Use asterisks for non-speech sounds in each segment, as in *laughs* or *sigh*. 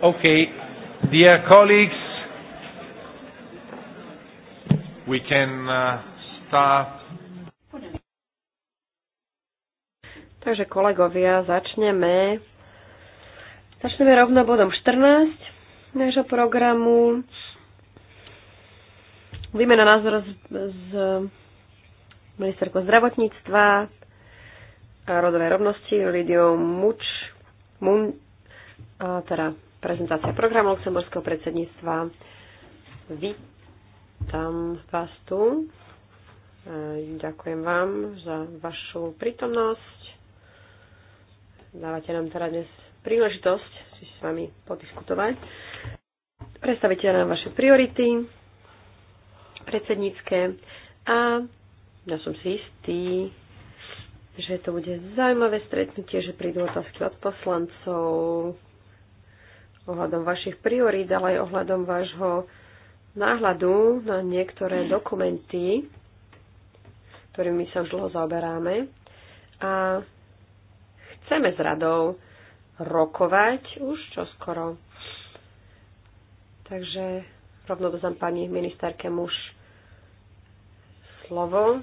Okay, dear colleagues, we can uh, start. Takže kolegovia, začneme. Začneme rovno bodom 14 nášho programu. Výmena názor z, z ministerkou zdravotníctva a rodovej rovnosti Lidio Muč, Mun, a teda prezentácia programu Luxemburského predsedníctva. Vítam vás tu. E, ďakujem vám za vašu prítomnosť. Dávate nám teda dnes príležitosť si s vami podiskutovať. Predstavíte nám vaše priority predsednícke a ja som si istý, že to bude zaujímavé stretnutie, že prídu otázky od poslancov, ohľadom vašich priorít, ale aj ohľadom vášho náhľadu na niektoré dokumenty, ktorými sa už dlho zaoberáme. A chceme s radou rokovať už čoskoro. Takže rovno dozám pani ministerke muž slovo.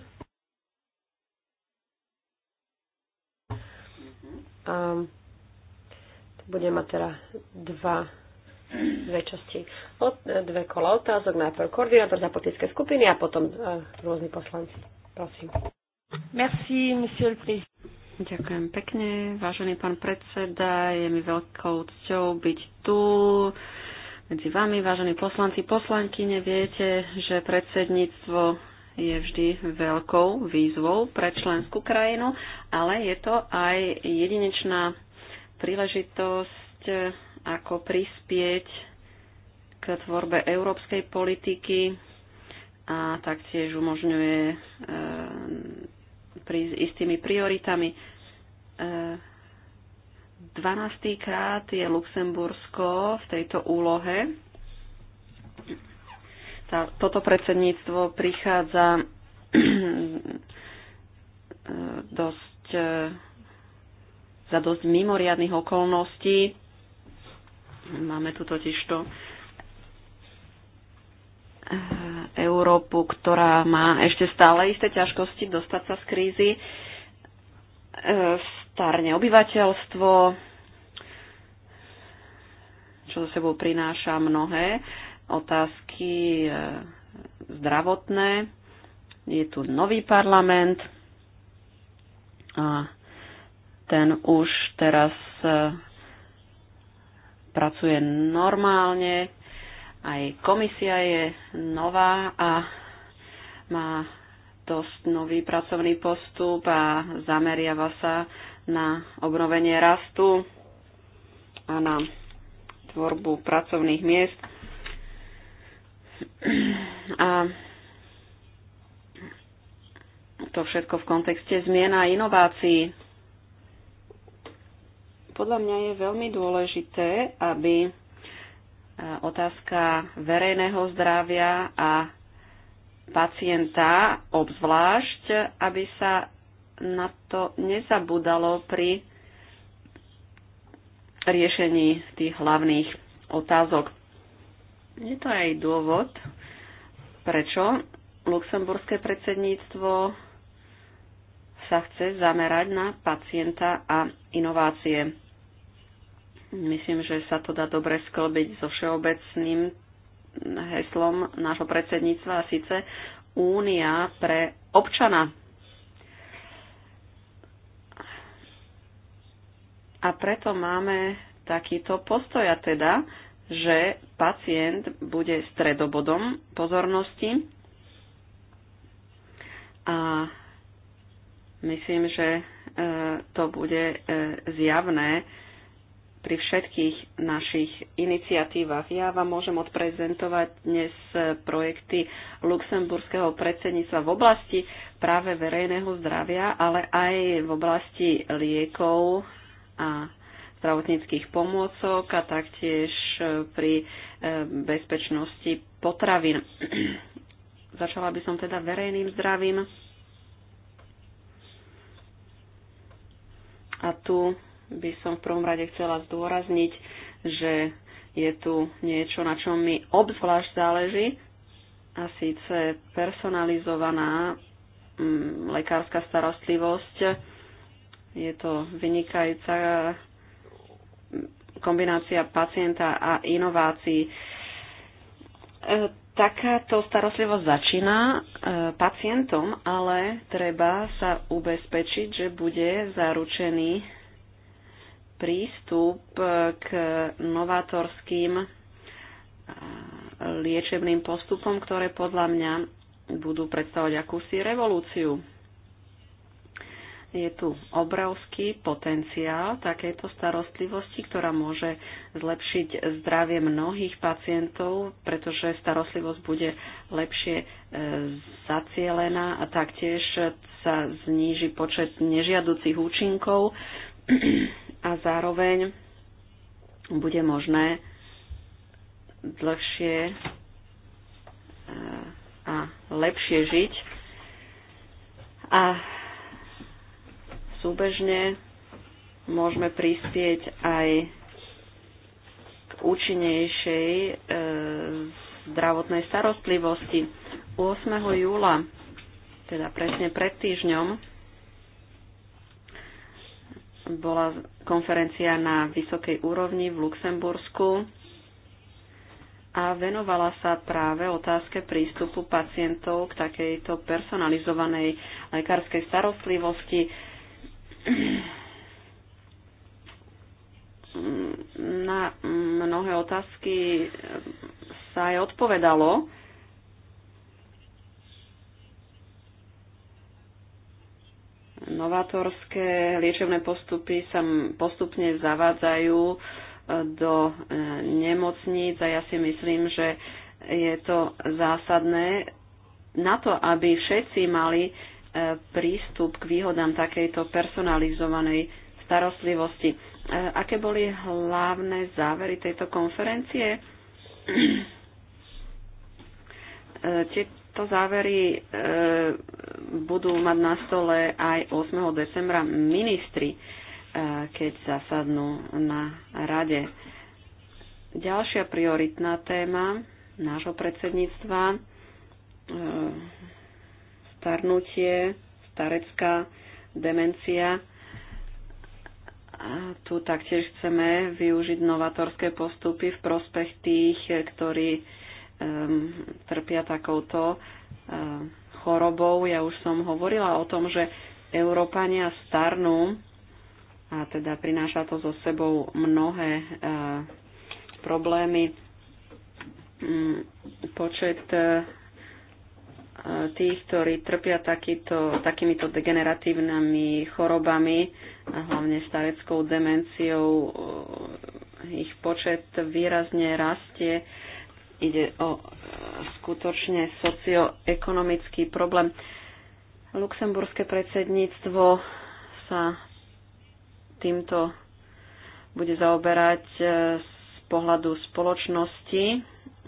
Um, budem mať teda dva, dve časti, od, e, dve kola otázok, najprv koordinátor za politické skupiny a potom uh, rôzni poslanci. Prosím. Merci, monsieur le président. Ďakujem pekne, vážený pán predseda. Je mi veľkou cťou byť tu medzi vami, vážení poslanci, poslanky, neviete, že predsedníctvo je vždy veľkou výzvou pre členskú krajinu, ale je to aj jedinečná príležitosť, eh, ako prispieť k tvorbe európskej politiky a taktiež umožňuje e, eh, prísť istými prioritami. E, 12. krát je Luxembursko v tejto úlohe. Tá, toto predsedníctvo prichádza *clears throat* eh, dosť za teda dosť mimoriadných okolností. Máme tu totiž to eh, Európu, ktorá má ešte stále isté ťažkosti dostať sa z krízy. Eh, starne obyvateľstvo, čo za sebou prináša mnohé otázky eh, zdravotné. Je tu nový parlament a ten už teraz e, pracuje normálne, aj komisia je nová a má dosť nový pracovný postup a zameriava sa na obnovenie rastu a na tvorbu pracovných miest. A to všetko v kontexte zmien a inovácií podľa mňa je veľmi dôležité, aby e, otázka verejného zdravia a pacienta obzvlášť, aby sa na to nezabudalo pri riešení tých hlavných otázok. Je to aj dôvod, prečo luxemburské predsedníctvo sa chce zamerať na pacienta a inovácie. Myslím, že sa to dá dobre sklbiť so všeobecným heslom nášho predsedníctva a síce Únia pre občana. A preto máme takýto postoja, teda, že pacient bude stredobodom pozornosti a myslím, že e, to bude e, zjavné pri všetkých našich iniciatívach. Ja vám môžem odprezentovať dnes projekty luxemburského predsedníctva v oblasti práve verejného zdravia, ale aj v oblasti liekov a zdravotníckých pomôcok a taktiež pri e, bezpečnosti potravín. *clears throat* Začala by som teda verejným zdravím. A tu by som v prvom rade chcela zdôrazniť, že je tu niečo, na čom mi obzvlášť záleží, a síce personalizovaná mm, lekárska starostlivosť. Je to vynikajúca mm, kombinácia pacienta a inovácií. E, takáto starostlivosť začína e, pacientom, ale treba sa ubezpečiť, že bude zaručený prístup k novátorským liečebným postupom, ktoré podľa mňa budú predstavovať akúsi revolúciu. Je tu obrovský potenciál takejto starostlivosti, ktorá môže zlepšiť zdravie mnohých pacientov, pretože starostlivosť bude lepšie e, zacielená a taktiež sa zníži počet nežiaducich účinkov *clears throat* a zároveň bude možné dlhšie e, a lepšie žiť a súbežne môžeme prispieť aj k účinnejšej e, zdravotnej starostlivosti. 8. júla, teda presne pred týždňom, bola konferencia na vysokej úrovni v Luxembursku a venovala sa práve otázke prístupu pacientov k takejto personalizovanej lekárskej starostlivosti. Na mnohé otázky sa aj odpovedalo Novátorské liečebné postupy sa postupne zavádzajú e, do e, nemocníc a ja si myslím, že je to zásadné na to, aby všetci mali e, prístup k výhodám takejto personalizovanej starostlivosti. Aké boli hlavné závery tejto konferencie? *clears throat* Tie tieto závery e, budú mať na stole aj 8. decembra ministri, e, keď zasadnú na rade. Ďalšia prioritná téma nášho predsedníctva e, starnutie, starecká demencia. A tu taktiež chceme využiť novatorské postupy v prospech tých, ktorí um, trpia takouto um, chorobou. Ja už som hovorila o tom, že Európania starnú a teda prináša to so sebou mnohé uh, problémy. Um, počet uh, tých, ktorí trpia takýto, takýmito degeneratívnymi chorobami, a hlavne stareckou demenciou, ich počet výrazne rastie ide o e, skutočne socioekonomický problém. Luxemburské predsedníctvo sa týmto bude zaoberať e, z pohľadu spoločnosti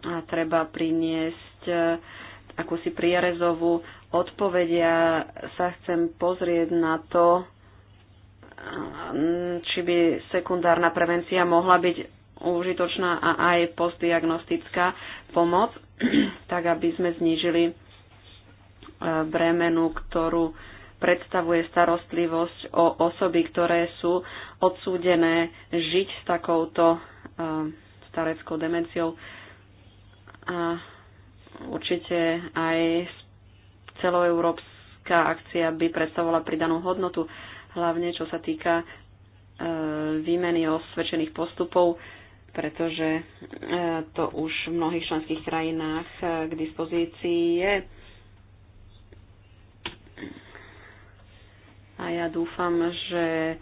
a treba priniesť e, akúsi prierezovú odpovedia. Sa chcem pozrieť na to, či by sekundárna prevencia mohla byť užitočná a aj postdiagnostická pomoc, *clears throat* tak aby sme znížili e, bremenu, ktorú predstavuje starostlivosť o osoby, ktoré sú odsúdené žiť s takouto e, stareckou demenciou. A určite aj celoeurópska akcia by predstavovala pridanú hodnotu, hlavne čo sa týka e, výmeny osvedčených postupov pretože e, to už v mnohých členských krajinách e, k dispozícii je. A ja dúfam, že e,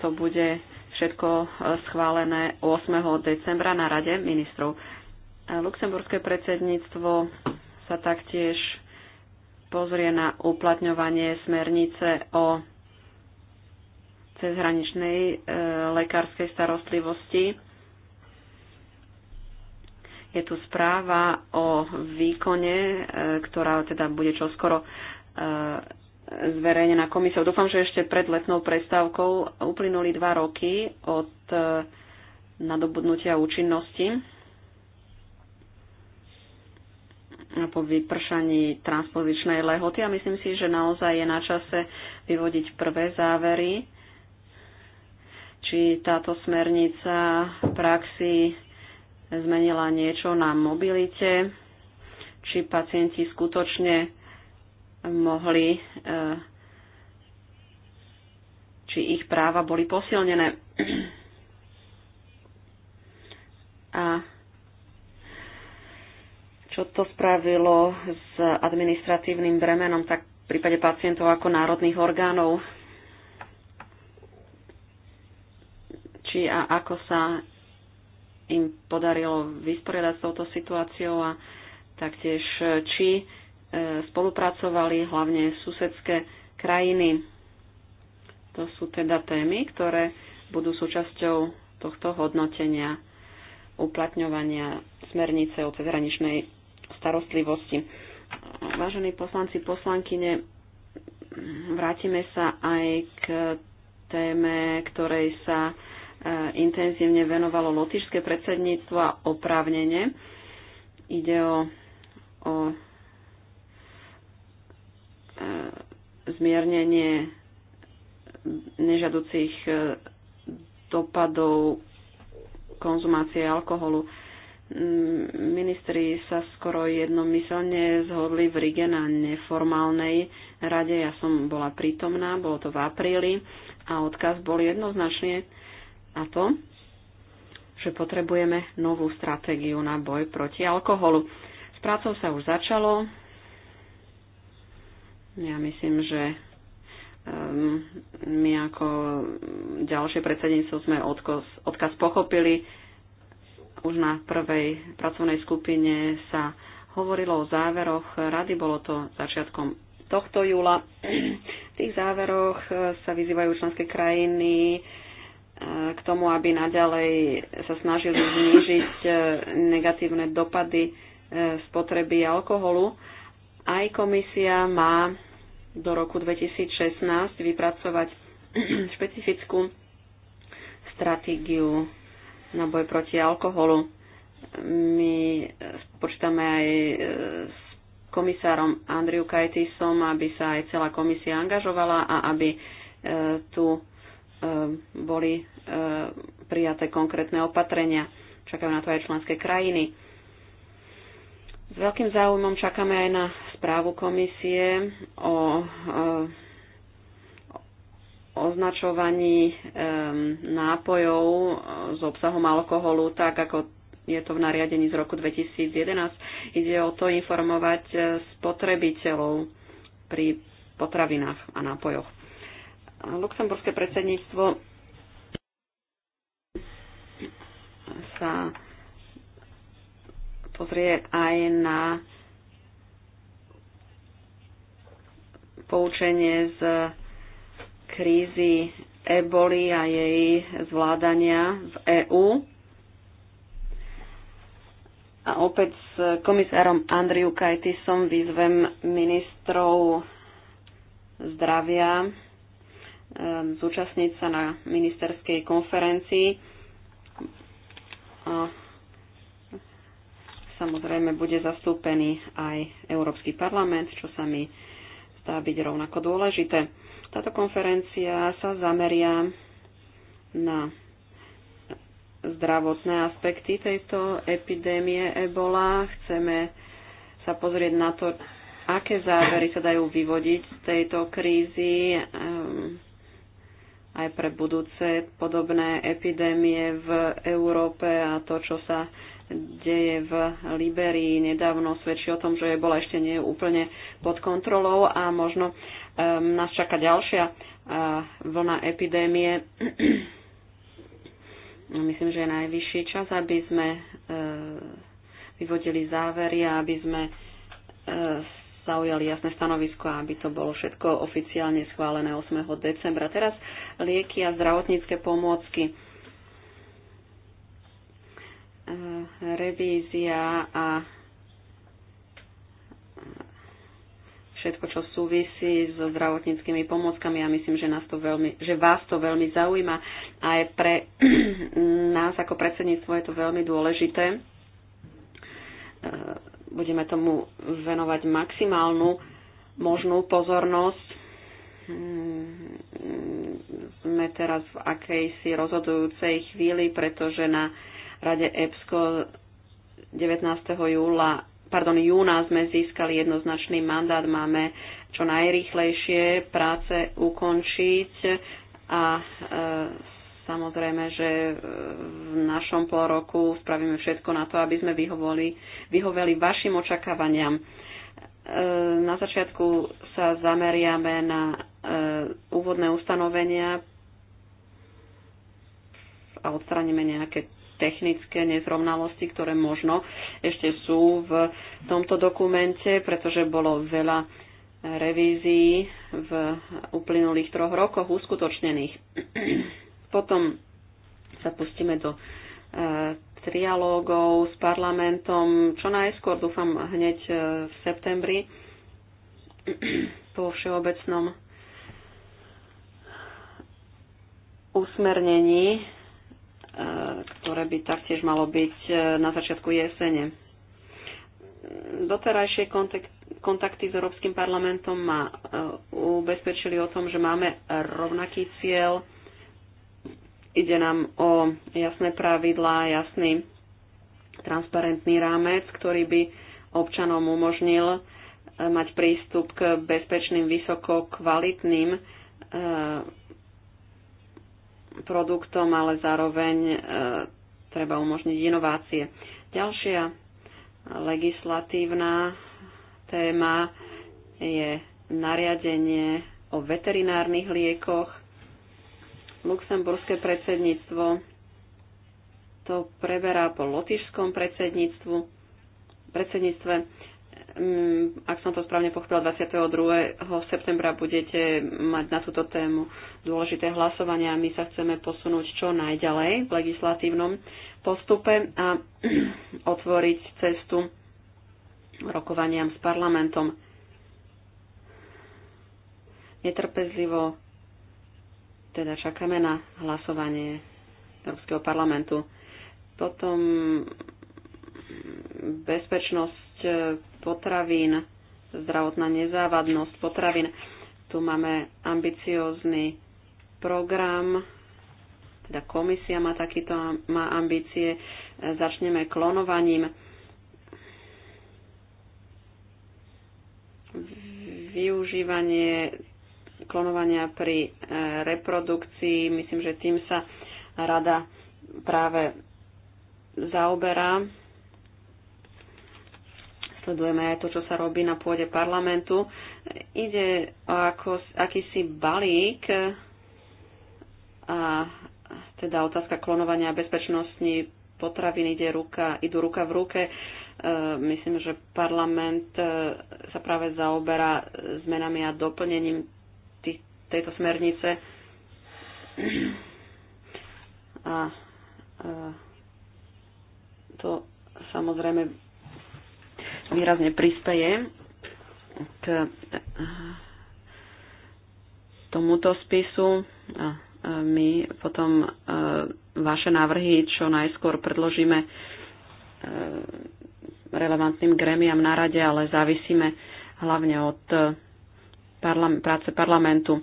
to bude všetko schválené 8. decembra na Rade ministrov. Luxemburské predsedníctvo sa taktiež pozrie na uplatňovanie smernice o cezhraničnej e, lekárskej starostlivosti je tu správa o výkone, e, ktorá teda bude čoskoro e, zverejnená komisiou. Dúfam, že ešte pred letnou prestávkou uplynuli dva roky od e, nadobudnutia účinnosti po vypršaní transpozičnej lehoty a myslím si, že naozaj je na čase vyvodiť prvé závery, či táto smernica v praxi zmenila niečo na mobilite, či pacienti skutočne mohli, e, či ich práva boli posilnené. A čo to spravilo s administratívnym bremenom, tak v prípade pacientov ako národných orgánov, či a ako sa im podarilo vysporiadať s touto situáciou a taktiež e, či e, spolupracovali hlavne susedské krajiny. To sú teda témy, ktoré budú súčasťou tohto hodnotenia uplatňovania smernice o cezhraničnej starostlivosti. Vážení poslanci, poslankyne, vrátime sa aj k téme, ktorej sa E, intenzívne venovalo lotišské predsedníctvo a oprávnenie. Ide o, o e, zmiernenie nežaducich e, dopadov konzumácie alkoholu. Mm, ministri sa skoro jednomyselne zhodli v Rige na neformálnej rade. Ja som bola prítomná, bolo to v apríli a odkaz bol jednoznačne na to, že potrebujeme novú stratégiu na boj proti alkoholu. S prácou sa už začalo. Ja myslím, že ehm, my ako ďalšie predsedníctvo sme odkaz, odkaz pochopili. Už na prvej pracovnej skupine sa hovorilo o záveroch rady, bolo to začiatkom tohto júla. V tých záveroch sa vyzývajú členské krajiny, Eh, k tomu, aby naďalej sa snažili znížiť eh, negatívne dopady eh, spotreby alkoholu. Aj komisia má do roku 2016 vypracovať *clears throat* špecifickú stratégiu na boj proti alkoholu. My počítame aj s komisárom Andriu Kajtisom, aby sa aj celá komisia angažovala a aby tu E, boli e, prijaté konkrétne opatrenia. Čakajú na to aj členské krajiny. S veľkým záujmom čakáme aj na správu komisie o e, označovaní nápojov s obsahom alkoholu, tak ako je to v nariadení z roku 2011. Ide o to informovať spotrebiteľov pri potravinách a nápojoch. Luxemburské predsedníctvo sa pozrie aj na poučenie z krízy eboli a jej zvládania v EÚ. A opäť s komisárom Andriu Kajtisom vyzvem ministrov zdravia Um, zúčastniť sa na ministerskej konferencii. A samozrejme bude zastúpený aj Európsky parlament, čo sa mi zdá byť rovnako dôležité. Táto konferencia sa zameria na zdravotné aspekty tejto epidémie ebola. Chceme sa pozrieť na to, aké závery sa dajú vyvodiť z tejto krízy, ehm, aj pre budúce podobné epidémie v Európe a to, čo sa deje v Liberii nedávno svedčí o tom, že bola ešte nie úplne pod kontrolou a možno um, nás čaká ďalšia uh, vlna epidémie. *clears throat* Myslím, že je najvyšší čas, aby sme uh, vyvodili závery a aby sme uh, zaujali jasné stanovisko, aby to bolo všetko oficiálne schválené 8. decembra. Teraz lieky a zdravotnícke pomôcky. Eh, revízia a všetko, čo súvisí so zdravotníckými pomôckami. ja myslím, že, nás to veľmi, že vás to veľmi zaujíma. Aj pre *clears throat* nás ako predsedníctvo je to veľmi dôležité eh, budeme tomu venovať maximálnu možnú pozornosť. Mm, sme teraz v akejsi rozhodujúcej chvíli, pretože na Rade EPSCO 19. júla pardon, júna sme získali jednoznačný mandát, máme čo najrýchlejšie práce ukončiť a e, Samozrejme, že e, v našom pol roku spravíme všetko na to, aby sme vyhovoli, vyhoveli vašim očakávaniam. E, na začiatku sa zameriame na e, úvodné ustanovenia a odstraníme nejaké technické nezrovnalosti, ktoré možno ešte sú v tomto dokumente, pretože bolo veľa revízií v uplynulých troch rokoch uskutočnených. Potom sa pustíme do e, trialógov s parlamentom, čo najskôr, dúfam, hneď e, v septembri *clears throat* po všeobecnom usmernení, e, ktoré by taktiež malo byť e, na začiatku jesene. Doterajšie kontakt, kontakty s Európskym parlamentom ma e, ubezpečili o tom, že máme rovnaký cieľ, Ide nám o jasné pravidlá, jasný transparentný rámec, ktorý by občanom umožnil e, mať prístup k bezpečným, vysoko kvalitným e, produktom, ale zároveň e, treba umožniť inovácie. Ďalšia legislatívna téma je nariadenie o veterinárnych liekoch. Luxemburské predsedníctvo to preberá po lotišskom predsedníctvu, predsedníctve. Mm, ak som to správne pochopila, 22. septembra budete mať na túto tému dôležité hlasovania a my sa chceme posunúť čo najďalej v legislatívnom postupe a *clears throat* otvoriť cestu rokovaniam s parlamentom. Netrpezlivo teda čakáme na hlasovanie Európskeho parlamentu. Potom bezpečnosť potravín, zdravotná nezávadnosť potravín. Tu máme ambiciózny program, teda komisia má takýto má ambície. Začneme klonovaním. Využívanie klonovania pri e, reprodukcii. Myslím, že tým sa rada práve zaoberá. Sledujeme aj to, čo sa robí na pôde parlamentu. Ide o ako, akýsi balík e, a teda otázka klonovania a bezpečnosti potravín ide ruka, idú ruka v ruke. E, myslím, že parlament sa práve zaoberá zmenami a doplnením tejto smernice. A e, to samozrejme výrazne prispeje k tomuto spisu. A e, my potom e, vaše návrhy čo najskôr predložíme relevantným gremiam na rade, ale závisíme hlavne od parlam- práce parlamentu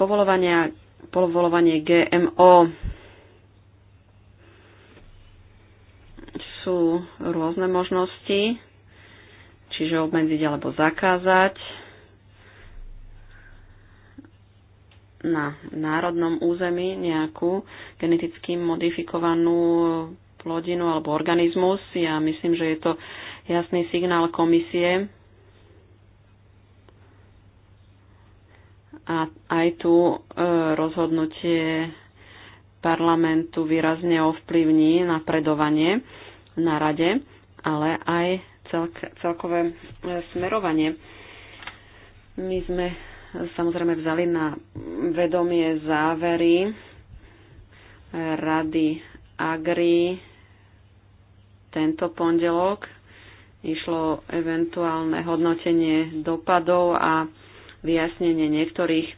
povolovania, povolovanie GMO. Sú rôzne možnosti, čiže obmedziť alebo zakázať na národnom území nejakú geneticky modifikovanú plodinu alebo organizmus. Ja myslím, že je to jasný signál komisie, A aj tu e, rozhodnutie parlamentu výrazne ovplyvní napredovanie na rade, ale aj celkové e, smerovanie. My sme samozrejme vzali na vedomie závery e, Rady Agri tento pondelok. Išlo eventuálne hodnotenie dopadov a vyjasnenie niektorých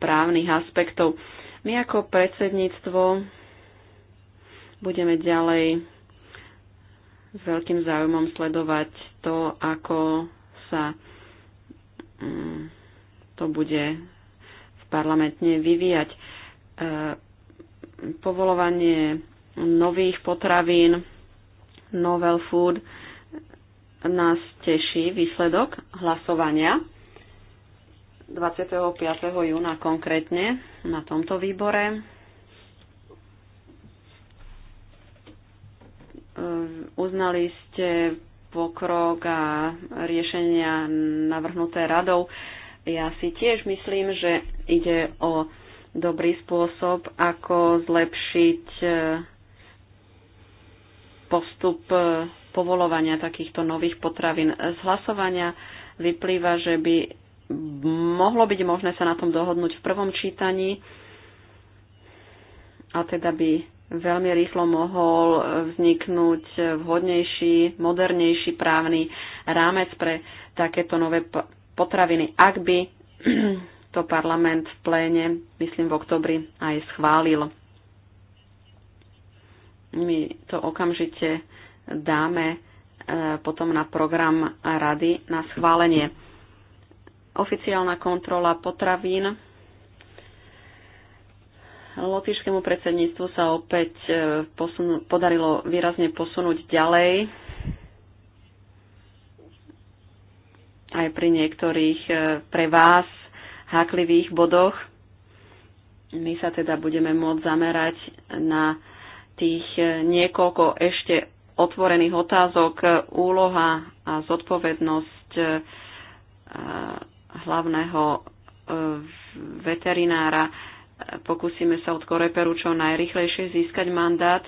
právnych aspektov. My ako predsedníctvo budeme ďalej s veľkým záujmom sledovať to, ako sa mm, to bude v parlamentne vyvíjať. E, povolovanie nových potravín, novel food, nás teší výsledok hlasovania. 25. júna konkrétne na tomto výbore. Uznali ste pokrok a riešenia navrhnuté radou. Ja si tiež myslím, že ide o dobrý spôsob, ako zlepšiť e, postup e, povolovania takýchto nových potravín. Z hlasovania vyplýva, že by mohlo byť možné sa na tom dohodnúť v prvom čítaní a teda by veľmi rýchlo mohol vzniknúť vhodnejší, modernejší právny rámec pre takéto nové potraviny, ak by to parlament v pléne, myslím v oktobri, aj schválil. My to okamžite dáme e, potom na program rady na schválenie oficiálna kontrola potravín. Lotyšskému predsedníctvu sa opäť e, posunú, podarilo výrazne posunúť ďalej. Aj pri niektorých e, pre vás háklivých bodoch. My sa teda budeme môcť zamerať na tých e, niekoľko ešte otvorených otázok, úloha a zodpovednosť hlavného e, veterinára. Pokúsime sa od Koreperu čo najrychlejšie získať mandát,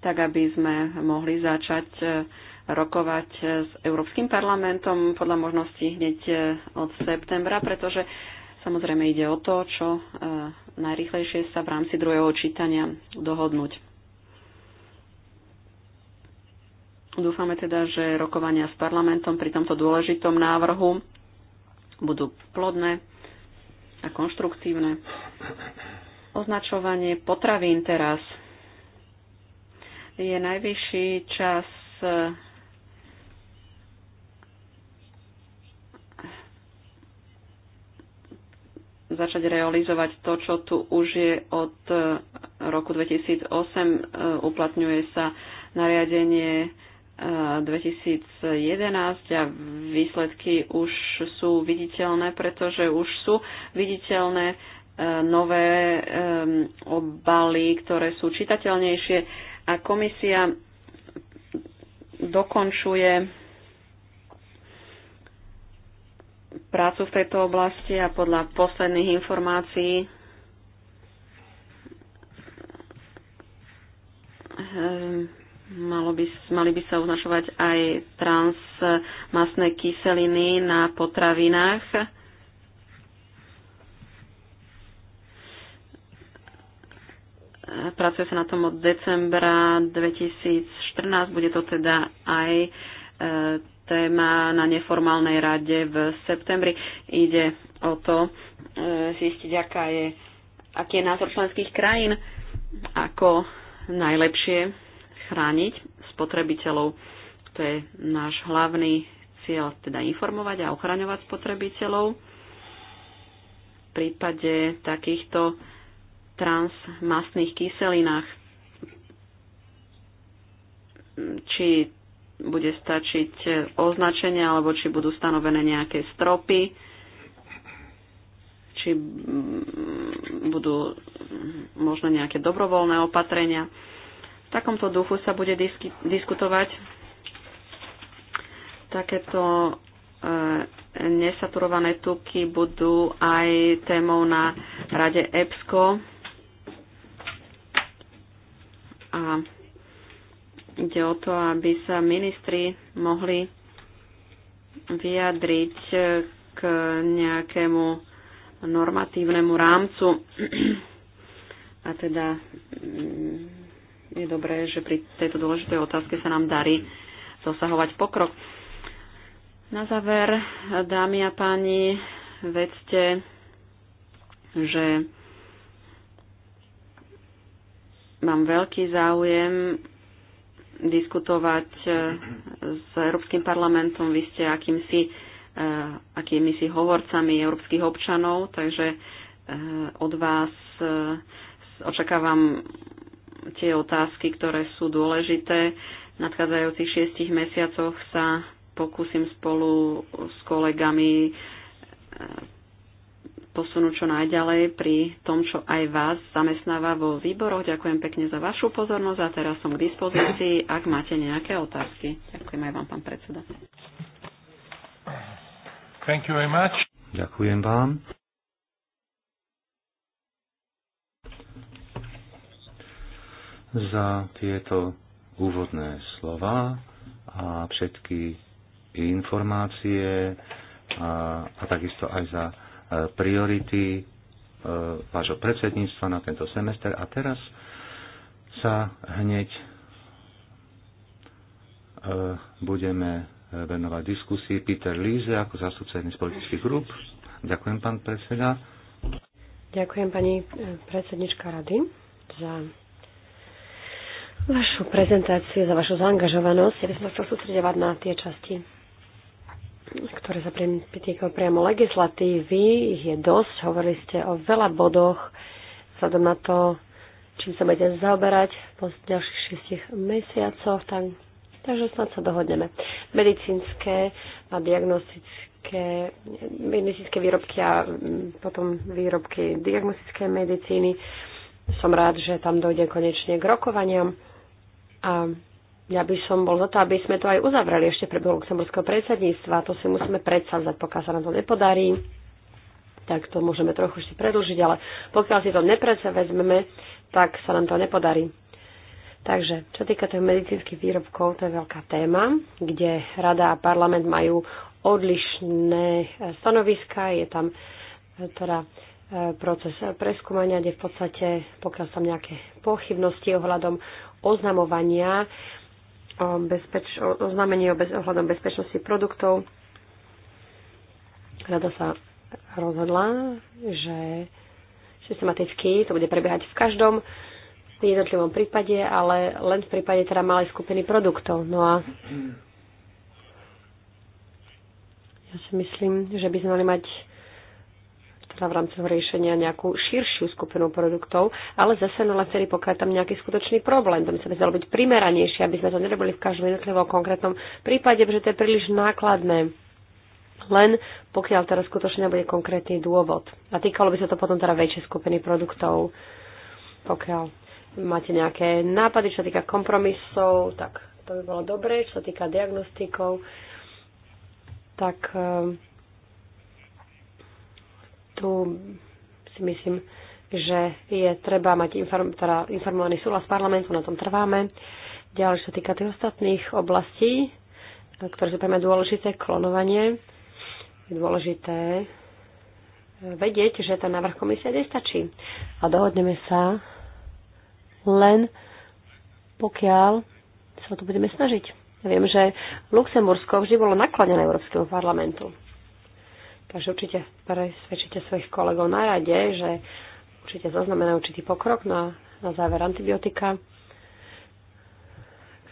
tak aby sme mohli začať e, rokovať e, s Európskym parlamentom podľa možností hneď od septembra, pretože samozrejme ide o to, čo najrychlejšie sa v rámci druhého čítania dohodnúť. Dúfame teda, že rokovania s parlamentom pri tomto dôležitom návrhu budú plodné a konštruktívne. Označovanie potravín teraz je najvyšší čas začať realizovať to, čo tu už je od roku 2008. Uplatňuje sa nariadenie 2011 a výsledky už sú viditeľné, pretože už sú viditeľné e, nové obaly, ktoré sú čitateľnejšie a komisia dokončuje prácu v tejto oblasti a podľa posledných informácií um, Malo by, mali by sa označovať aj transmasné kyseliny na potravinách. Pracuje sa na tom od decembra 2014. Bude to teda aj e, téma na neformálnej rade v septembri. Ide o to e, zistiť, aká je, aký je názor členských krajín, ako najlepšie chrániť spotrebiteľov. To je náš hlavný cieľ, teda informovať a ochraňovať spotrebiteľov. V prípade takýchto transmastných kyselinách, či bude stačiť označenie, alebo či budú stanovené nejaké stropy, či budú možno nejaké dobrovoľné opatrenia. V takomto duchu sa bude disky, diskutovať takéto e, nesaturované tuky budú aj témou na rade EPSCO. A ide o to, aby sa ministri mohli vyjadriť k nejakému normatívnemu rámcu. *clears throat* A teda mm, je dobré, že pri tejto dôležitej otázke sa nám darí dosahovať pokrok. Na záver, dámy a páni, vedzte, že mám veľký záujem diskutovať eh, s Európskym parlamentom. Vy ste akýmsi, eh, akými si hovorcami európskych občanov, takže eh, od vás očakávam tie otázky, ktoré sú dôležité. V nadchádzajúcich šiestich mesiacoch sa pokúsim spolu s kolegami e, posunúť čo najďalej pri tom, čo aj vás zamestnáva vo výboroch. Ďakujem pekne za vašu pozornosť a teraz som k dispozícii, ak máte nejaké otázky. Ďakujem aj vám, pán predseda. Thank you very much. Ďakujem vám. za tieto úvodné slova a všetky informácie a, a takisto aj za e, priority e, vášho predsedníctva na tento semester. A teraz sa hneď e, budeme venovať diskusii. Peter Líze ako zastupca jednej z politických grup. Ďakujem, pán predseda. Ďakujem, pani predsednička rady, za vašu prezentáciu, za vašu zaangažovanosť. Ja by som sa chcel sústredovať na tie časti, ktoré sa pritýkajú priamo legislatívy. Ich je dosť, hovorili ste o veľa bodoch, vzhľadom na to, čím sa budete zaoberať po ďalších šestich mesiacoch. Tak, takže snad sa dohodneme. Medicínske a diagnostické medicínske výrobky a mm, potom výrobky diagnostickej medicíny. Som rád, že tam dojde konečne k rokovaniam a ja by som bol za to, aby sme to aj uzavreli ešte pre luxemburského predsedníctva. To si musíme predsadzať, pokiaľ sa nám to nepodarí tak to môžeme trochu ešte predlžiť, ale pokiaľ si to vezmeme, tak sa nám to nepodarí. Takže, čo týka tých medicínskych výrobkov, to je veľká téma, kde rada a parlament majú odlišné e, stanoviska. Je tam e, teda e, proces preskúmania, kde v podstate, pokiaľ sú tam nejaké pochybnosti ohľadom oznamovania o, bezpeč- o oznámenie o bez- ohľadom bezpečnosti produktov. Rada sa rozhodla, že systematicky to bude prebiehať v každom jednotlivom prípade, ale len v prípade teda malej skupiny produktov. No a ja si myslím, že by sme mali mať v rámci riešenia nejakú širšiu skupinu produktov, ale zase na ceny, pokiaľ tam nejaký skutočný problém. To by sa by byť primeranejšie, aby sme to nerobili v každom jednotlivom konkrétnom prípade, pretože to je príliš nákladné. Len pokiaľ teraz skutočne bude konkrétny dôvod. A týkalo by sa to potom teda väčšej skupiny produktov, pokiaľ máte nejaké nápady, čo sa týka kompromisov, tak to by bolo dobré, čo sa týka diagnostikov, tak ehm, tu si myslím, že je treba mať inform, teda informovaný súhlas parlamentu, na tom trváme. Ďalej, čo sa týka tých ostatných oblastí, ktoré sú pre mňa dôležité, klonovanie, je dôležité vedieť, že ten návrh komisie nestačí. A dohodneme sa len pokiaľ sa to budeme snažiť. Ja viem, že Luxembursko vždy bolo naklonené Európskemu parlamentu. Takže určite presvedčite svojich kolegov na rade, že určite zaznamená určitý pokrok na, na záver antibiotika.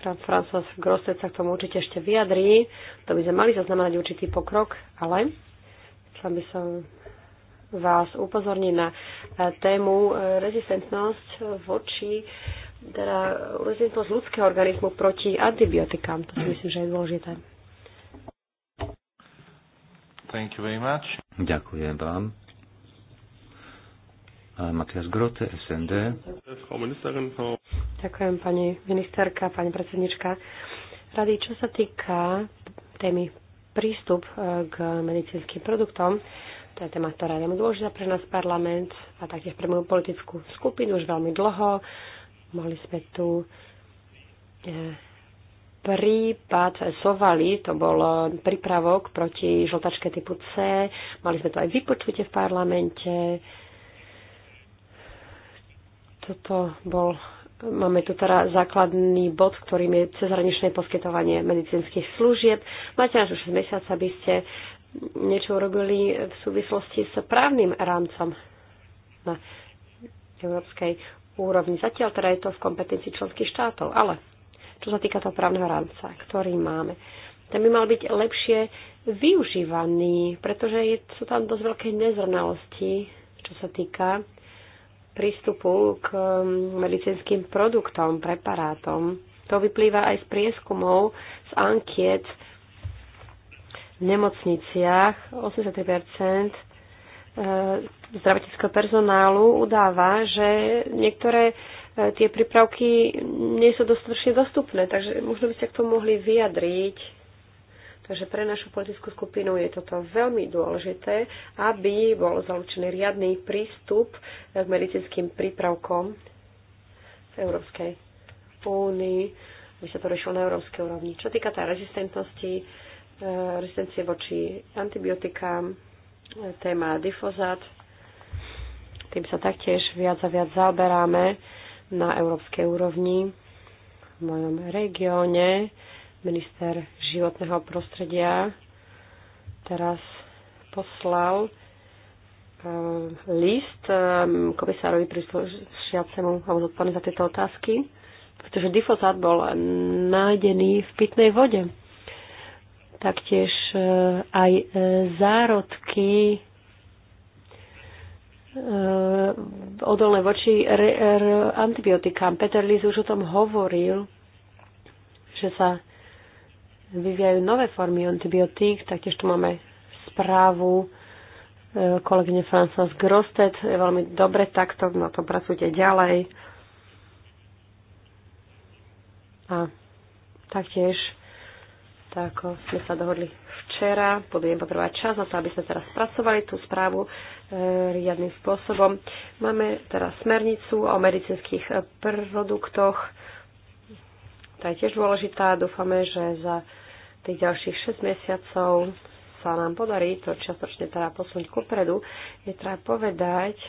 Francis Grosset sa k tomu určite ešte vyjadrí. To by sme mali zaznamenať určitý pokrok, ale chcela by som vás upozorniť na e, tému e, rezistentnosť voči teda rezistentnosť ľudského organizmu proti antibiotikám. To si myslím, že je dôležité. Thank you very much. Ďakujem vám. Matias Grote, SND. Ďakujem pani ministerka, pani predsednička. Rady, čo sa týka témy prístup e, k medicínskym produktom, to je téma, ktorá je veľmi dôležitá pre nás parlament a taktiež pre moju politickú skupinu už veľmi dlho. Mohli sme tu e, prípad sovali, to bol eh, prípravok proti žltačke typu C. Mali sme to aj vypočutie v parlamente. Toto bol, máme tu teda základný bod, ktorým je cezhraničné poskytovanie medicínskych služieb. Máte až už mesiac, aby ste niečo urobili v súvislosti s právnym rámcom na európskej úrovni. Zatiaľ teda je to v kompetencii členských štátov, ale čo sa týka toho právneho rámca, ktorý máme. Ten by mal byť lepšie využívaný, pretože je, sú tam dosť veľké nezrovnalosti, čo sa týka prístupu k um, medicínskym produktom, preparátom. To vyplýva aj z prieskumov, z ankiet v nemocniciach. 80 e, zdravotníckého personálu udáva, že niektoré E, tie prípravky nie sú dostatočne dostupné, takže možno by ste k tomu mohli vyjadriť. Takže pre našu politickú skupinu je toto veľmi dôležité, aby bol zaručený riadný prístup e, k medicínskym prípravkom v Európskej únii, aby sa to riešilo na európskej úrovni. Čo týka tá rezistentnosti, e, rezistencie voči antibiotikám, téma difozát, tým sa taktiež viac a viac zaoberáme na európskej úrovni. V mojom regióne minister životného prostredia teraz poslal eh, list eh, komisárovi príslušiacemu alebo zodpovedný za tieto otázky, pretože difozát bol nájdený v pitnej vode. Taktiež eh, aj zárodky E, odolné voči re, re, antibiotikám. Peter Lis už o tom hovoril, že sa vyvíjajú nové formy antibiotík, taktiež tu máme správu e, kolegyne Francis Grostet, je veľmi dobre takto, na tom pracujte ďalej. A taktiež tak ako sme sa dohodli včera. budeme potrebovať čas na to, aby sme teraz spracovali tú správu e, riadným spôsobom. Máme teraz smernicu o medicínskych produktoch. Tá je tiež dôležitá. Dúfame, že za tých ďalších 6 mesiacov sa nám podarí to čiastočne teda posunúť kupredu. Je treba povedať,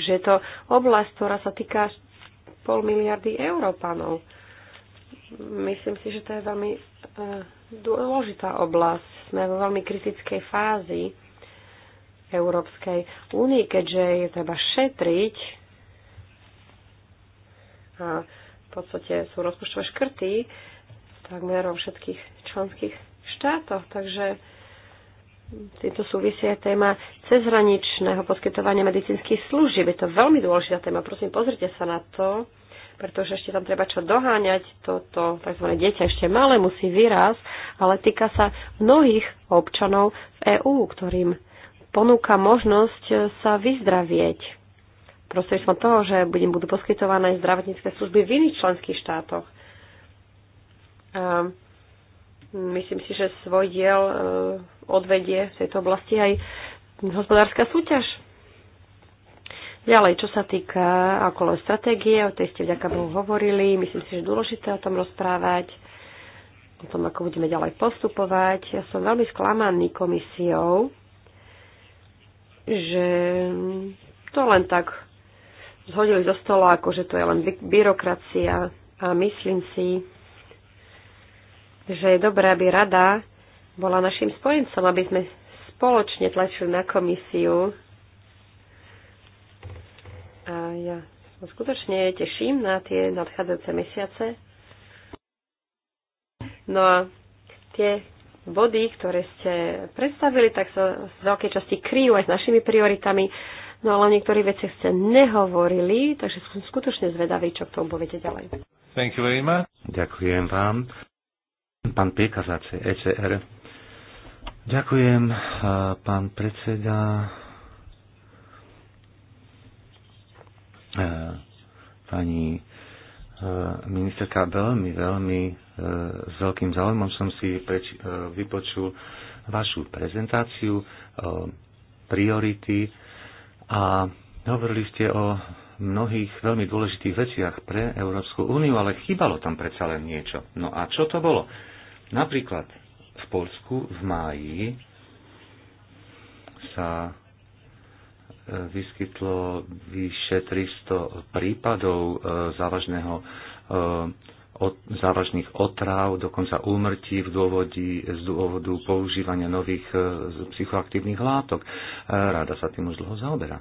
že je to oblasť, ktorá sa týka pol miliardy Európanov. Myslím si, že to je veľmi e, dôležitá oblasť. Sme vo veľmi kritickej fázi Európskej únie, keďže je treba šetriť a v podstate sú rozpočtové škrty takmer vo všetkých členských štátoch. Takže tieto súvisia je téma cezhraničného poskytovania medicínskych služieb. Je to veľmi dôležitá téma. Prosím, pozrite sa na to pretože ešte tam treba čo doháňať, toto tzv. dieťa ešte malé musí vyraz, ale týka sa mnohých občanov v EÚ, ktorým ponúka možnosť sa vyzdravieť. som toho, že budem budú poskytované zdravotnícke služby v iných členských štátoch. A myslím si, že svoj diel e, odvedie v tejto oblasti aj hospodárska súťaž. Ďalej, čo sa týka okolo stratégie, o tej ste vďaka Bohu hovorili, myslím si, že je dôležité o tom rozprávať, o tom, ako budeme ďalej postupovať. Ja som veľmi sklamaný komisiou, že to len tak zhodili zo stola, ako že to je len by- byrokracia a myslím si, že je dobré, aby rada bola našim spojencom, aby sme spoločne tlačili na komisiu, a ja sa skutočne teším na tie nadchádzajúce mesiace. No a tie body, ktoré ste predstavili, tak sa z veľkej časti kryjú aj s našimi prioritami, no ale o niektorých veciach ste nehovorili, takže som skutočne zvedavý, čo k tomu poviete ďalej. Thank you very much. Ďakujem vám. Pán Pika ECR. Ďakujem, pán predseda. E, pani e, ministerka, veľmi, veľmi e, s veľkým záujmom som si preč, vypočul vašu prezentáciu, priority a hovorili ste o mnohých veľmi dôležitých veciach pre Európsku úniu, ale chýbalo tam predsa len niečo. No a čo to bolo? Napríklad v Polsku v máji sa vyskytlo vyše 300 prípadov e, závažného, e, od, závažných otráv, dokonca úmrtí v dôvodi, z dôvodu používania nových e, psychoaktívnych látok. Rada sa tým už dlho zaoberá.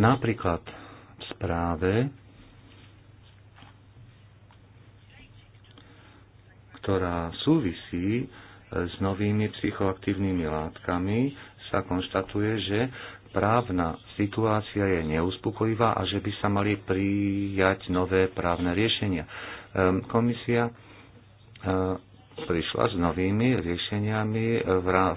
Napríklad v správe, ktorá súvisí s novými psychoaktívnymi látkami, sa konštatuje, že právna situácia je neuspokojivá a že by sa mali prijať nové právne riešenia. Ehm, komisia ehm, prišla s novými riešeniami e,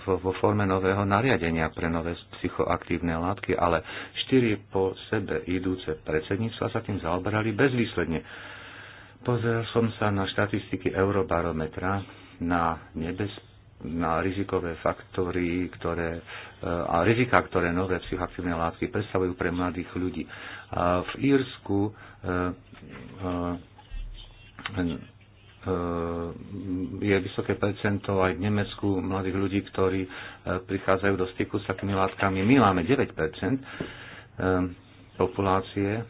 vo forme nového nariadenia pre nové psychoaktívne látky, ale štyri po sebe idúce predsedníctva sa tým zaoberali bezvýsledne. Pozrel som sa na štatistiky Eurobarometra na nebezpečnosti na rizikové faktory ktoré, e, a rizika, ktoré nové psychoaktívne látky predstavujú pre mladých ľudí. A v Írsku e, e, je vysoké percento aj v Nemecku mladých ľudí, ktorí prichádzajú do styku s takými látkami. My máme 9 populácie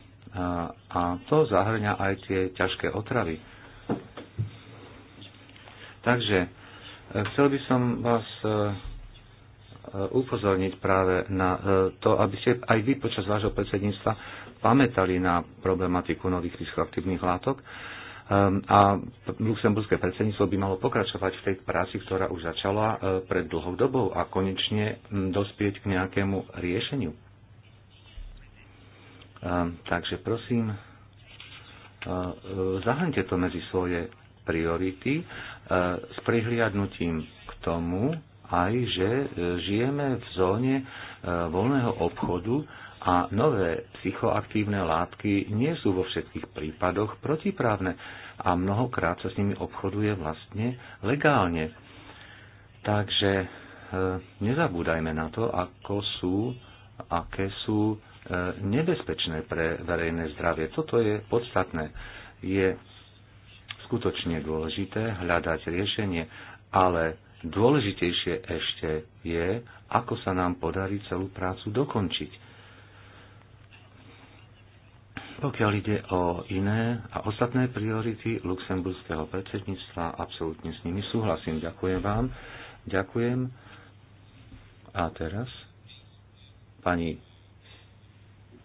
a to zahrňa aj tie ťažké otravy. Takže Chcel by som vás e, e, upozorniť práve na e, to, aby ste aj vy počas vášho predsedníctva pamätali na problematiku nových psychoaktívnych látok a luxemburské predsedníctvo by malo pokračovať v tej práci, ktorá už začala pred dlhou dobou a konečne dospieť k nejakému riešeniu. Takže prosím, zahrňte to medzi svoje priority e, s prihliadnutím k tomu aj, že e, žijeme v zóne e, voľného obchodu a nové psychoaktívne látky nie sú vo všetkých prípadoch protiprávne a mnohokrát sa s nimi obchoduje vlastne legálne. Takže nezabúdajme na to, ako sú, aké sú nebezpečné pre verejné zdravie. Toto je podstatné. Je skutočne dôležité hľadať riešenie, ale dôležitejšie ešte je, ako sa nám podarí celú prácu dokončiť. Pokiaľ ide o iné a ostatné priority luxemburského predsedníctva, absolútne s nimi súhlasím. Ďakujem vám. Ďakujem. A teraz pani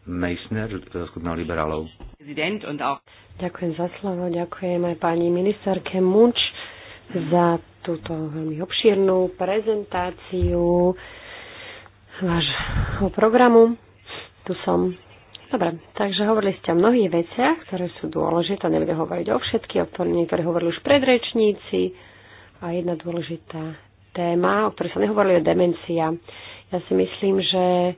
Meissner, skupina liberálov. Ďakujem za slovo, ďakujem aj pani ministerke Munč za túto veľmi obšírnu prezentáciu vášho programu. Tu som. Dobre, takže hovorili ste o mnohých veciach, ktoré sú dôležité. nebude hovoriť o všetky, o ktorých niektorí hovorili už predrečníci. A jedna dôležitá téma, o ktorej sa nehovorili, je demencia. Ja si myslím, že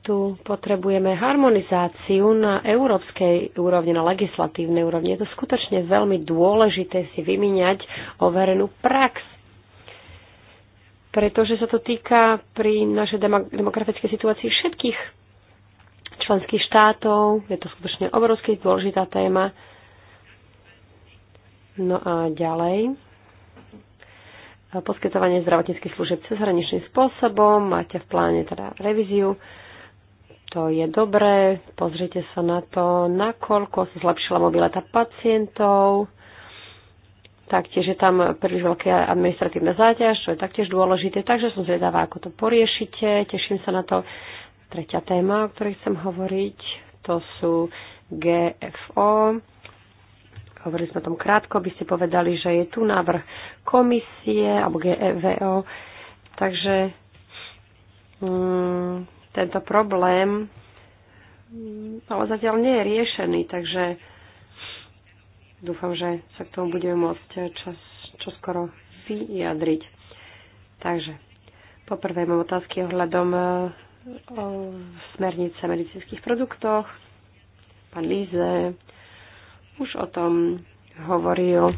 tu potrebujeme harmonizáciu na európskej úrovni, na legislatívnej úrovni. Je to skutočne veľmi dôležité si vymieňať overenú prax, pretože sa to týka pri našej demografickej situácii všetkých členských štátov. Je to skutočne obrovsky dôležitá téma. No a ďalej poskytovanie zdravotníckých služieb cezhraničným spôsobom, máte v pláne teda revíziu to je dobré. Pozrite sa na to, nakoľko sa zlepšila mobilita pacientov. Taktiež je tam príliš veľká administratívna záťaž, čo je taktiež dôležité. Takže som zvedavá, ako to poriešite. Teším sa na to. Tretia téma, o ktorej chcem hovoriť, to sú GFO. Hovorili sme o tom krátko, by ste povedali, že je tu návrh komisie alebo GVO. E takže mm, tento problém, mm, ale zatiaľ nie je riešený, takže dúfam, že sa k tomu budeme môcť eh, čas, čoskoro vyjadriť. Takže, poprvé mám otázky ohľadom eh, o smernice medicínskych produktoch. Pán Líze už o tom hovoril.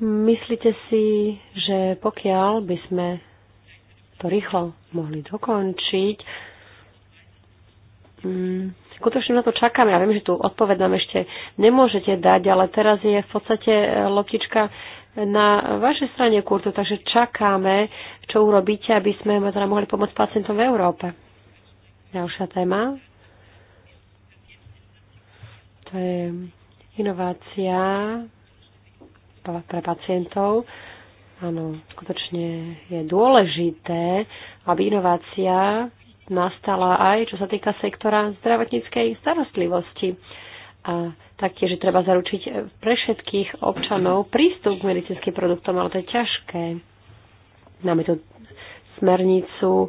Myslíte si, že pokiaľ by sme to rýchlo mohli dokončiť, Mm, skutočne na to čakám. Ja viem, že tu odpoveď nám ešte nemôžete dať, ale teraz je v podstate e, loptička na vašej strane kurtu, takže čakáme, čo urobíte, aby sme teda mohli pomôcť pacientom v Európe. Ďalšia téma. To je inovácia pre pacientov. Áno, skutočne je dôležité, aby inovácia nastala aj čo sa týka sektora zdravotníckej starostlivosti. A taktiež treba zaručiť pre všetkých občanov prístup k medicínskym produktom, ale to je ťažké. Máme tu smernicu e,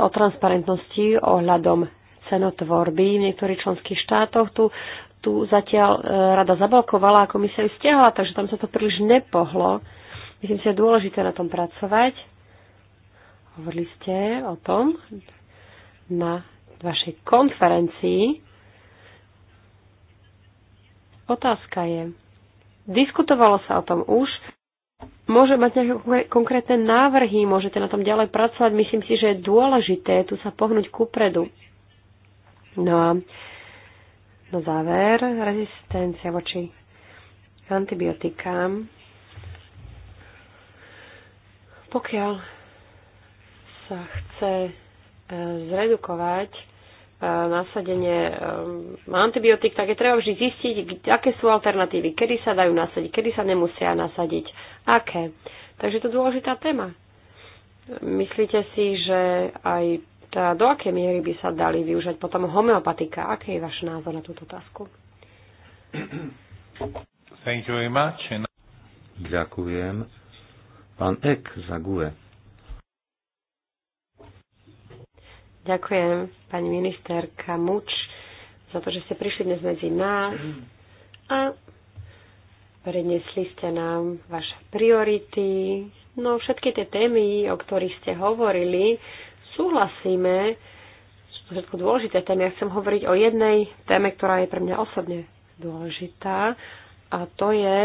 o transparentnosti ohľadom cenotvorby v niektorých členských štátoch. Tu tu zatiaľ e, rada zablokovala a komisia ju stiahla, takže tam sa to príliš nepohlo. Myslím si, že je dôležité na tom pracovať. Hovorili ste o tom na vašej konferencii. Otázka je, diskutovalo sa o tom už, môže mať nejaké konkrétne návrhy, môžete na tom ďalej pracovať. Myslím si, že je dôležité tu sa pohnúť kupredu. No a na záver, rezistencia voči antibiotikám. Pokiaľ sa chce e, zredukovať e, nasadenie e, antibiotík, tak je treba vždy zistiť, aké sú alternatívy, kedy sa dajú nasadiť, kedy sa nemusia nasadiť, aké. Takže to je dôležitá téma. Myslíte si, že aj teda do akej miery by sa dali využiť potom homeopatika? Aký je váš názor na túto otázku? Thank you very much. Ďakujem. Pán Ek za GUE. Ďakujem, pani ministerka Muč, za to, že ste prišli dnes medzi nás a prednesli ste nám vaše priority. No, všetky tie témy, o ktorých ste hovorili, súhlasíme, sú to všetko dôležité témy. Ja chcem hovoriť o jednej téme, ktorá je pre mňa osobne dôležitá a to je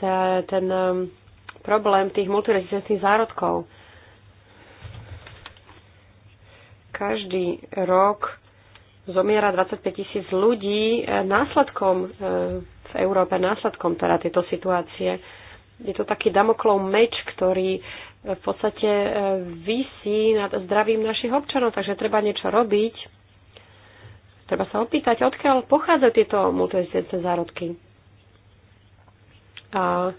tá, ten um, problém tých multirezistentných zárodkov. Každý rok zomiera 25 tisíc ľudí eh, následkom eh, v Európe, následkom teda tejto situácie je to taký damoklov meč, ktorý e, v podstate e, vysí nad zdravím našich občanov, takže treba niečo robiť. Treba sa opýtať, odkiaľ pochádzajú tieto multiresistentné zárodky. A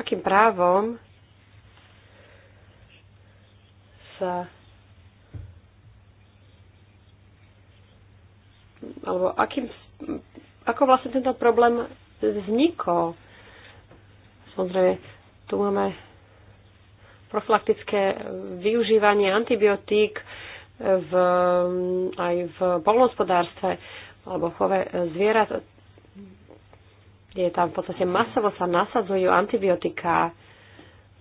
akým právom sa alebo akým, ako vlastne tento problém vznikol Samozrejme, tu máme profilaktické využívanie antibiotík v, aj v polnospodárstve alebo chove zvierat. Je tam v podstate masovo sa nasadzujú antibiotika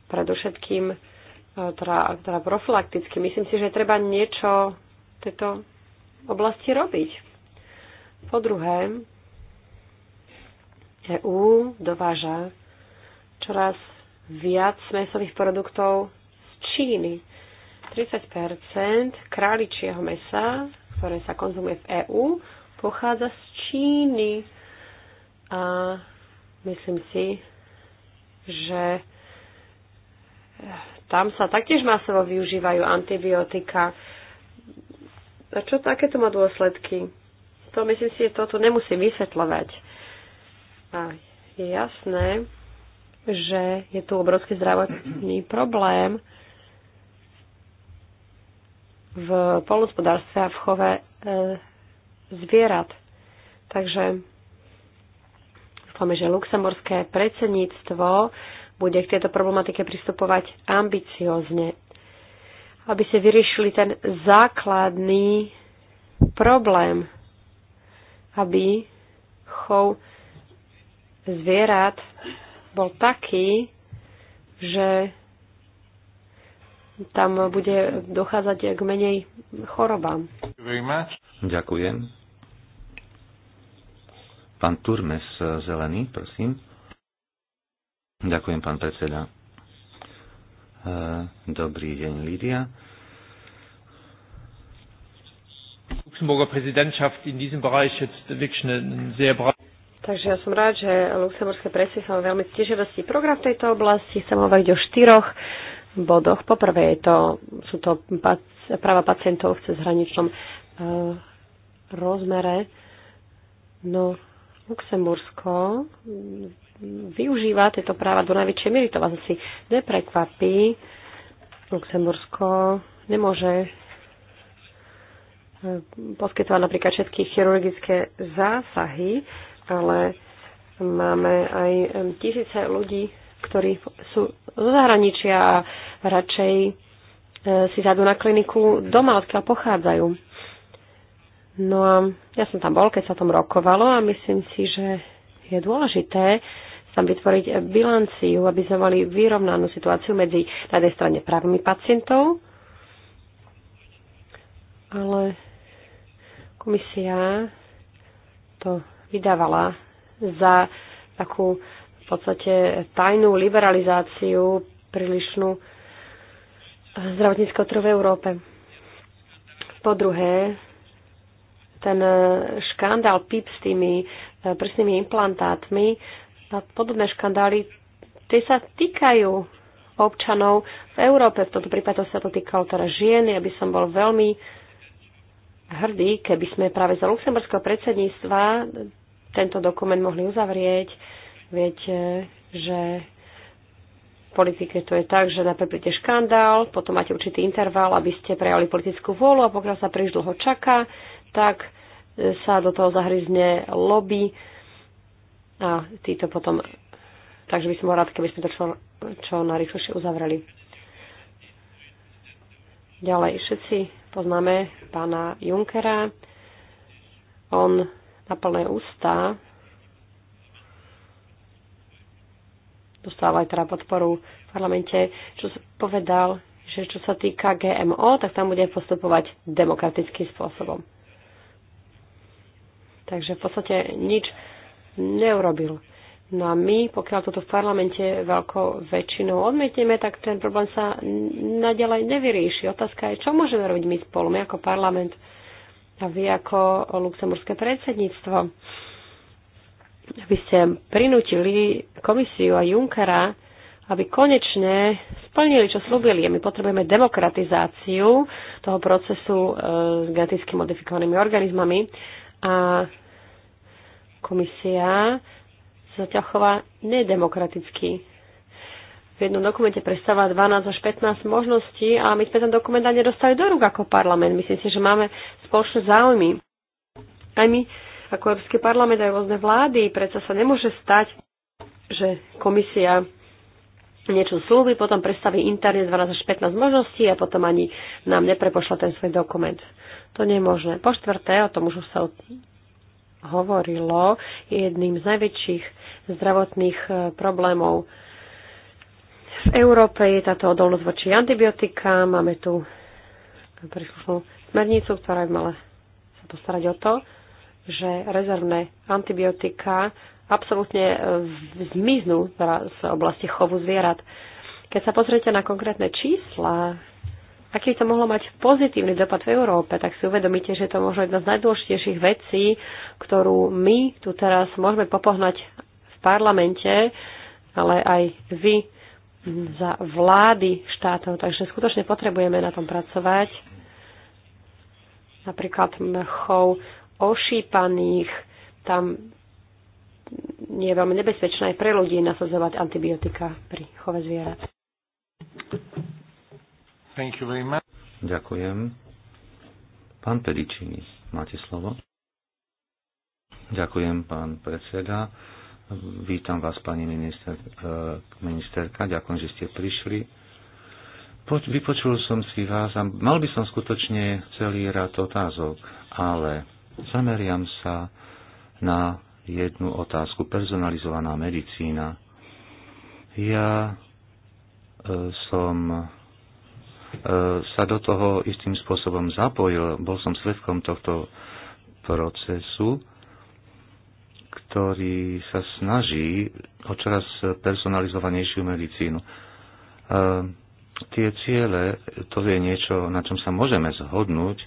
predovšetkým e, teda, teda profilakticky. Myslím si, že treba niečo v tejto oblasti robiť. Po druhé, EU dováža čoraz viac mesových produktov z Číny. 30 králičieho mesa, ktoré sa konzumuje v EÚ, pochádza z Číny. A myslím si, že eh, tam sa taktiež masovo využívajú antibiotika. A čo takéto má dôsledky? To myslím si, že toto nemusím vysvetľovať. A je jasné, že je tu obrovský zdravotný problém v polnospodárstve a v chove e, zvierat. Takže dúfame, že luxemburské predsedníctvo bude k tejto problematike pristupovať ambiciozne, aby ste vyriešili ten základný problém, aby chov zvierat bol taký, že tam bude dochádzať k menej chorobám. Ďakujem. Pán Turmes eh, Zelený, prosím. Ďakujem, pán predseda. Eh, dobrý deň, Lídia. Luxemburger Präsidentschaft in diesem Bereich jetzt wirklich eine sehr breite Takže ja som rád, že Luxemburské sa veľmi stiženosti program v tejto oblasti. Chcem hovoriť o štyroch bodoch. Poprvé je to, sú to práva pacientov v cezhraničnom uh, rozmere. No, Luxembursko využíva tieto práva do najväčšej miery. To vás asi neprekvapí. Luxembursko nemôže eh, poskytovať napríklad všetky chirurgické zásahy, ale máme aj tisíce ľudí, ktorí sú zo zahraničia a radšej e, si zadú na kliniku doma, odkiaľ pochádzajú. No a ja som tam bol, keď sa o tom rokovalo a myslím si, že je dôležité tam vytvoriť bilanciu, aby sme mali vyrovnanú situáciu medzi na jednej strane právami pacientov, ale komisia to vydávala za takú v podstate tajnú liberalizáciu prílišnú zdravotníckého trhu v Európe. Po druhé, ten škandál PIP s tými e, prsnými implantátmi a podobné škandály, tie sa týkajú občanov v Európe. V tomto prípade sa to týkalo teraz žien. Ja by som bol veľmi hrdý, keby sme práve za luxemburského predsedníctva tento dokument mohli uzavrieť. Viete, že v politike to je tak, že najprv príde škandál, potom máte určitý interval, aby ste prejali politickú vôľu a pokiaľ sa príliš dlho čaká, tak e, sa do toho zahryzne lobby a títo potom... Takže by som bol rád, keby sme to čo, čo najrychlejšie uzavreli. Ďalej, všetci poznáme pána Junkera. On na plné ústa. Dostáva aj teda podporu v parlamente, čo povedal, že čo sa týka GMO, tak tam bude postupovať demokratickým spôsobom. Takže v podstate nič neurobil. No a my, pokiaľ toto v parlamente veľkou väčšinou odmietneme, tak ten problém sa nadalej nevyrieši. Otázka je, čo môžeme robiť my spolu, my ako parlament a vy ako luxemburské predsedníctvo. Aby ste prinútili komisiu a Junkera, aby konečne splnili, čo slúbili. My potrebujeme demokratizáciu toho procesu e, s geneticky modifikovanými organizmami a komisia sa zatiaľ chová nedemokraticky v jednom dokumente prestáva 12 až 15 možností a my sme ten dokument ani dostali do rúk ako parlament. Myslím si, že máme spoločné záujmy. Aj my, ako Európsky parlament, aj rôzne vlády, predsa sa nemôže stať, že komisia niečo slúbi, potom predstaví interne 12 až 15 možností a potom ani nám neprepošla ten svoj dokument. To nie je možné. Po štvrté, o tom už sa hovorilo, je jedným z najväčších zdravotných e, problémov v Európe je táto odolnosť voči antibiotikám. Máme tu príslušnú smernicu, ktorá by mala sa postarať o to, že rezervné antibiotika absolútne e, zmiznú z oblasti chovu zvierat. Keď sa pozriete na konkrétne čísla, aký to mohlo mať pozitívny dopad v Európe, tak si uvedomíte, že to možno jedna z najdôležitejších vecí, ktorú my tu teraz môžeme popohnať v parlamente, ale aj vy za vlády štátov. Takže skutočne potrebujeme na tom pracovať. Napríklad mchov ošípaných, tam je veľmi nebezpečné aj pre ľudí nasadzovať antibiotika pri chove zvierat. Thank you very much. Ďakujem. Pán Pedičiny, máte slovo. Ďakujem, pán predseda. Vítam vás, pani minister, e, ministerka. Ďakujem, že ste prišli. Poď, vypočul som si vás a mal by som skutočne celý rád otázok, ale zameriam sa na jednu otázku. Personalizovaná medicína. Ja e, som e, sa do toho istým spôsobom zapojil. Bol som svetkom tohto procesu ktorý sa snaží o čoraz personalizovanejšiu medicínu. E, tie ciele, to je niečo, na čom sa môžeme zhodnúť.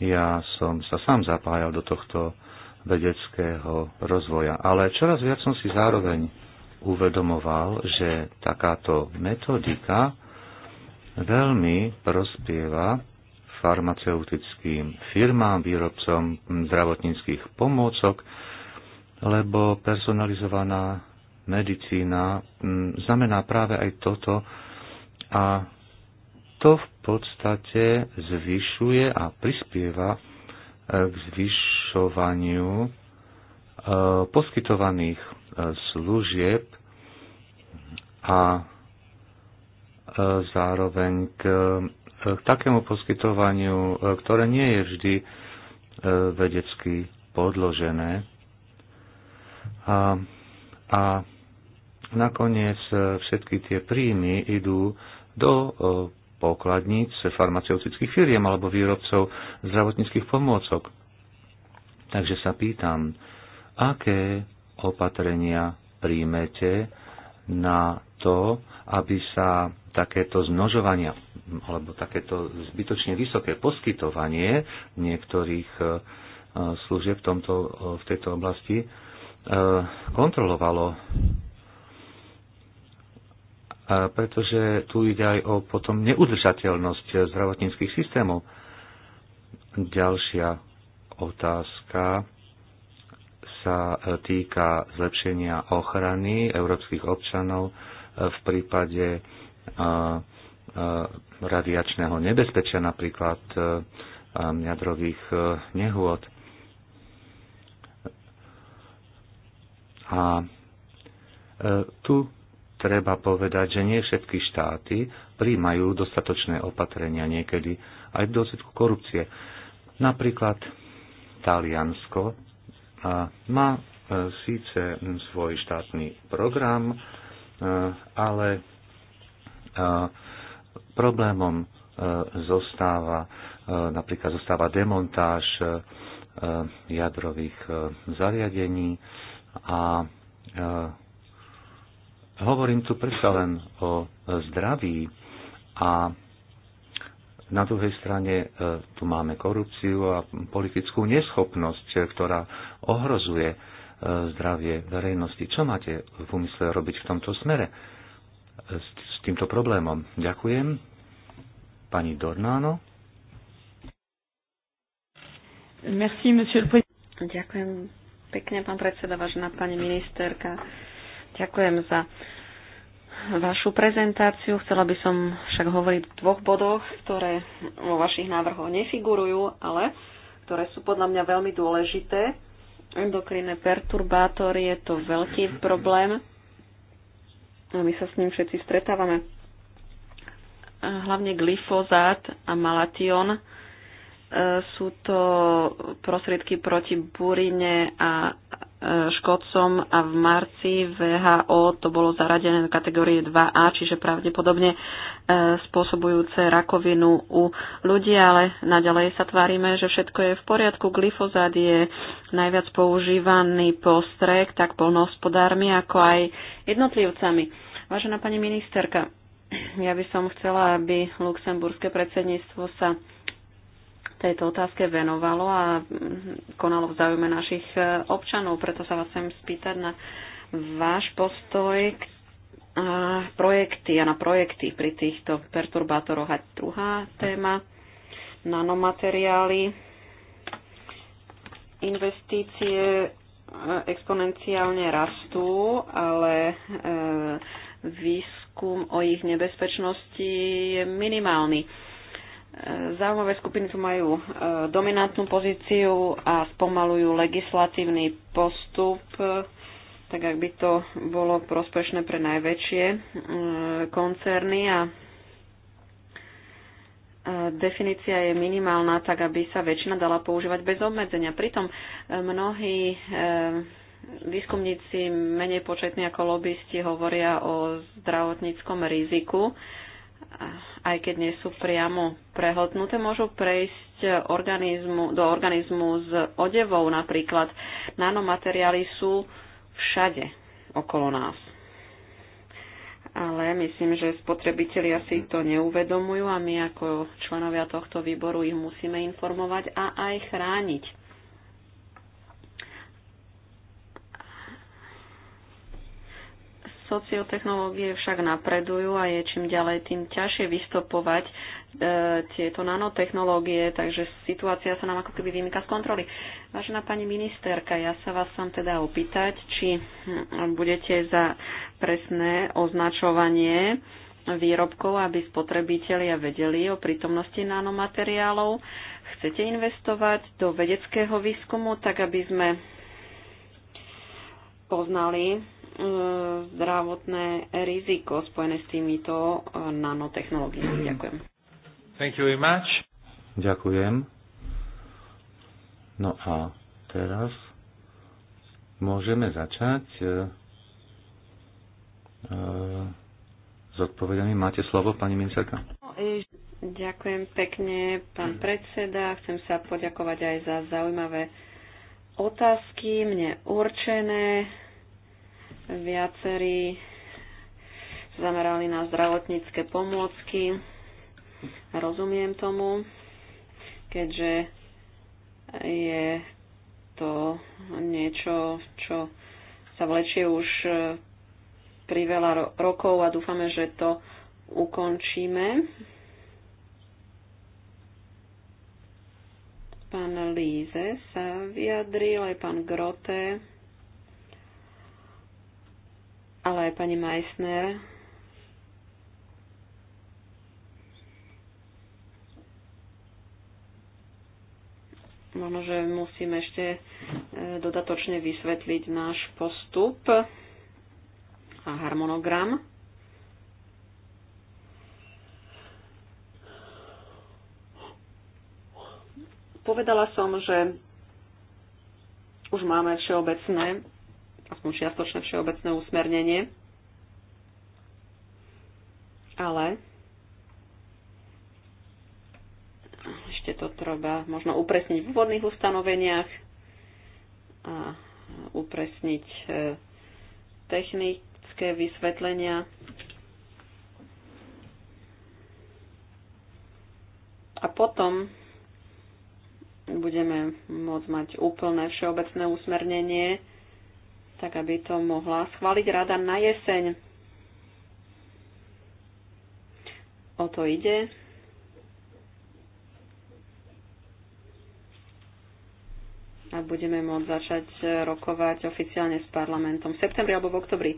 Ja som sa sám zapájal do tohto vedeckého rozvoja, ale čoraz viac som si zároveň uvedomoval, že takáto metodika veľmi prospieva farmaceutickým firmám, výrobcom zdravotníckých pomôcok, lebo personalizovaná medicína mm, znamená práve aj toto a to v podstate zvyšuje a prispieva e, k zvyšovaniu e, poskytovaných e, služieb a zároveň k, k takému poskytovaniu, ktoré nie je vždy vedecky podložené. A, a nakoniec e, všetky tie príjmy idú do e, pokladníc farmaceutických firiem alebo výrobcov zdravotníckých pomôcok. Takže sa pýtam, aké opatrenia príjmete na to, aby sa takéto zmnožovania alebo takéto zbytočne vysoké poskytovanie niektorých e, služieb v, tomto, v tejto oblasti Eh, kontrolovalo. Pretože tu ide aj o potom neudržateľnosť zdravotníckých systémov. Ďalšia otázka sa eh, týka zlepšenia ochrany európskych občanov eh, v prípade radiačného nebezpečia, napríklad jadrových nehôd. A e, tu treba povedať, že nie všetky štáty príjmajú dostatočné opatrenia niekedy aj v dôsledku korupcie. Napríklad Taliansko e, má e, síce svoj štátny program, ale problémom zostáva napríklad zostáva demontáž jadrových zariadení, a e, hovorím tu predsa len o zdraví a na druhej strane e, tu máme korupciu a politickú neschopnosť, ktorá ohrozuje e, zdravie verejnosti. Čo máte v úmysle robiť v tomto smere e, s týmto problémom? Ďakujem. Pani Dornáno. Merci, monsieur le président. Ďakujem, pekne, pán predseda, vážená pani ministerka. Ďakujem za vašu prezentáciu. Chcela by som však hovoriť o dvoch bodoch, ktoré vo vašich návrhoch nefigurujú, ale ktoré sú podľa mňa veľmi dôležité. Endokrinné perturbátory je to veľký problém. A my sa s ním všetci stretávame. Hlavne glyfozát a malation sú to prostriedky proti burine a e, škodcom a v marci VHO to bolo zaradené do kategórie 2A, čiže pravdepodobne e, spôsobujúce rakovinu u ľudí, ale naďalej sa tvárime, že všetko je v poriadku. Glyfozát je najviac používaný postrek tak polnohospodármi, ako aj jednotlivcami. Vážená pani ministerka, ja by som chcela, aby luxemburské predsedníctvo sa tejto otázke venovalo a mm, konalo v záujme našich e, občanov. Preto sa vás chcem spýtať na váš postoj k a e, projekty a na projekty pri týchto perturbátoroch. A druhá téma, nanomateriály, investície e, exponenciálne rastú, ale výskum o ich nebezpečnosti je minimálny E, Záujmové skupiny tu majú e, dominantnú pozíciu a spomalujú legislatívny postup, e, tak ak by to bolo prospešné pre najväčšie koncerny a definícia je minimálna, tak aby sa väčšina dala používať bez obmedzenia. Pritom mnohí výskumníci menej početní ako lobbysti hovoria o zdravotníckom riziku aj keď nie sú priamo prehotnuté, môžu prejsť organizmu, do organizmu s odevou napríklad. Nanomateriály sú všade okolo nás. Ale myslím, že spotrebitelia si to neuvedomujú a my ako členovia tohto výboru ich musíme informovať a aj chrániť. Sociotechnológie však napredujú a je čím ďalej tým ťažšie vystopovať e, tieto nanotechnológie, takže situácia sa nám ako keby vymýka z kontroly. Vážená pani ministerka, ja sa vás chcem teda opýtať, či hm, budete za presné označovanie výrobkov, aby spotrebitelia vedeli o prítomnosti nanomateriálov. Chcete investovať do vedeckého výskumu, tak aby sme poznali zdravotné riziko spojené s týmito e, nanotechnológiami. Hmm. Ďakujem. Thank you very much. Ďakujem. No a teraz môžeme začať e, e, s odpovedami. Máte slovo, pani ministerka? No, ďakujem pekne, pán predseda. Chcem sa poďakovať aj za zaujímavé otázky mne určené Viacerí zamerali na zdravotnícke pomôcky. Rozumiem tomu, keďže je to niečo, čo sa vlečie už e, pri veľa rokov a dúfame, že to ukončíme. Pán Líze sa vyjadril, aj pán Grote ale aj pani Meissner. Možno, že musím ešte e, dodatočne vysvetliť náš postup a harmonogram. Povedala som, že už máme všeobecné aspoň čiastočné všeobecné usmernenie. Ale ešte to treba možno upresniť v úvodných ustanoveniach a upresniť e, technické vysvetlenia a potom budeme môcť mať úplné všeobecné usmernenie tak aby to mohla schváliť rada na jeseň. O to ide. A budeme môcť začať rokovať oficiálne s parlamentom v septembri alebo v oktobri.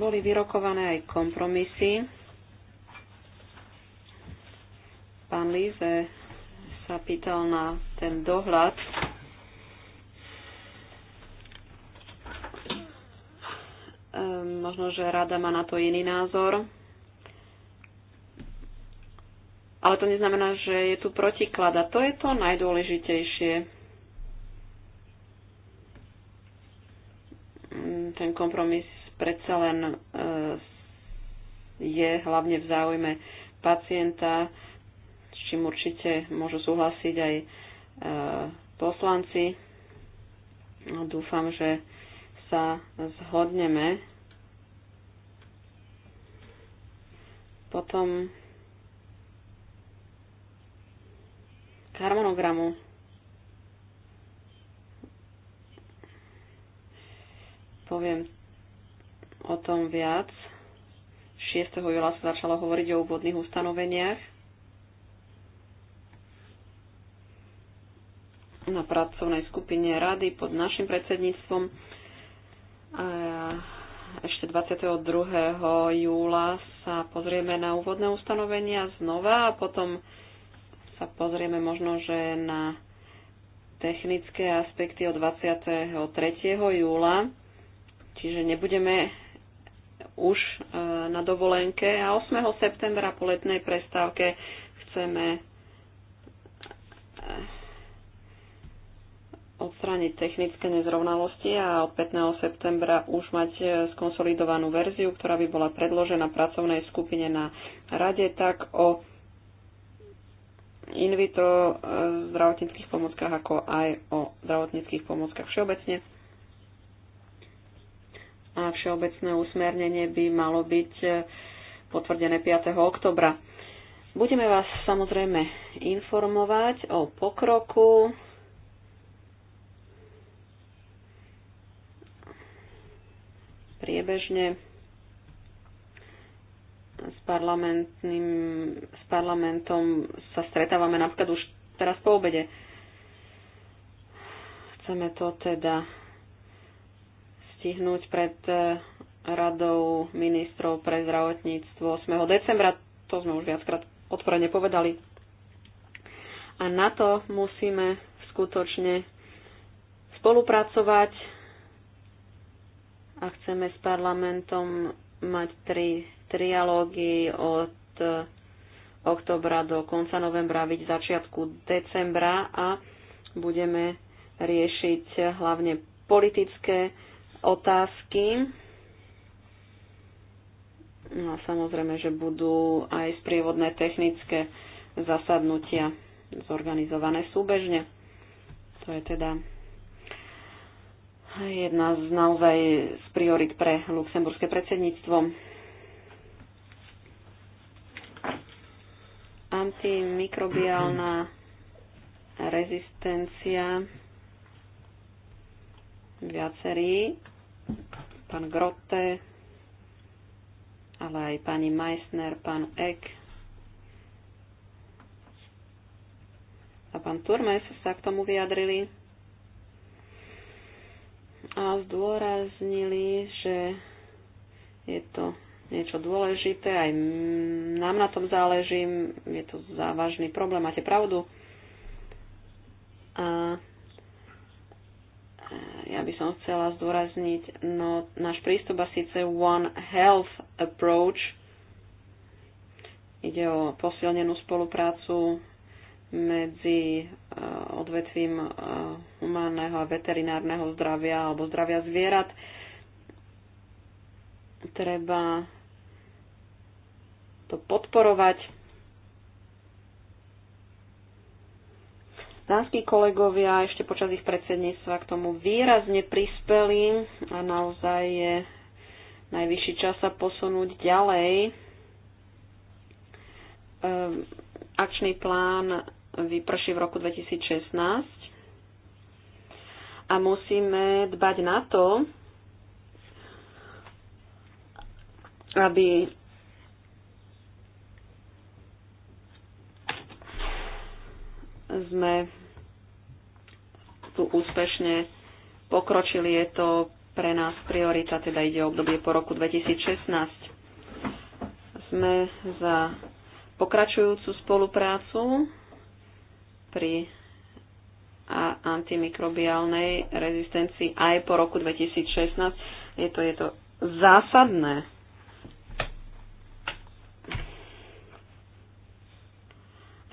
Boli vyrokované aj kompromisy. Pán Líze sa pýtal na ten dohľad ehm, možno, že rada má na to iný názor. Ale to neznamená, že je tu protiklad a to je to najdôležitejšie. Ehm, ten kompromis predsa len e, je hlavne v záujme pacienta, s čím určite môžu súhlasiť aj e, poslanci. Dúfam, že sa zhodneme. Potom k harmonogramu. Poviem o tom viac. 6. júla sa začalo hovoriť o úvodných ustanoveniach. na pracovnej skupine rady pod našim predsedníctvom. A ešte 22. júla sa pozrieme na úvodné ustanovenia znova a potom sa pozrieme možno, že na technické aspekty od 23. júla. Čiže nebudeme už e, na dovolenke a 8. septembra po letnej prestávke chceme e, odstrániť technické nezrovnalosti a od 15. septembra už mať e, skonsolidovanú verziu, ktorá by bola predložená pracovnej skupine na rade, tak o in vitro zdravotníckých pomockách, ako aj o zdravotníckých pomockách všeobecne a všeobecné usmernenie by malo byť e, potvrdené 5. oktobra. Budeme vás samozrejme informovať o pokroku. Priebežne s, parlamentným, s parlamentom sa stretávame napríklad už teraz po obede. Chceme to teda stihnúť pred e, radou ministrov pre zdravotníctvo 8. decembra. To sme už viackrát otvorene povedali. A na to musíme skutočne spolupracovať a chceme s parlamentom mať tri trialógy od e, oktobra do konca novembra, byť začiatku decembra a budeme riešiť hlavne politické otázky. No a samozrejme, že budú aj sprievodné technické zasadnutia zorganizované súbežne. To je teda jedna z naozaj z priorit pre luxemburské predsedníctvo. Antimikrobiálna rezistencia viacerí pán Grotte, ale aj pani Meissner, pán Eck a pán Turmes sa k tomu vyjadrili a zdôraznili, že je to niečo dôležité, aj nám na tom záleží, je to závažný problém, máte pravdu. A ja by som chcela zdôrazniť no, náš prístup a síce One Health Approach. Ide o posilnenú spoluprácu medzi eh, odvetvím eh, humánneho a veterinárneho zdravia alebo zdravia zvierat. Treba to podporovať Dánsky kolegovia ešte počas ich predsedníctva k tomu výrazne prispeli a naozaj je najvyšší čas sa posunúť ďalej. Ehm, akčný plán vyprší v roku 2016 a musíme dbať na to, aby sme sú úspešne pokročili. Je to pre nás priorita, teda ide o obdobie po roku 2016. Sme za pokračujúcu spoluprácu pri antimikrobiálnej rezistencii aj po roku 2016. Je to, je to zásadné.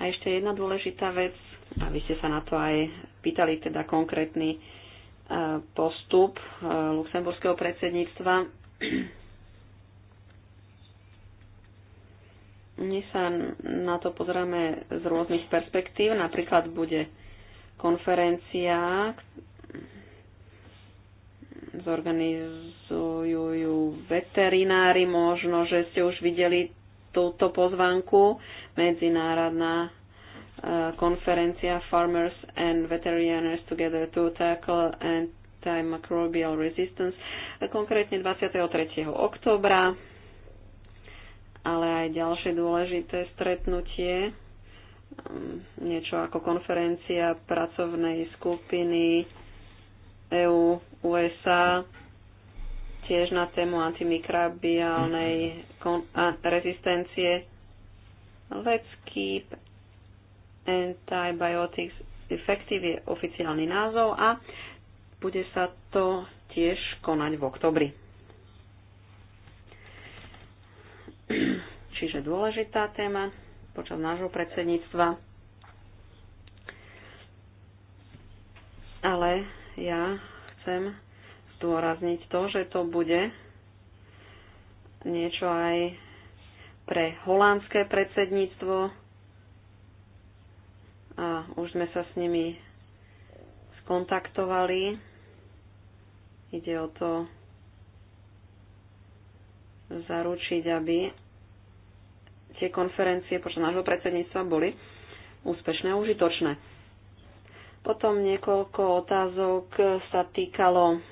A ešte jedna dôležitá vec, a vy ste sa na to aj pýtali teda konkrétny e, postup e, luxemburského predsedníctva. My sa na to pozrieme z rôznych perspektív. Napríklad bude konferencia, zorganizujú ju veterinári, možno, že ste už videli túto pozvanku, medzinárodná konferencia Farmers and Veterinarians Together to Tackle Antimicrobial Resistance, konkrétne 23. oktobra, ale aj ďalšie dôležité stretnutie, um, niečo ako konferencia pracovnej skupiny EU-USA, tiež na tému antimikrobiálnej rezistencie. Let's keep Antibiotics Effective je oficiálny názov a bude sa to tiež konať v oktobri. *clears throat* Čiže dôležitá téma počas nášho predsedníctva. Ale ja chcem zdôrazniť to, že to bude niečo aj pre holandské predsedníctvo, a už sme sa s nimi skontaktovali. Ide o to zaručiť, aby tie konferencie počas nášho predsedníctva boli úspešné a užitočné. Potom niekoľko otázok sa týkalo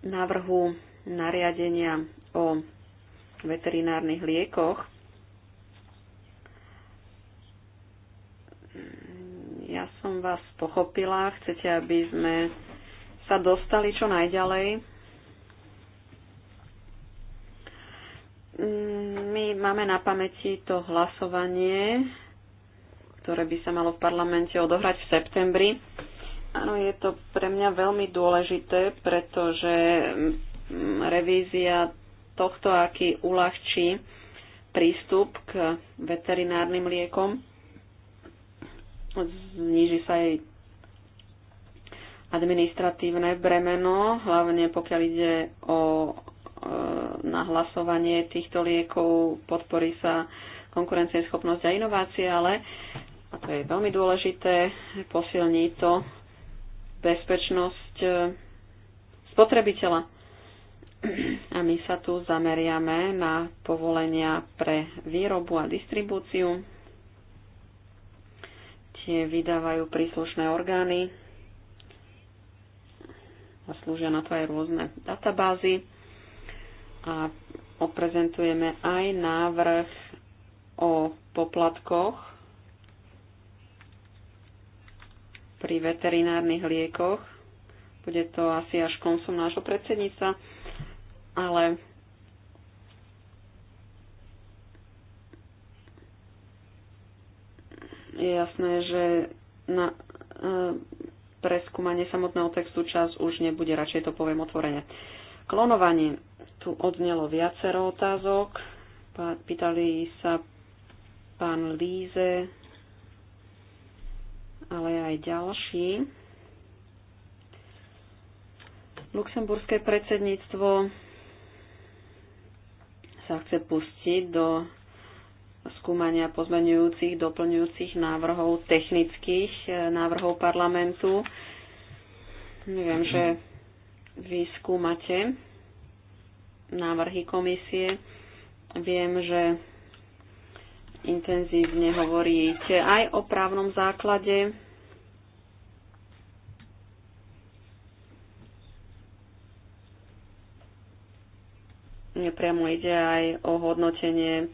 návrhu nariadenia o veterinárnych liekoch. Ja som vás pochopila, chcete, aby sme sa dostali čo najďalej. My máme na pamäti to hlasovanie, ktoré by sa malo v parlamente odohrať v septembri. Áno, je to pre mňa veľmi dôležité, pretože mm, revízia tohto, aký uľahčí prístup k veterinárnym liekom. Zníži sa aj administratívne bremeno, hlavne pokiaľ ide o e, nahlasovanie týchto liekov, podporí sa konkurencieschopnosť a inovácie, ale, a to je veľmi dôležité, posilní to bezpečnosť e, spotrebiteľa a my sa tu zameriame na povolenia pre výrobu a distribúciu. Tie vydávajú príslušné orgány a slúžia na to aj rôzne databázy. A oprezentujeme aj návrh o poplatkoch pri veterinárnych liekoch. Bude to asi až koncom nášho predsedníctva ale je jasné, že na e, preskúmanie samotného textu čas už nebude, radšej to poviem otvorene. Klonovanie. Tu odznelo viacero otázok. Pýtali sa pán Líze, ale aj ďalší. Luxemburské predsedníctvo sa chce pustiť do skúmania pozmenujúcich, doplňujúcich návrhov, technických e, návrhov parlamentu. Viem, že vy skúmate návrhy komisie. Viem, že intenzívne hovoríte aj o právnom základe Priamo ide aj o hodnotenie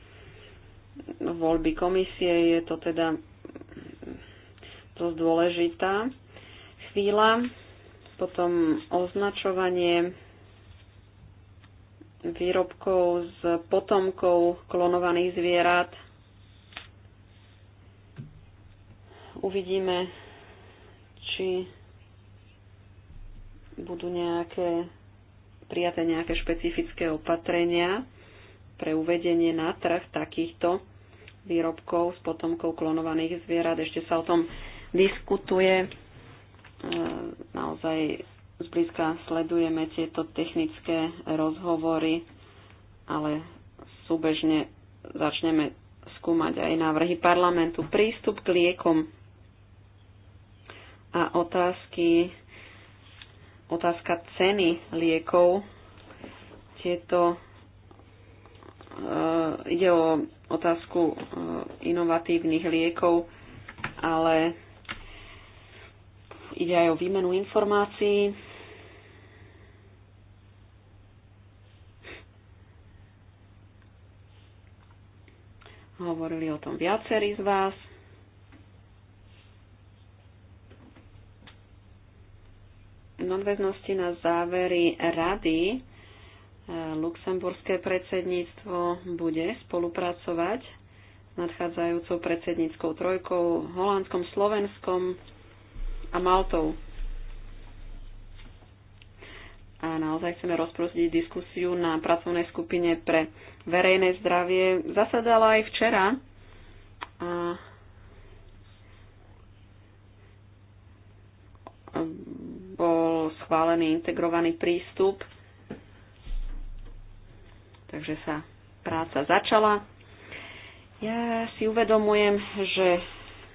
voľby komisie. Je to teda dosť dôležitá chvíľa. Potom označovanie výrobkov z potomkov klonovaných zvierat. Uvidíme, či budú nejaké prijaté nejaké špecifické opatrenia pre uvedenie na trh takýchto výrobkov s potomkou klonovaných zvierat. Ešte sa o tom diskutuje. E, naozaj zblízka sledujeme tieto technické rozhovory, ale súbežne začneme skúmať aj návrhy parlamentu. Prístup k liekom a otázky otázka ceny liekov. Tieto eh, ide o otázku eh, inovatívnych liekov, ale ide aj o výmenu informácií. Hovorili o tom viacerí z vás. nadväznosti na závery rady e, luxemburské predsedníctvo bude spolupracovať s nadchádzajúcou predsedníckou trojkou, holandskom, slovenskom a Maltou. A naozaj chceme rozprostiť diskusiu na pracovnej skupine pre verejné zdravie. Zasadala aj včera a bol schválený integrovaný prístup. Takže sa práca začala. Ja si uvedomujem, že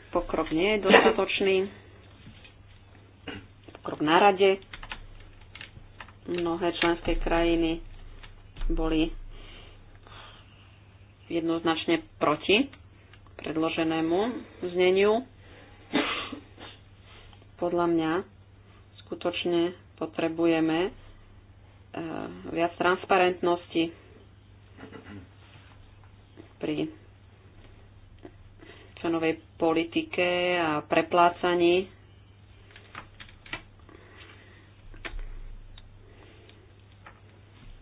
pokrok nie je dostatočný. Pokrok na rade. Mnohé členské krajiny boli jednoznačne proti predloženému zneniu. Podľa mňa skutočne potrebujeme eh, viac transparentnosti pri cenovej politike a preplácaní.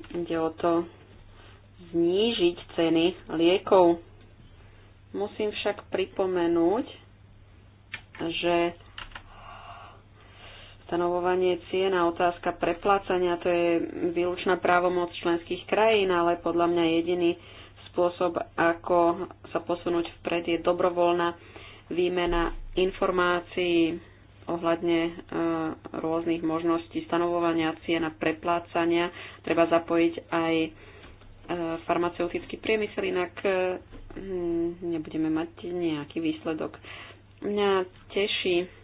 Ide o to znížiť ceny liekov. Musím však pripomenúť, že Stanovovanie cien a otázka preplácania to je výlučná právomoc členských krajín, ale podľa mňa jediný spôsob, ako sa posunúť vpred, je dobrovoľná výmena informácií ohľadne e, rôznych možností stanovovania cien a preplácania. Treba zapojiť aj e, farmaceutický priemysel, inak e, hm, nebudeme mať nejaký výsledok. Mňa teší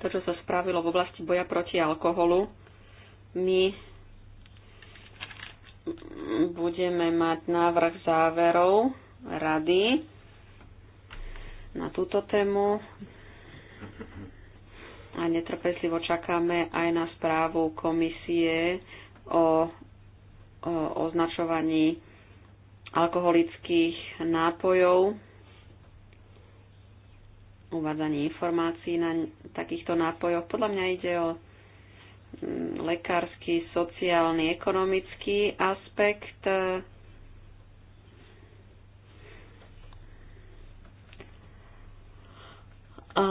to, čo sa spravilo v oblasti boja proti alkoholu. My budeme mať návrh záverov rady na túto tému a netrpezlivo čakáme aj na správu komisie o, o označovaní alkoholických nápojov uvádzanie informácií na takýchto nápojoch. Podľa mňa ide o mm, lekársky, sociálny, ekonomický aspekt. A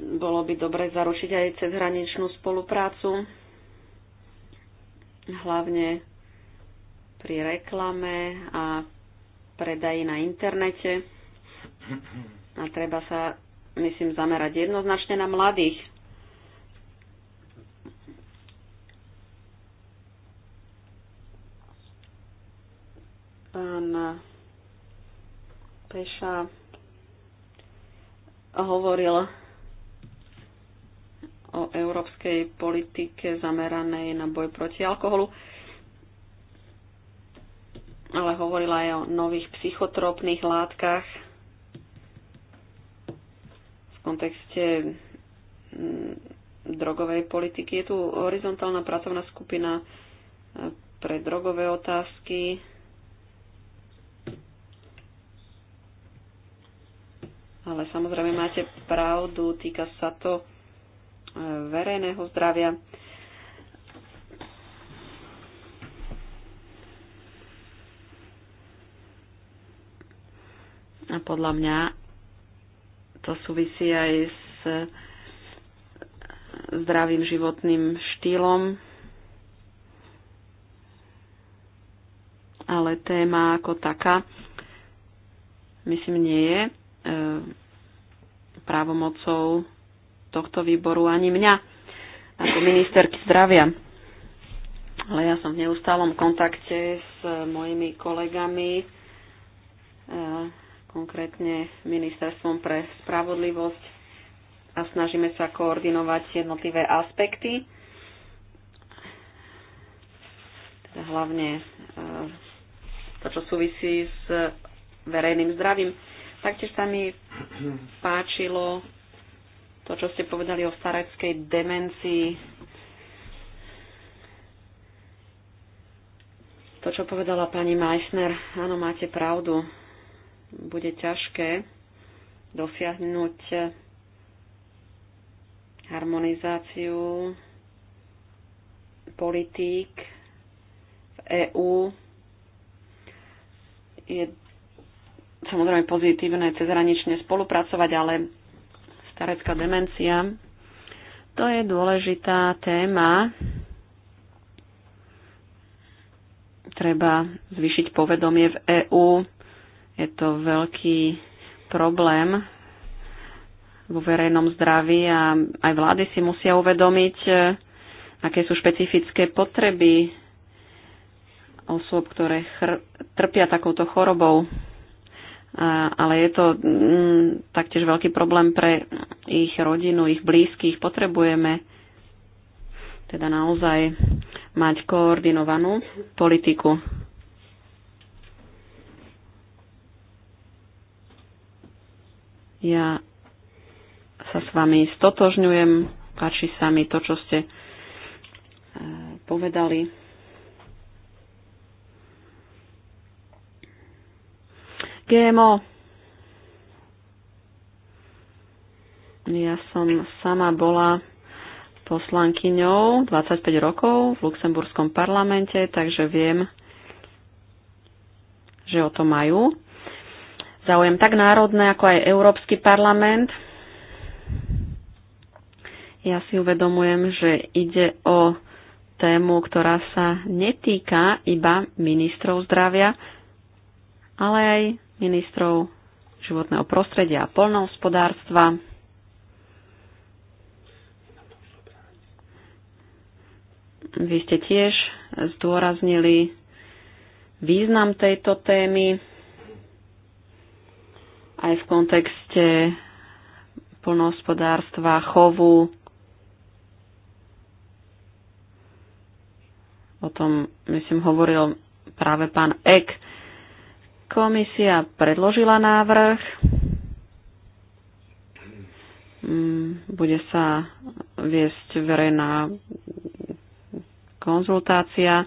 bolo by dobre zaručiť aj cezhraničnú spoluprácu, hlavne pri reklame a predaji na internete. A treba sa, myslím, zamerať jednoznačne na mladých. Pán Peša hovoril o európskej politike zameranej na boj proti alkoholu, ale hovorila aj o nových psychotropných látkach, v kontexte mm, drogovej politiky. Je tu horizontálna pracovná skupina e, pre drogové otázky. Ale samozrejme máte pravdu, týka sa to e, verejného zdravia. A podľa mňa to súvisí aj s zdravým životným štýlom. Ale téma ako taká, myslím, nie je e, právomocou tohto výboru ani mňa ako ministerky zdravia. Ale ja som v neustálom kontakte s mojimi kolegami, e, konkrétne Ministerstvom pre spravodlivosť a snažíme sa koordinovať jednotlivé aspekty, teda hlavne e, to, čo súvisí s verejným zdravím. Taktiež sa mi páčilo to, čo ste povedali o stareckej demencii, to, čo povedala pani Meissner, áno, máte pravdu bude ťažké dosiahnuť harmonizáciu politík v EÚ. Je samozrejme pozitívne cezhranične spolupracovať, ale starecká demencia to je dôležitá téma. Treba zvyšiť povedomie v EÚ je to veľký problém vo verejnom zdraví a aj vlády si musia uvedomiť, e, aké sú špecifické potreby osôb, ktoré trpia takouto chorobou. A, ale je to mm, taktiež veľký problém pre ich rodinu, ich blízkych. Potrebujeme teda naozaj mať koordinovanú politiku. Ja sa s vami stotožňujem, páči sa mi to, čo ste eh, povedali. GMO. Ja som sama bola poslankyňou 25 rokov v luxemburskom parlamente, takže viem, že o to majú záujem tak národné, ako aj Európsky parlament. Ja si uvedomujem, že ide o tému, ktorá sa netýka iba ministrov zdravia, ale aj ministrov životného prostredia a polnohospodárstva. Vy ste tiež zdôraznili význam tejto témy aj v kontexte polnohospodárstva, chovu. O tom, myslím, hovoril práve pán Ek. Komisia predložila návrh. Mm, bude sa viesť verejná konzultácia.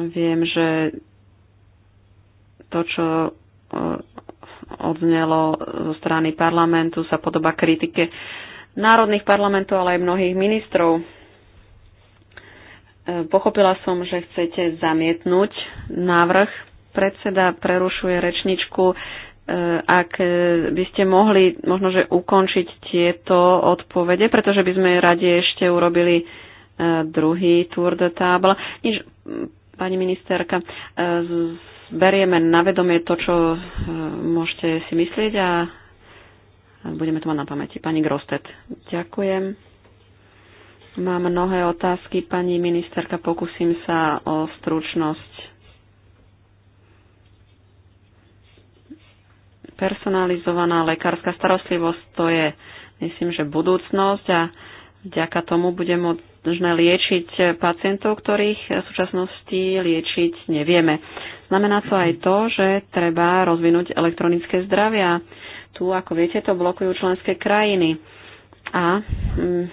Viem, že to, čo odznelo zo strany parlamentu, sa podoba kritike národných parlamentov, ale aj mnohých ministrov. E, pochopila som, že chcete zamietnúť návrh. Predseda prerušuje rečničku. E, ak by ste mohli možno, že ukončiť tieto odpovede, pretože by sme radi ešte urobili e, druhý tour de table. Nič, pani ministerka, berieme na vedomie to, čo e, môžete si myslieť a budeme to mať na pamäti. Pani Grostet, ďakujem. Mám mnohé otázky, pani ministerka, pokúsim sa o stručnosť. Personalizovaná lekárska starostlivosť to je, myslím, že budúcnosť a Vďaka tomu bude možné liečiť pacientov, ktorých v súčasnosti liečiť nevieme. Znamená to aj to, že treba rozvinúť elektronické zdravia. Tu, ako viete, to blokujú členské krajiny. A hm,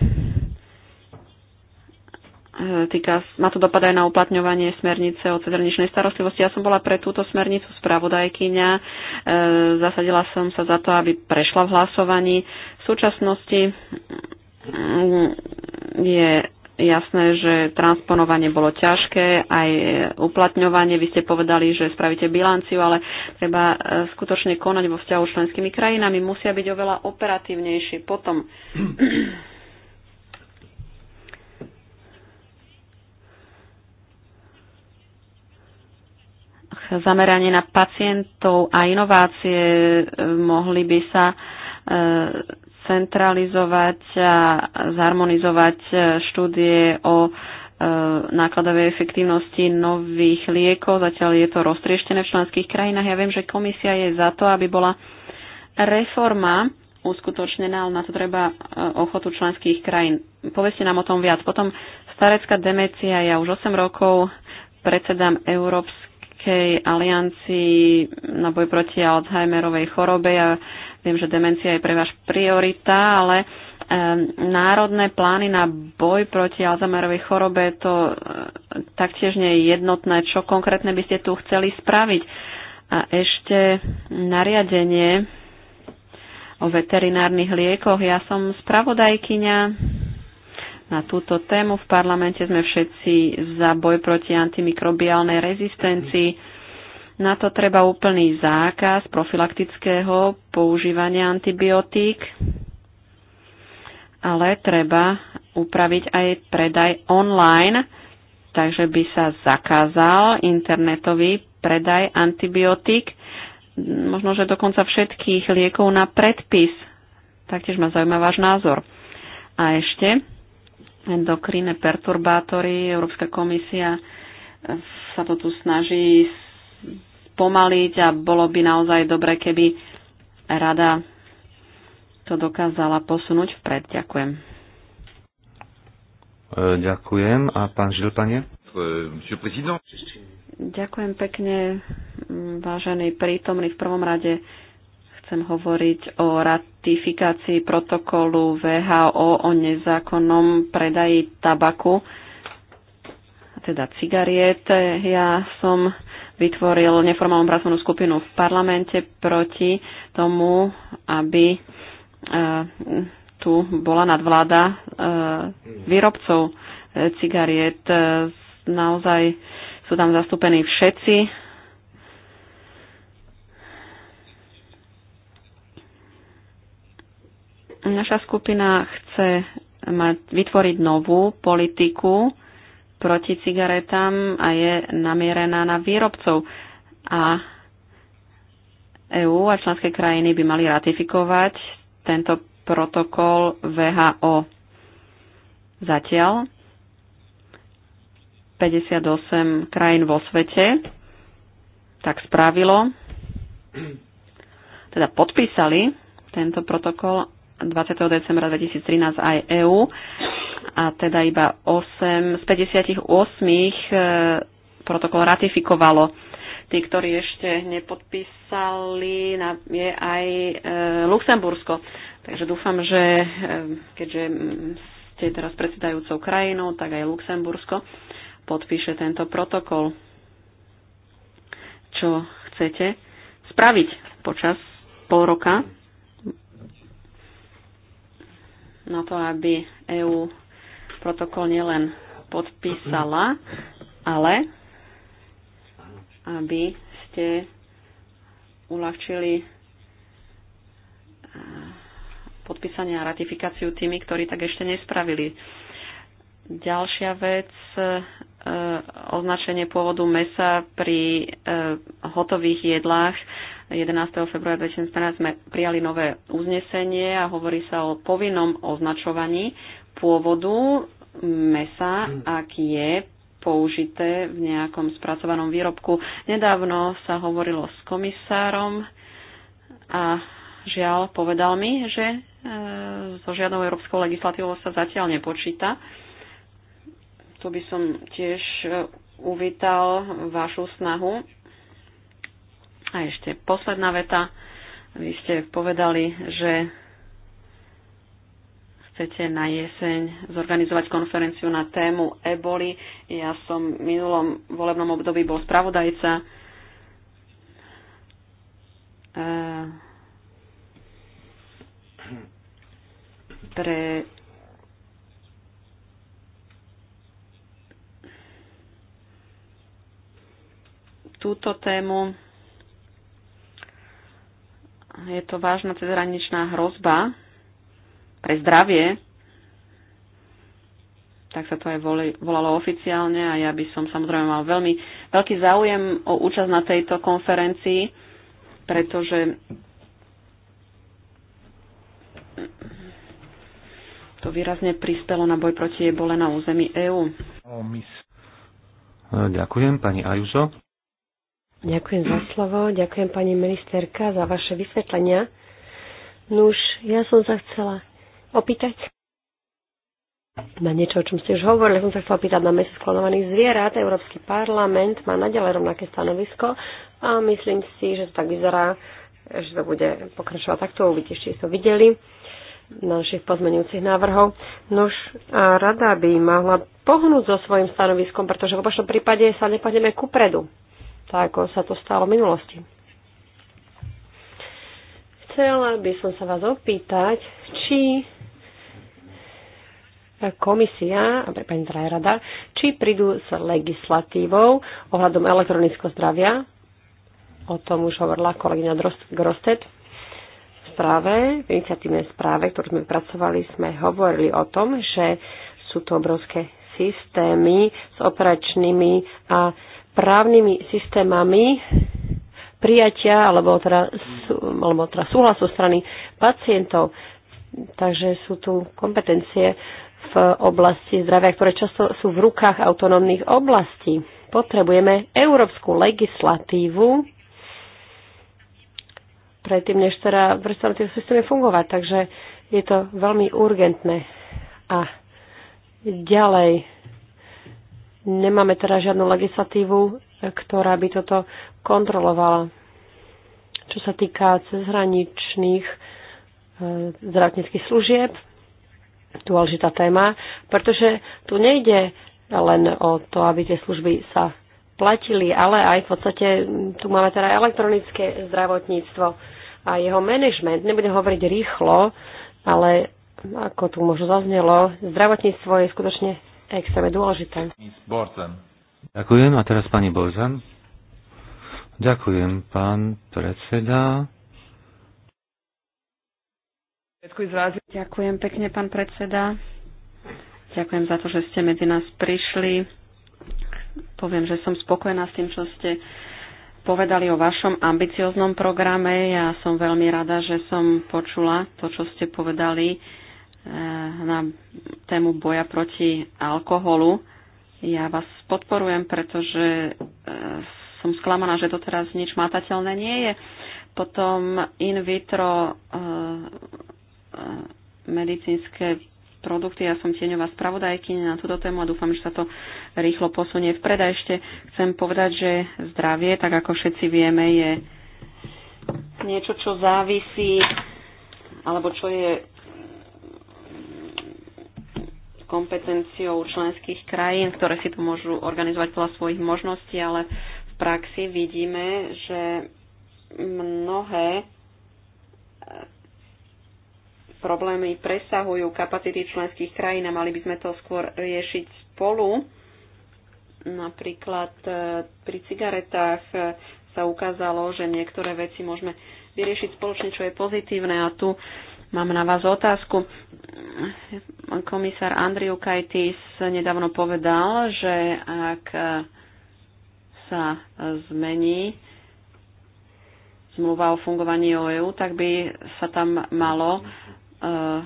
týka, má to dopad aj na uplatňovanie smernice o cedrničnej starostlivosti. Ja som bola pre túto smernicu spravodajkyňa. E, zasadila som sa za to, aby prešla v hlasovaní. V súčasnosti Mm, je jasné, že transponovanie bolo ťažké, aj uplatňovanie, vy ste povedali, že spravíte bilanciu, ale treba e, skutočne konať vo vzťahu s členskými krajinami, musia byť oveľa operatívnejší potom. *clears throat* zameranie na pacientov a inovácie e, mohli by sa e, centralizovať a zharmonizovať e, štúdie o e, nákladovej efektívnosti nových liekov. Zatiaľ je to roztrieštené v členských krajinách. Ja viem, že komisia je za to, aby bola reforma uskutočnená, ale na to treba e, ochotu členských krajín. Poveste nám o tom viac. Potom starecká demecia. Ja už 8 rokov predsedám Európskej aliancii na boj proti Alzheimerovej chorobe. Ja Viem, že demencia je pre vás priorita, ale eh, národné plány na boj proti Alzheimerovej chorobe, to eh, taktiež nie je jednotné. Čo konkrétne by ste tu chceli spraviť? A ešte nariadenie o veterinárnych liekoch. Ja som spravodajkyňa na túto tému. V parlamente sme všetci za boj proti antimikrobiálnej rezistencii na to treba úplný zákaz profilaktického používania antibiotík, ale treba upraviť aj predaj online, takže by sa zakázal internetový predaj antibiotík, možno, že dokonca všetkých liekov na predpis. Taktiež ma zaujíma váš názor. A ešte endokrinné perturbátory, Európska komisia sa to tu snaží spomaliť a bolo by naozaj dobre, keby rada to dokázala posunúť vpred. Ďakujem. E, ďakujem. A pán Žilpanie? Ďakujem pekne, vážený prítomný. V prvom rade chcem hovoriť o ratifikácii protokolu VHO o nezákonnom predaji tabaku, teda cigariet. Ja som vytvoril neformálnu pracovnú skupinu v parlamente proti tomu, aby e, tu bola nadvláda e, výrobcov e, cigariet. Naozaj sú tam zastúpení všetci. Naša skupina chce mať, vytvoriť novú politiku proti cigaretám a je namierená na výrobcov. A EÚ a členské krajiny by mali ratifikovať tento protokol VHO. Zatiaľ 58 krajín vo svete tak spravilo, teda podpísali tento protokol 20. decembra 2013 aj EÚ a teda iba 8 z 58 e, protokol ratifikovalo. Tí, ktorí ešte nepodpísali, je aj e, Luxembursko. Takže dúfam, že e, keďže ste teraz predsedajúcou krajinou, tak aj Luxembursko podpíše tento protokol. Čo chcete spraviť počas pol roka na to, aby EÚ protokol nielen podpísala, ale aby ste uľahčili eh, podpísanie a ratifikáciu tými, ktorí tak ešte nespravili. Ďalšia vec, eh, označenie pôvodu mesa pri eh, hotových jedlách. 11. februára 2014 sme prijali nové uznesenie a hovorí sa o povinnom označovaní pôvodu mesa, ak je použité v nejakom spracovanom výrobku. Nedávno sa hovorilo s komisárom a žiaľ povedal mi, že e, so žiadnou európskou legislatívou sa zatiaľ nepočíta. Tu by som tiež e, uvítal vašu snahu. A ešte posledná veta. Vy ste povedali, že chcete na jeseň zorganizovať konferenciu na tému eboli. Ja som v minulom volebnom období bol spravodajca. E, pre túto tému je to vážna cezhraničná hrozba, pre zdravie, tak sa to aj volalo oficiálne a ja by som samozrejme mal veľmi veľký záujem o účasť na tejto konferencii, pretože to výrazne prispelo na boj proti ebole na území EÚ. No, ďakujem, pani Ajuso. Ďakujem za slovo, ďakujem pani ministerka za vaše vysvetlenia. Nuž, ja som sa chcela opýtať? Na niečo, o čom ste už hovorili, som sa chcela pýtať na meso sklonovaných zvierat. Európsky parlament má naďalej rovnaké stanovisko a myslím si, že to tak vyzerá, že to bude pokračovať takto. Uvidíte, či to videli našich pozmenujúcich návrhov. Nož a rada by mohla pohnúť so svojím stanoviskom, pretože v opačnom prípade sa nepadneme kupredu, tak ako sa to stalo v minulosti chcela by som sa vás opýtať, či komisia, pani rada, či prídu s legislatívou ohľadom elektronického zdravia. O tom už hovorila kolegyňa Grostet. V správe, v iniciatívnej správe, ktorú sme pracovali, sme hovorili o tom, že sú to obrovské systémy s operačnými a právnymi systémami prijatia alebo teda, alebo teda súhlasu strany pacientov. Takže sú tu kompetencie v oblasti zdravia, ktoré často sú v rukách autonómnych oblastí. Potrebujeme európsku legislatívu, predtým, než teda prestanú tie systémy fungovať. Takže je to veľmi urgentné. A ďalej, nemáme teda žiadnu legislatívu, ktorá by toto kontrolovala. Čo sa týka cezhraničných eh, zdravotníckých služieb, dôležitá téma, pretože tu nejde len o to, aby tie služby sa platili, ale aj v podstate tu máme teda elektronické zdravotníctvo a jeho management. Nebudem hovoriť rýchlo, ale ako tu možno zaznelo, zdravotníctvo je skutočne extrémne dôležité. Ďakujem. A teraz pani Borzan. Ďakujem, pán predseda. Ďakujem pekne, pán predseda. Ďakujem za to, že ste medzi nás prišli. Poviem, že som spokojná s tým, čo ste povedali o vašom ambicioznom programe. Ja som veľmi rada, že som počula to, čo ste povedali eh, na tému boja proti alkoholu. Ja vás podporujem, pretože eh, som sklamaná, že to teraz nič matateľné nie je. Potom in vitro eh, medicínske produkty. Ja som tieňová spravodajkyňa na túto tému a dúfam, že sa to rýchlo posunie vpred. A ešte chcem povedať, že zdravie, tak ako všetci vieme, je niečo, čo závisí alebo čo je kompetenciou členských krajín, ktoré si to môžu organizovať podľa svojich možností, ale v praxi vidíme, že mnohé problémy presahujú kapacity členských krajín a mali by sme to skôr riešiť spolu. Napríklad e, pri cigaretách e, sa ukázalo, že niektoré veci môžeme vyriešiť spoločne, čo je pozitívne a tu Mám na vás otázku. Komisár Andriu Kajtis nedávno povedal, že ak sa zmení zmluva o fungovaní o EU, tak by sa tam malo Eh,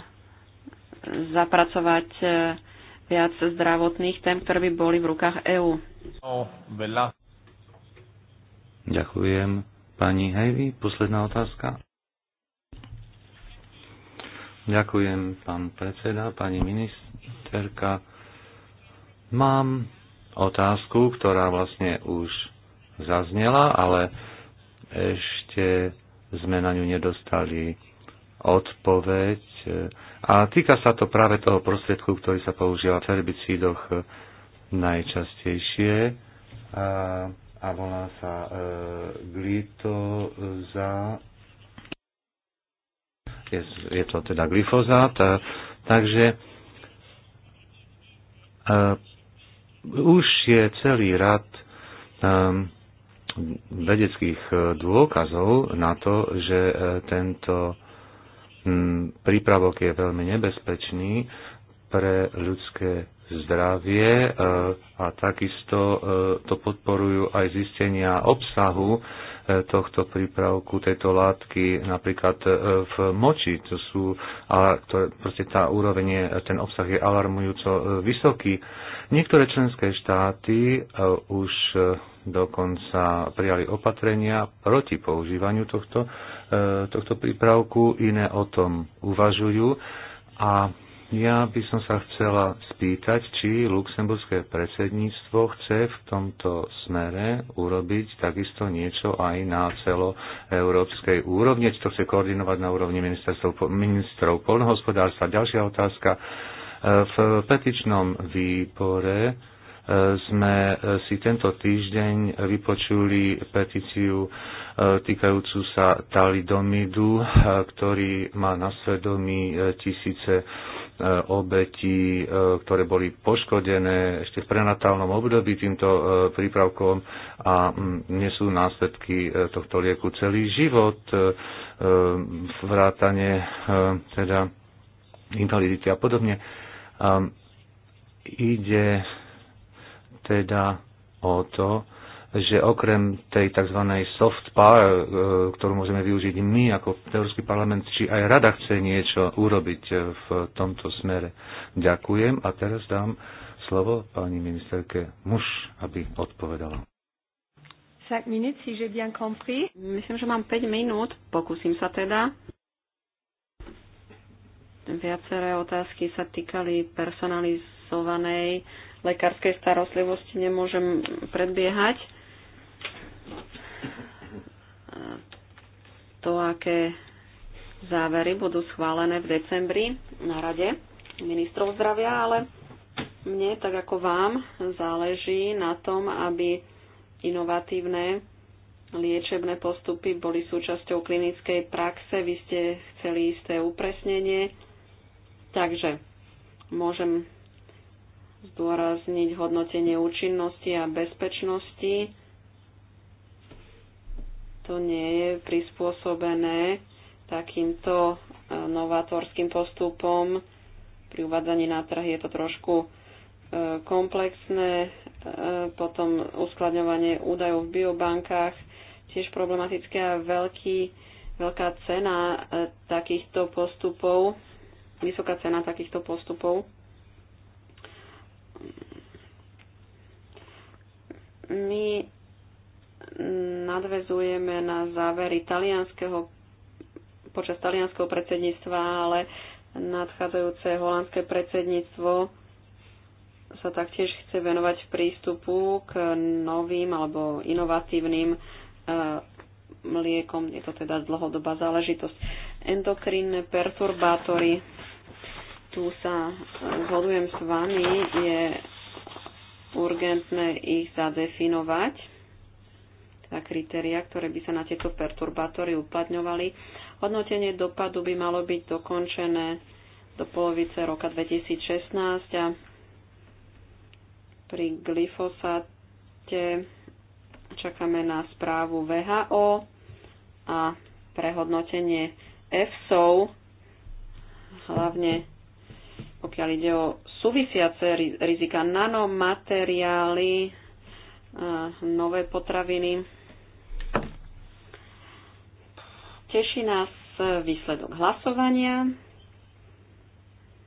zapracovať eh, viac zdravotných tém, ktoré by boli v rukách EÚ. No, Ďakujem. Pani Hejvi, posledná otázka. Ďakujem, pán predseda, pani ministerka. Mám otázku, ktorá vlastne už zaznela, ale ešte sme na ňu nedostali odpoveď. A týka sa to práve toho prostriedku, ktorý sa používa v herbicídoch e, najčastejšie a, a volá sa e, glitoza. Je, je to teda glyfozát. A, e, takže a, e, už je celý rad a, vedeckých dôkazov na to, že tento Mm, prípravok je veľmi nebezpečný pre ľudské zdravie e, a takisto e, to podporujú aj zistenia obsahu e, tohto prípravku, tejto látky napríklad v moči, to sú, ale to, proste tá úroveň, ten obsah je alarmujúco vysoký. Niektoré členské štáty už dokonca prijali opatrenia proti používaniu tohto E, tohto prípravku, iné o tom uvažujú. A ja by som sa chcela spýtať, či luxemburské predsedníctvo chce v tomto smere urobiť takisto niečo aj na celoeurópskej úrovni, či to chce koordinovať na úrovni ministrov polnohospodárstva. Ďalšia otázka. E, v petičnom výpore sme e, si tento týždeň vypočuli petíciu e, týkajúcu sa talidomidu, e, ktorý má na svedomí tisíce obetí, ktoré boli poškodené ešte v prenatálnom období týmto prípravkom a nesú následky tohto lieku celý život, vrátanie teda invalidity a podobne. Ide teda o to, že okrem tej tzv. soft power, e, ktorú môžeme využiť my ako Európsky parlament, či aj rada chce niečo urobiť e, v tomto smere. Ďakujem a teraz dám slovo pani ministerke Muš, aby odpovedala. 5 minút, si j'ai bien compris. Myslím, že mám 5 minút, pokúsim sa teda. Viaceré otázky sa týkali personalizovanej lekárskej starostlivosti nemôžem predbiehať. To, aké závery budú schválené v decembri na Rade ministrov zdravia, ale mne, tak ako vám, záleží na tom, aby inovatívne liečebné postupy boli súčasťou klinickej praxe. Vy ste chceli isté upresnenie, takže môžem zdôrazniť hodnotenie účinnosti a bezpečnosti. To nie je prispôsobené takýmto e, novatorským postupom. Pri uvádzaní na trh je to trošku e, komplexné, e, potom uskladňovanie údajov v biobankách, tiež problematické a veľký, veľká cena takýchto postupov, vysoká cena takýchto postupov. My nadvezujeme na závery italianského počas talianského predsedníctva, ale nadchádzajúce holandské predsedníctvo sa taktiež chce venovať prístupu k novým alebo inovatívnym eh, mliekom. Je to teda dlhodobá záležitosť. Endokrinné perturbátory tu sa e, zhodujem s vami, je urgentné ich zadefinovať, teda kritéria, ktoré by sa na tieto perturbátory uplatňovali. Hodnotenie dopadu by malo byť dokončené do polovice roka 2016 a pri glyfosáte čakáme na správu VHO a prehodnotenie EFSO, hlavne pokiaľ ide o súvisiace rizika, nanomateriály, nové potraviny. Teší nás e, výsledok hlasovania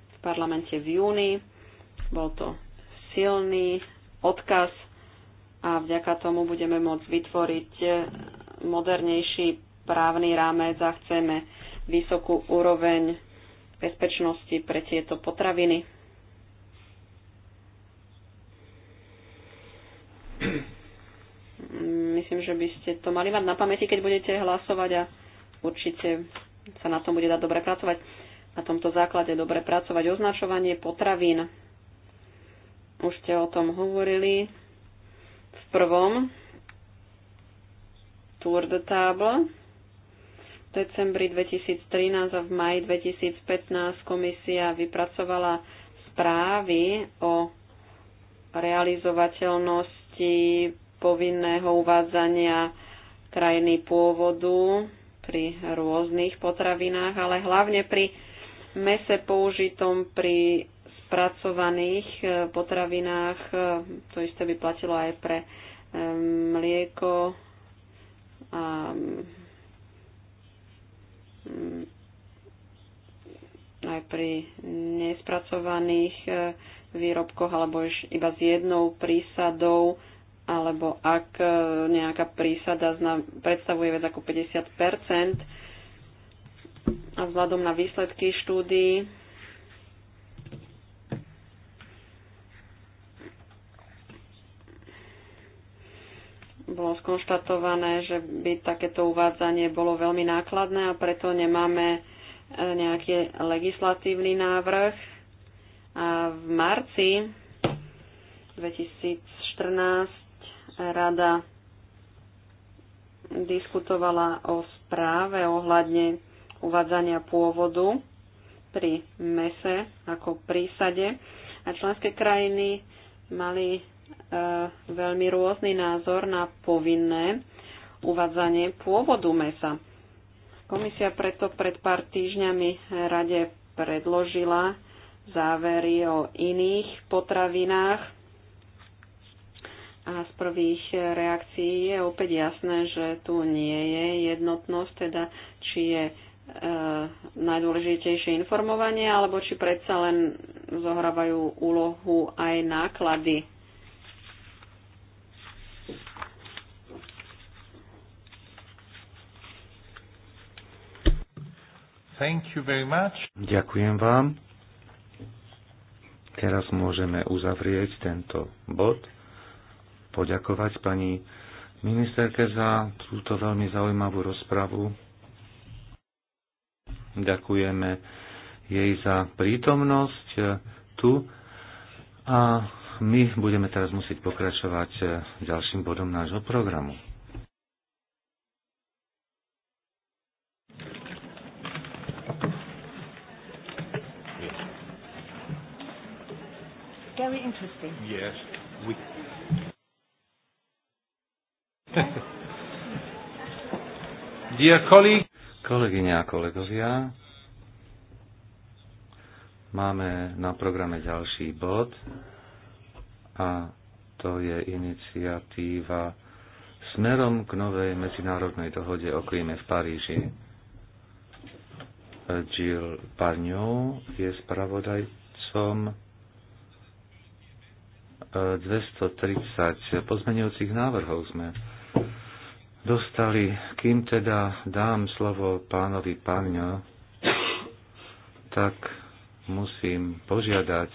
v parlamente v júni. Bol to silný odkaz a vďaka tomu budeme môcť vytvoriť e, modernejší právny rámec a chceme vysokú úroveň bezpečnosti pre tieto potraviny. Myslím, že by ste to mali mať na pamäti, keď budete hlasovať a určite sa na tom bude dať dobre pracovať. Na tomto základe dobre pracovať označovanie potravín. Už ste o tom hovorili v prvom Tour de Table decembri 2013 a v maji 2015 komisia vypracovala správy o realizovateľnosti povinného uvádzania krajiny pôvodu pri rôznych potravinách, ale hlavne pri mese použitom pri spracovaných eh, potravinách. Eh, to isté by platilo aj pre eh, mlieko a mm, Mm, aj pri nespracovaných e, výrobkoch alebo iba s jednou prísadou alebo ak e, nejaká prísada predstavuje viac ako 50 a vzhľadom na výsledky štúdií bolo skonštatované, že by takéto uvádzanie bolo veľmi nákladné a preto nemáme e, nejaký legislatívny návrh. A v marci 2014 rada diskutovala o správe ohľadne uvádzania pôvodu pri mese ako prísade a členské krajiny mali E, veľmi rôzny názor na povinné uvádzanie pôvodu mesa. Komisia preto pred pár týždňami rade predložila závery o iných potravinách a z prvých reakcií je opäť jasné, že tu nie je jednotnosť, teda či je e, najdôležitejšie informovanie, alebo či predsa len zohrávajú úlohu aj náklady Thank you very much. Ďakujem vám. Teraz môžeme uzavrieť tento bod, poďakovať pani ministerke za túto veľmi zaujímavú rozpravu. Ďakujeme jej za prítomnosť eh, tu a my budeme teraz musieť pokračovať eh, ďalším bodom nášho programu. very interesting. Yes. We... *laughs* Dear colleague. Kolegyňa a kolegovia, máme na programe ďalší bod a to je iniciatíva smerom k novej medzinárodnej dohode o klíme v Paríži. Jill Parňou je spravodajcom 230 pozmenujúcich návrhov sme dostali. Kým teda dám slovo pánovi Pagňo, tak musím požiadať,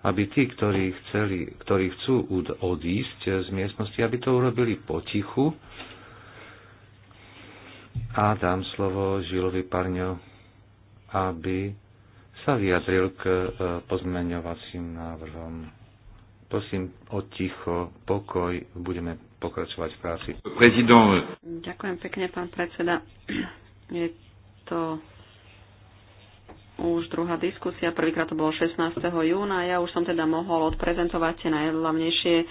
aby tí, ktorí, chceli, ktorí chcú odísť z miestnosti, aby to urobili potichu. A dám slovo Žilovi Parňo, aby sa vyjadril k e, pozmeňovacím návrhom. Prosím o ticho, pokoj, budeme pokračovať v práci. Prezident. Ďakujem pekne, pán predseda. Je to už druhá diskusia, prvýkrát to bolo 16. júna. Ja už som teda mohol odprezentovať tie najhlavnejšie e,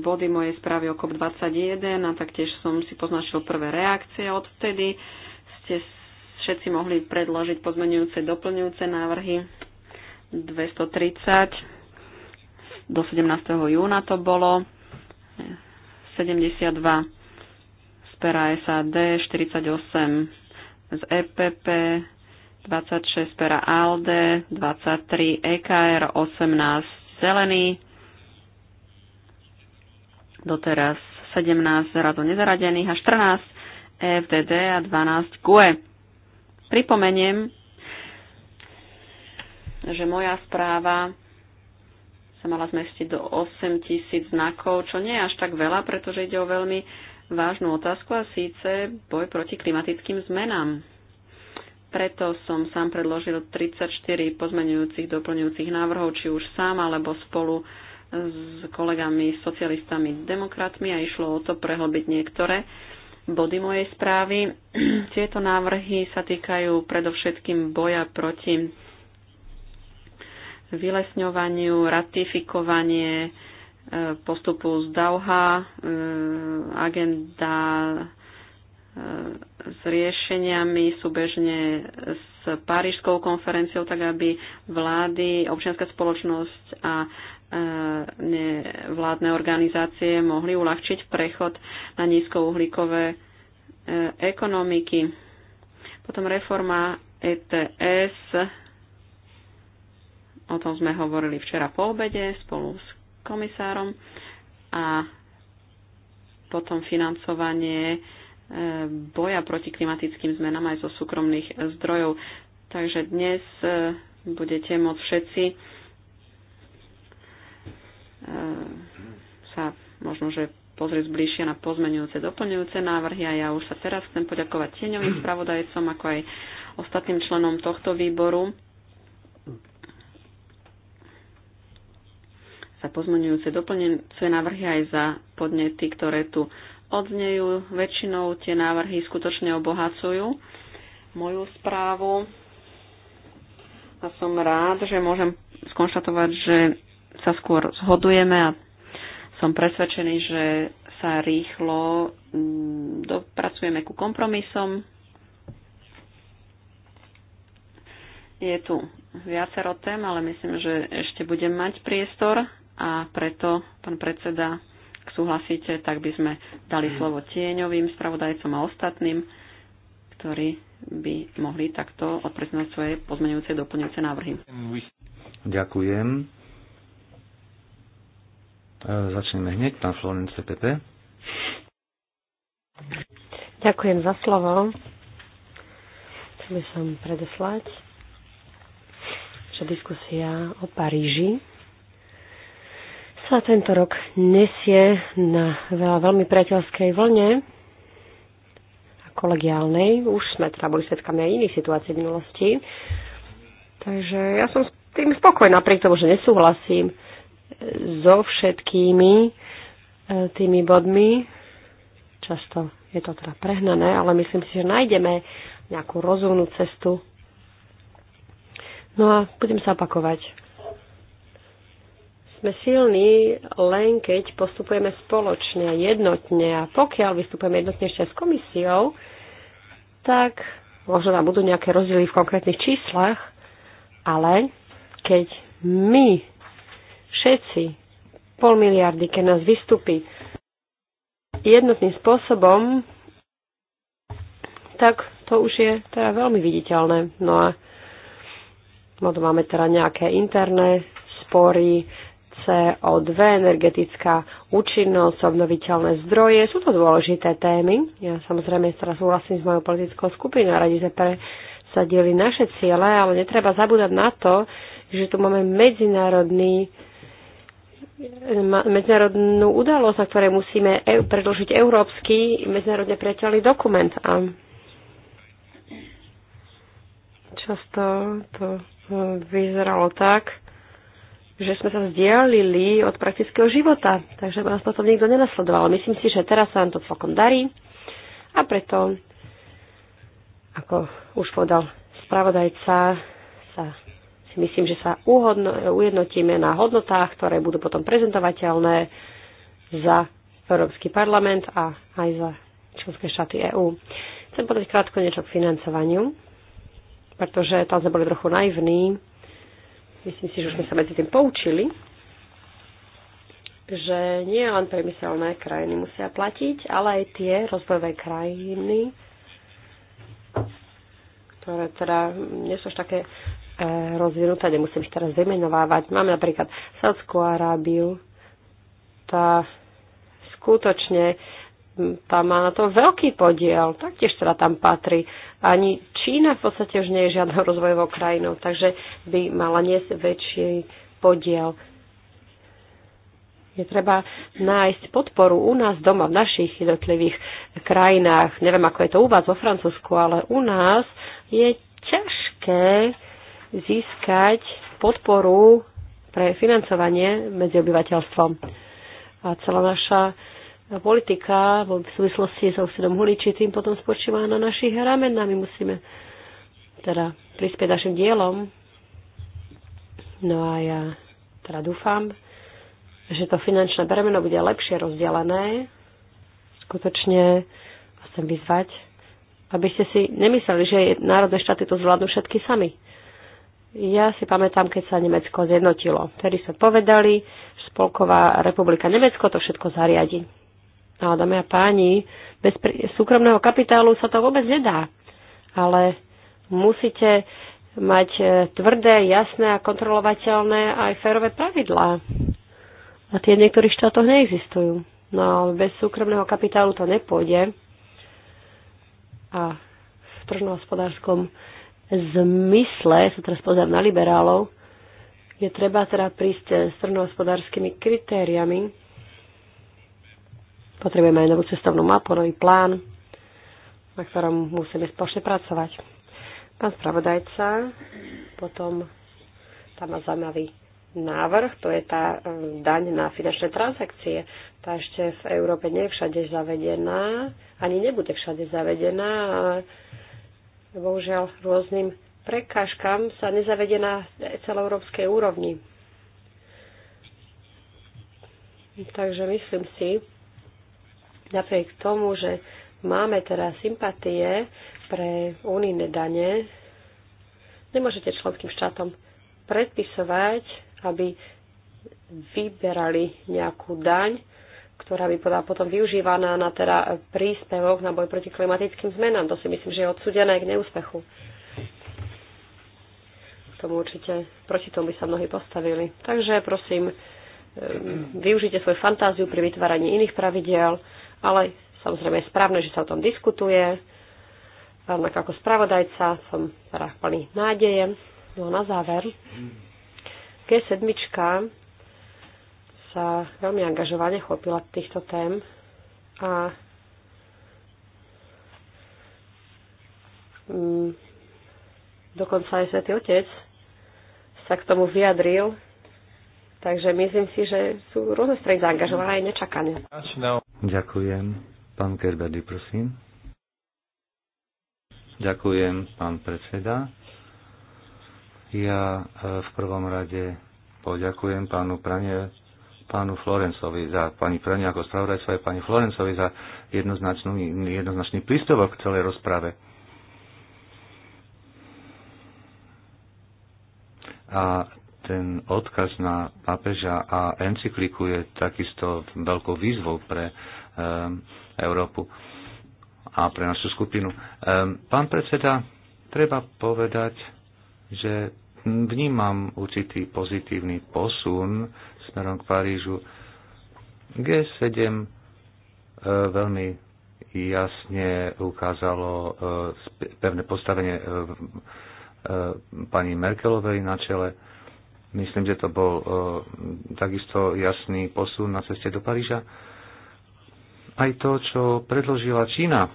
body mojej správy o COP21 a taktiež som si poznačil prvé reakcie. Odvtedy ste všetci mohli predložiť pozmenujúce, doplňujúce návrhy 230 do 17. júna to bolo, 72 z pera SAD, 48 z EPP, 26 pera ALDE, 23 EKR, 18 zelený, doteraz 17 rado nezaradených a 14 EFDD a 12 GUE. Pripomeniem, že moja správa sa mala zmestiť do 8 tisíc znakov, čo nie je až tak veľa, pretože ide o veľmi vážnu otázku a síce boj proti klimatickým zmenám. Preto som sám predložil 34 pozmenujúcich, doplňujúcich návrhov, či už sám alebo spolu s kolegami socialistami, demokratmi a išlo o to prehlbiť niektoré body mojej správy. *clears throat* Tieto návrhy sa týkajú predovšetkým boja proti vylesňovaniu, ratifikovanie e, postupu z Dauha, e, agenda e, s riešeniami súbežne s Parížskou konferenciou, tak aby vlády, občianská spoločnosť a vládne organizácie mohli uľahčiť prechod na nízkouhlíkové ekonomiky. Potom reforma ETS O tom sme hovorili včera po obede spolu s komisárom a potom financovanie e, boja proti klimatickým zmenám aj zo súkromných zdrojov. Takže dnes e, budete môcť všetci e, sa možno, že pozrieť bližšie na pozmenujúce, doplňujúce návrhy a ja už sa teraz chcem poďakovať tieňovým spravodajcom, ako aj ostatným členom tohto výboru pozmenujúce doplňujúce návrhy aj za podnety, ktoré tu odznejú. Väčšinou tie návrhy skutočne obohacujú moju správu a som rád, že môžem skonštatovať, že sa skôr zhodujeme a som presvedčený, že sa rýchlo mm, dopracujeme ku kompromisom. Je tu viacero tém, ale myslím, že ešte budem mať priestor a preto, pán predseda, ak súhlasíte, tak by sme dali mm. slovo tieňovým spravodajcom a ostatným, ktorí by mohli takto odprezentovať svoje pozmenujúce doplňujúce návrhy. Ďakujem. E, začneme hneď, pán Florin CPP. Ďakujem za slovo. Chcel som predeslať, že diskusia o Paríži sa tento rok nesie na veľmi priateľskej vlne a kolegiálnej. Už sme teda boli svetkami aj iných situácií v minulosti. Takže ja som s tým spokojná, napriek tomu, že nesúhlasím so všetkými e, tými bodmi. Často je to teda prehnané, ale myslím si, že nájdeme nejakú rozumnú cestu. No a budem sa opakovať sme silní len keď postupujeme spoločne, jednotne a pokiaľ vystupujeme jednotne ešte s komisiou, tak možno tam budú nejaké rozdiely v konkrétnych číslach, ale keď my všetci pol miliardy, keď nás vystúpi jednotným spôsobom, tak to už je teda veľmi viditeľné. No a no to máme teda nejaké interné spory, CO2, energetická účinnosť, obnoviteľné zdroje. Sú to dôležité témy. Ja samozrejme teraz súhlasím s mojou politickou skupinou. Radi sa presadili naše ciele, ale netreba zabúdať na to, že tu máme medzinárodný medzinárodnú udalosť, na ktorej musíme e- predložiť európsky medzinárodne priateľný dokument. A často to e, vyzeralo tak, že sme sa vzdialili od praktického života, takže nás potom nikto nenasledoval. Myslím si, že teraz sa nám to celkom darí a preto, ako už povedal spravodajca, sa si myslím, že sa uhodno, ujednotíme na hodnotách, ktoré budú potom prezentovateľné za Európsky parlament a aj za členské štáty EÚ. Chcem povedať krátko niečo k financovaniu, pretože tam sme boli trochu naivní Myslím si, že sme sa medzi tým poučili, že nie len priemyselné krajiny musia platiť, ale aj tie rozvojové krajiny, ktoré teda nie sú až také e, rozvinuté, nemusím ich teraz vymenovávať. Máme napríklad Sádskú Arábiu, tá skutočne tá má na to veľký podiel, taktiež teda tam patrí ani Čína v podstate už nie je žiadnou rozvojovou krajinou, takže by mala niesť väčší podiel. Je treba nájsť podporu u nás doma, v našich jednotlivých krajinách. Neviem, ako je to u vás vo Francúzsku, ale u nás je ťažké získať podporu pre financovanie medzi obyvateľstvom. A celá naša politika v súvislosti so ústredom huličitým potom spočíva na našich ramenách. My musíme teda prispieť našim dielom. No a ja teda dúfam, že to finančné bremeno bude lepšie rozdelené. Skutočne vás chcem vyzvať, aby ste si nemysleli, že národné štáty to zvládnu všetky sami. Ja si pamätám, keď sa Nemecko zjednotilo. Vtedy sme povedali, že Spolková republika Nemecko to všetko zariadi. Ale dámy a páni, bez súkromného kapitálu sa to vôbec nedá. Ale musíte mať e, tvrdé, jasné a kontrolovateľné aj férové pravidlá. A tie v niektorých štátoch neexistujú. No ale bez súkromného kapitálu to nepôjde. A v tržnohospodárskom zmysle, sa teraz pozerám na liberálov, je treba teda prísť s tržnohospodárskymi kritériami, Potrebujeme aj novú cestovnú mapu, nový plán, na ktorom musíme spoločne pracovať. Pán spravodajca, potom tam má zaujímavý návrh, to je tá eh, daň na finančné transakcie. Tá ešte v Európe nie je všade zavedená, ani nebude všade zavedená, ale bohužiaľ rôznym prekážkam sa nezavede na celoeurópskej úrovni. Takže myslím si, napriek tomu, že máme teraz sympatie pre unijné dane, nemôžete členským štátom predpisovať, aby vyberali nejakú daň, ktorá by bola potom využívaná na teda príspevok na boj proti klimatickým zmenám. To si myslím, že je odsudené k neúspechu. K tomu určite, proti tomu by sa mnohí postavili. Takže prosím, ehm, využite svoju fantáziu pri vytváraní iných pravidiel ale samozrejme je správne, že sa o tom diskutuje. Rovnako ako spravodajca som teda plný nádeje. No na záver, G7 sa veľmi angažovane chopila týchto tém a mm, dokonca aj Svetý Otec sa k tomu vyjadril Takže myslím si, že sú rôzne strany zaangažované aj nečakane. Ďakujem. Pán Gerbady, prosím. Ďakujem, pán predseda. Ja e, v prvom rade poďakujem pánu Prane, pánu Florencovi za pani Prane ako spravodajca aj pani Florencovi za jednoznačný príspevok k celej rozprave. A ten odkaz na pápeža a encykliku je takisto veľkou výzvou pre e, Európu a pre našu skupinu. E, pán predseda, treba povedať, že vnímam určitý pozitívny posun smerom k Parížu. G7 e, eh, veľmi jasne ukázalo e, pevné postavenie e, e, pani Merkelovej na čele Myslím, že to bol e, takisto jasný posun na ceste do Paríža. Aj to, čo predložila Čína,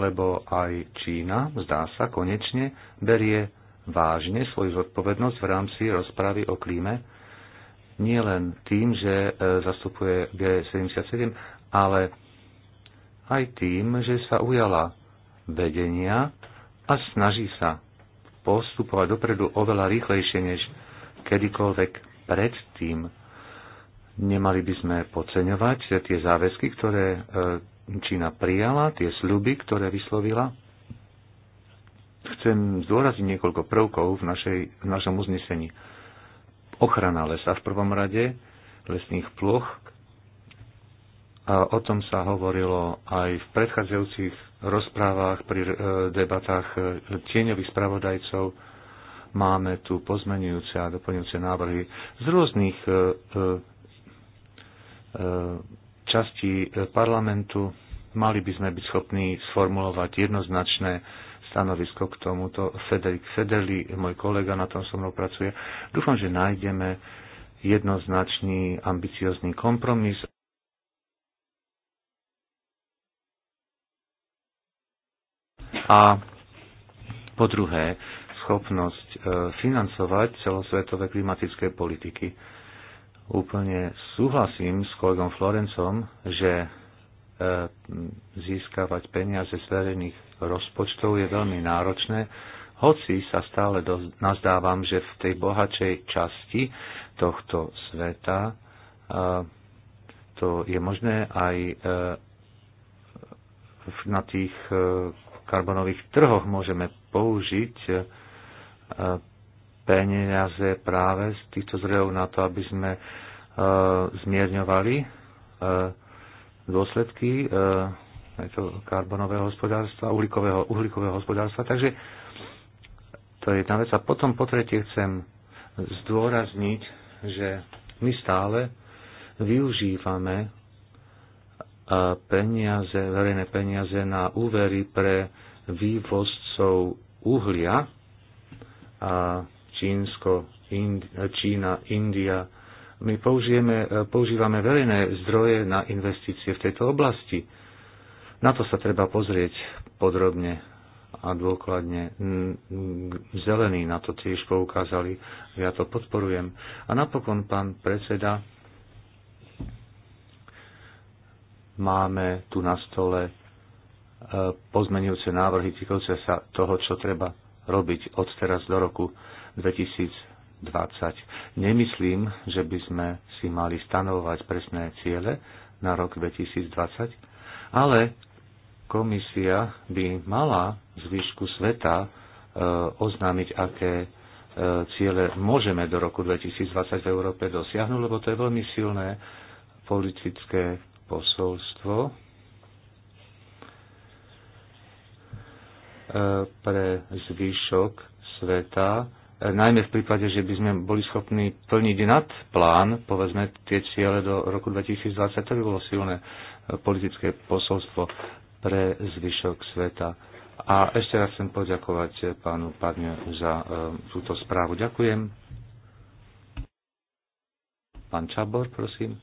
lebo aj Čína, zdá sa, konečne berie vážne svoju zodpovednosť v rámci rozpravy o klíme, nie len tým, že e, zastupuje G77, ale aj tým, že sa ujala vedenia a snaží sa postupovať dopredu oveľa rýchlejšie než kedykoľvek predtým. Nemali by sme podceňovať tie záväzky, ktoré e, Čína prijala, tie sľuby, ktoré vyslovila. Chcem zdôraziť niekoľko prvkov v, našej, v našom uznesení. Ochrana lesa v prvom rade, lesných ploch. A o tom sa hovorilo aj v predchádzajúcich rozprávach, pri e, debatách e, tieňových spravodajcov Máme tu pozmenujúce a doplňujúce návrhy z rôznych e, e, e, častí parlamentu. Mali by sme byť schopní sformulovať jednoznačné stanovisko k tomuto. Federik Federli, môj kolega, na tom so mnou pracuje. Dúfam, že nájdeme jednoznačný, ambiciozný kompromis. A po druhé, schopnosť e, financovať celosvetové klimatické politiky. Úplne súhlasím s kolegom Florencom, že e, získavať peniaze z verejných rozpočtov je veľmi náročné, hoci sa stále do, nazdávam, že v tej bohačej časti tohto sveta e, to je možné aj na tých karbonových trhoch môžeme použiť peniaze práve z týchto zdrojov na to, aby sme e, zmierňovali e, dôsledky e, karbonového hospodárstva, uhlíkového, uhlíkového hospodárstva. Takže to je jedna vec. A potom po tretie chcem zdôrazniť, že my stále využívame peniaze, verejné peniaze na úvery pre vývozcov uhlia a Čínsko, Ind, Čína, India. My použijeme, používame verejné zdroje na investície v tejto oblasti. Na to sa treba pozrieť podrobne a dôkladne. Zelení na to tiež poukázali, ja to podporujem. A napokon, pán predseda, máme tu na stole e, pozmenujúce návrhy týkajúce sa toho, čo treba robiť od teraz do roku 2020. Nemyslím, že by sme si mali stanovovať presné ciele na rok 2020, ale komisia by mala zvyšku sveta e, oznámiť, aké e, ciele môžeme do roku 2020 v Európe dosiahnuť, lebo to je veľmi silné politické posolstvo pre zvyšok sveta, e, najmä v prípade, že by sme boli schopní plniť nad plán, povedzme tie ciele do roku 2020, to by bolo silné e, politické posolstvo pre zvyšok sveta. A ešte raz chcem poďakovať e, pánu Padne za e, túto správu. Ďakujem. Pán Čabor, prosím.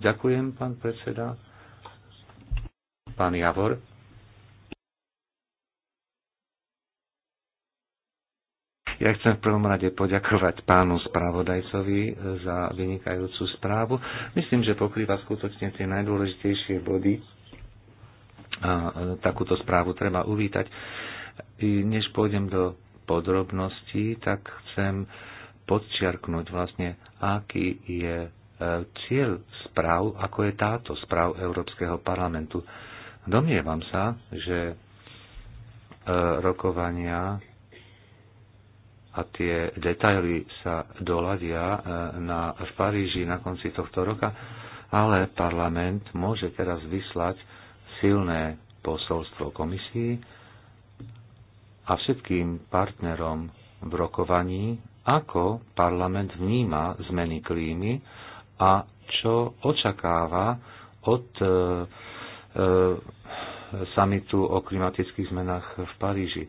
Ďakujem, pán predseda. Pán Javor. Ja chcem v prvom rade poďakovať pánu spravodajcovi e, za vynikajúcu správu. Myslím, že pokrýva skutočne tie najdôležitejšie body. A e, takúto správu treba uvítať. I než pôjdem do podrobností, tak chcem podčiarknúť vlastne, aký je e, cieľ správ, ako je táto správ Európskeho parlamentu. Domnievam sa, že rokovania a tie detaily sa doladia e, na, v Paríži na konci tohto roka, ale parlament môže teraz vyslať silné posolstvo komisii a všetkým partnerom v rokovaní, ako parlament vníma zmeny klímy a čo očakáva od e, e, samitu o klimatických zmenách v Paríži,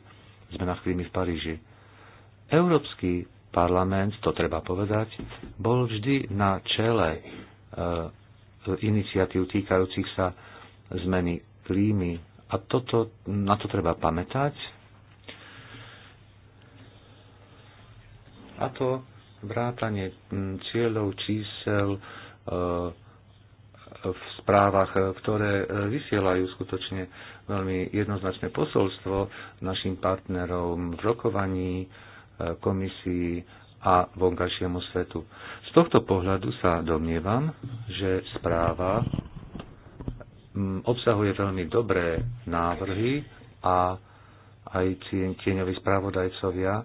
zmenách klímy v Paríži. Európsky parlament, to treba povedať, bol vždy na čele e, iniciatív týkajúcich sa zmeny klímy. A toto, na to treba pamätať. A to vrátanie cieľov, čísel e, v správach, e, ktoré vysielajú skutočne veľmi jednoznačné posolstvo našim partnerom v rokovaní komisii a vonkajšiemu svetu. Z tohto pohľadu sa domnievam, že správa mm, obsahuje veľmi dobré návrhy a aj tieňoví správodajcovia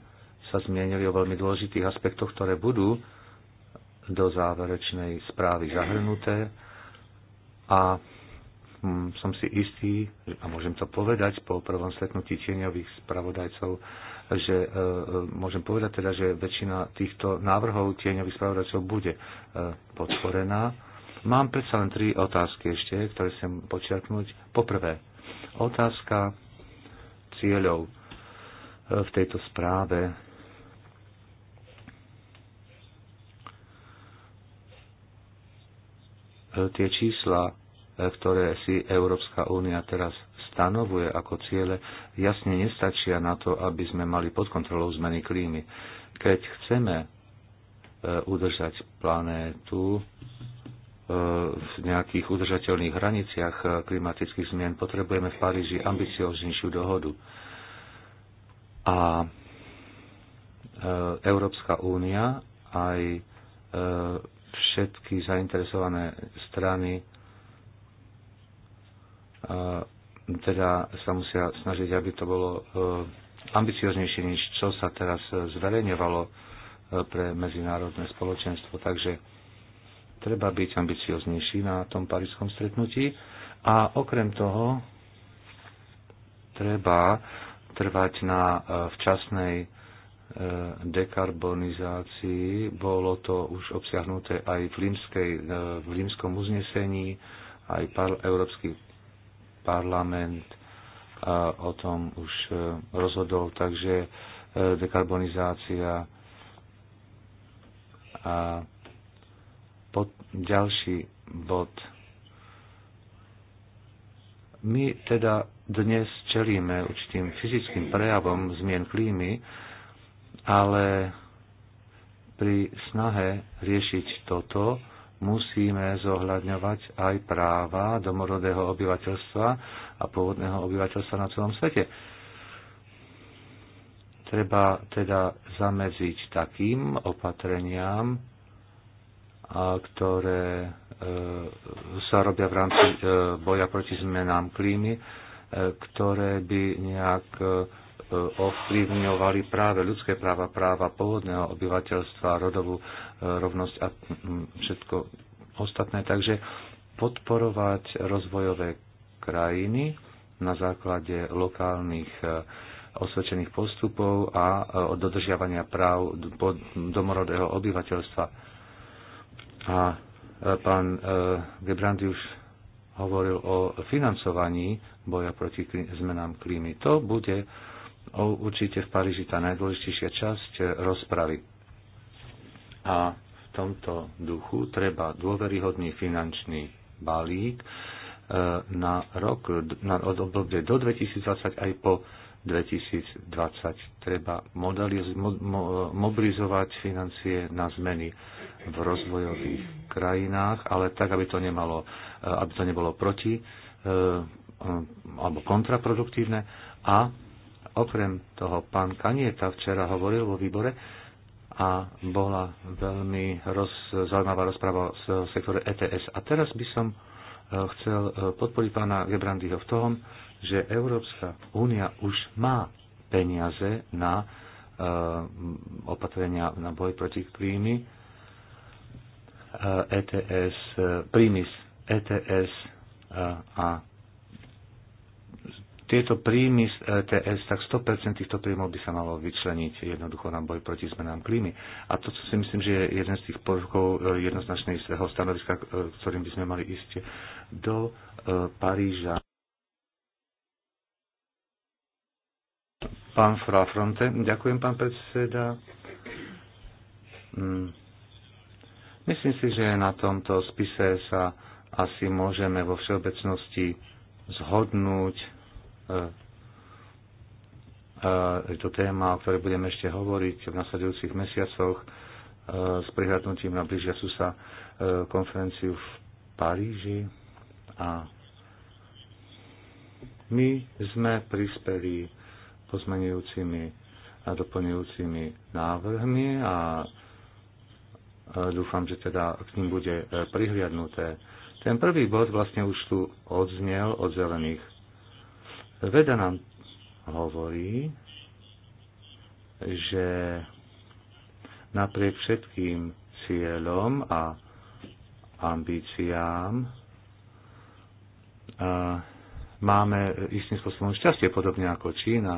sa zmienili o veľmi dôležitých aspektoch, ktoré budú do záverečnej správy zahrnuté a mm, som si istý, a môžem to povedať po prvom stretnutí tieňových spravodajcov, Takže e, e, môžem povedať teda, že väčšina týchto návrhov tieňových spravodajcov bude e, podporená. Mám predsa len tri otázky ešte, ktoré chcem počiarknúť. Poprvé, otázka cieľov e, v tejto správe. E, tie čísla, ktoré si Európska únia teraz stanovuje ako ciele, jasne nestačia na to, aby sme mali pod kontrolou zmeny klímy. Keď chceme e, udržať planétu e, v nejakých udržateľných hraniciach e, klimatických zmien, potrebujeme v Paríži ambicioznejšiu dohodu. A Európska únia aj všetky zainteresované strany teda sa musia snažiť, aby to bolo e, ambicioznejšie, než čo sa teraz e, zverejňovalo e, pre medzinárodné spoločenstvo. Takže treba byť ambicioznejší na tom parískom stretnutí a okrem toho treba trvať na včasnej dekarbonizácii. Bolo to už obsiahnuté aj v, Límskej, v Límskom uznesení, aj par, Európsky parlament o tom už e, rozhodol, takže e, dekarbonizácia a pod ďalší bod. My teda dnes čelíme určitým fyzickým prejavom zmien klímy, ale pri snahe riešiť toto musíme zohľadňovať aj práva domorodého obyvateľstva a pôvodného obyvateľstva na celom svete. Treba teda zamedziť takým opatreniam, ktoré e, sa robia v rámci e, boja proti zmenám klímy, e, ktoré by nejak ovplyvňovali práve ľudské práva, práva pôvodného obyvateľstva, rodovú rovnosť a mm, všetko ostatné. Takže podporovať rozvojové krajiny na základe lokálnych e, osvedčených postupov a e, dodržiavania práv domorodého obyvateľstva. A e, pán Gebrand už hovoril o financovaní boja proti zmenám klímy. To bude určite v Paríži tá najdôležitejšia časť rozpravy. A v tomto duchu treba dôveryhodný finančný balík e, na rok, na obdobie do 2020 aj po 2020. Treba modeliz, mo, mo, mobilizovať financie na zmeny v rozvojových krajinách, ale tak, aby to, nemalo, e, aby to nebolo proti e, alebo kontraproduktívne. A okrem toho, pán Kanieta včera hovoril vo výbore, a bola veľmi roz, zaujímavá rozpráva z sektore ETS. A teraz by som e, chcel e, podporiť pána Gebrandyho v tom, že Európska únia už má peniaze na e, opatrenia na boj proti klímy. ETS, prímys ETS a tieto príjmy z ETS, tak 100% týchto príjmov by sa malo vyčleniť jednoducho na boj proti zmenám klímy. A to, čo si myslím, že je jeden z tých prvkov svého e, stanoviska, e, ktorým by sme mali ísť do e, Paríža. Pán Frafronte, ďakujem, pán predseda. Mm. Myslím si, že na tomto spise sa asi môžeme vo všeobecnosti zhodnúť je to téma, o ktorej budeme ešte hovoriť v nasledujúcich mesiacoch s prihľadnutím na blížia sa e, konferenciu v Paríži a my sme prispeli pozmenujúcimi a doplňujúcimi návrhmi a dúfam, že teda k ním bude e, prihliadnuté. Ten prvý bod vlastne už tu odznel od zelených Veda nám hovorí, že napriek všetkým cieľom a ambíciám máme istým spôsobom šťastie, podobne ako Čína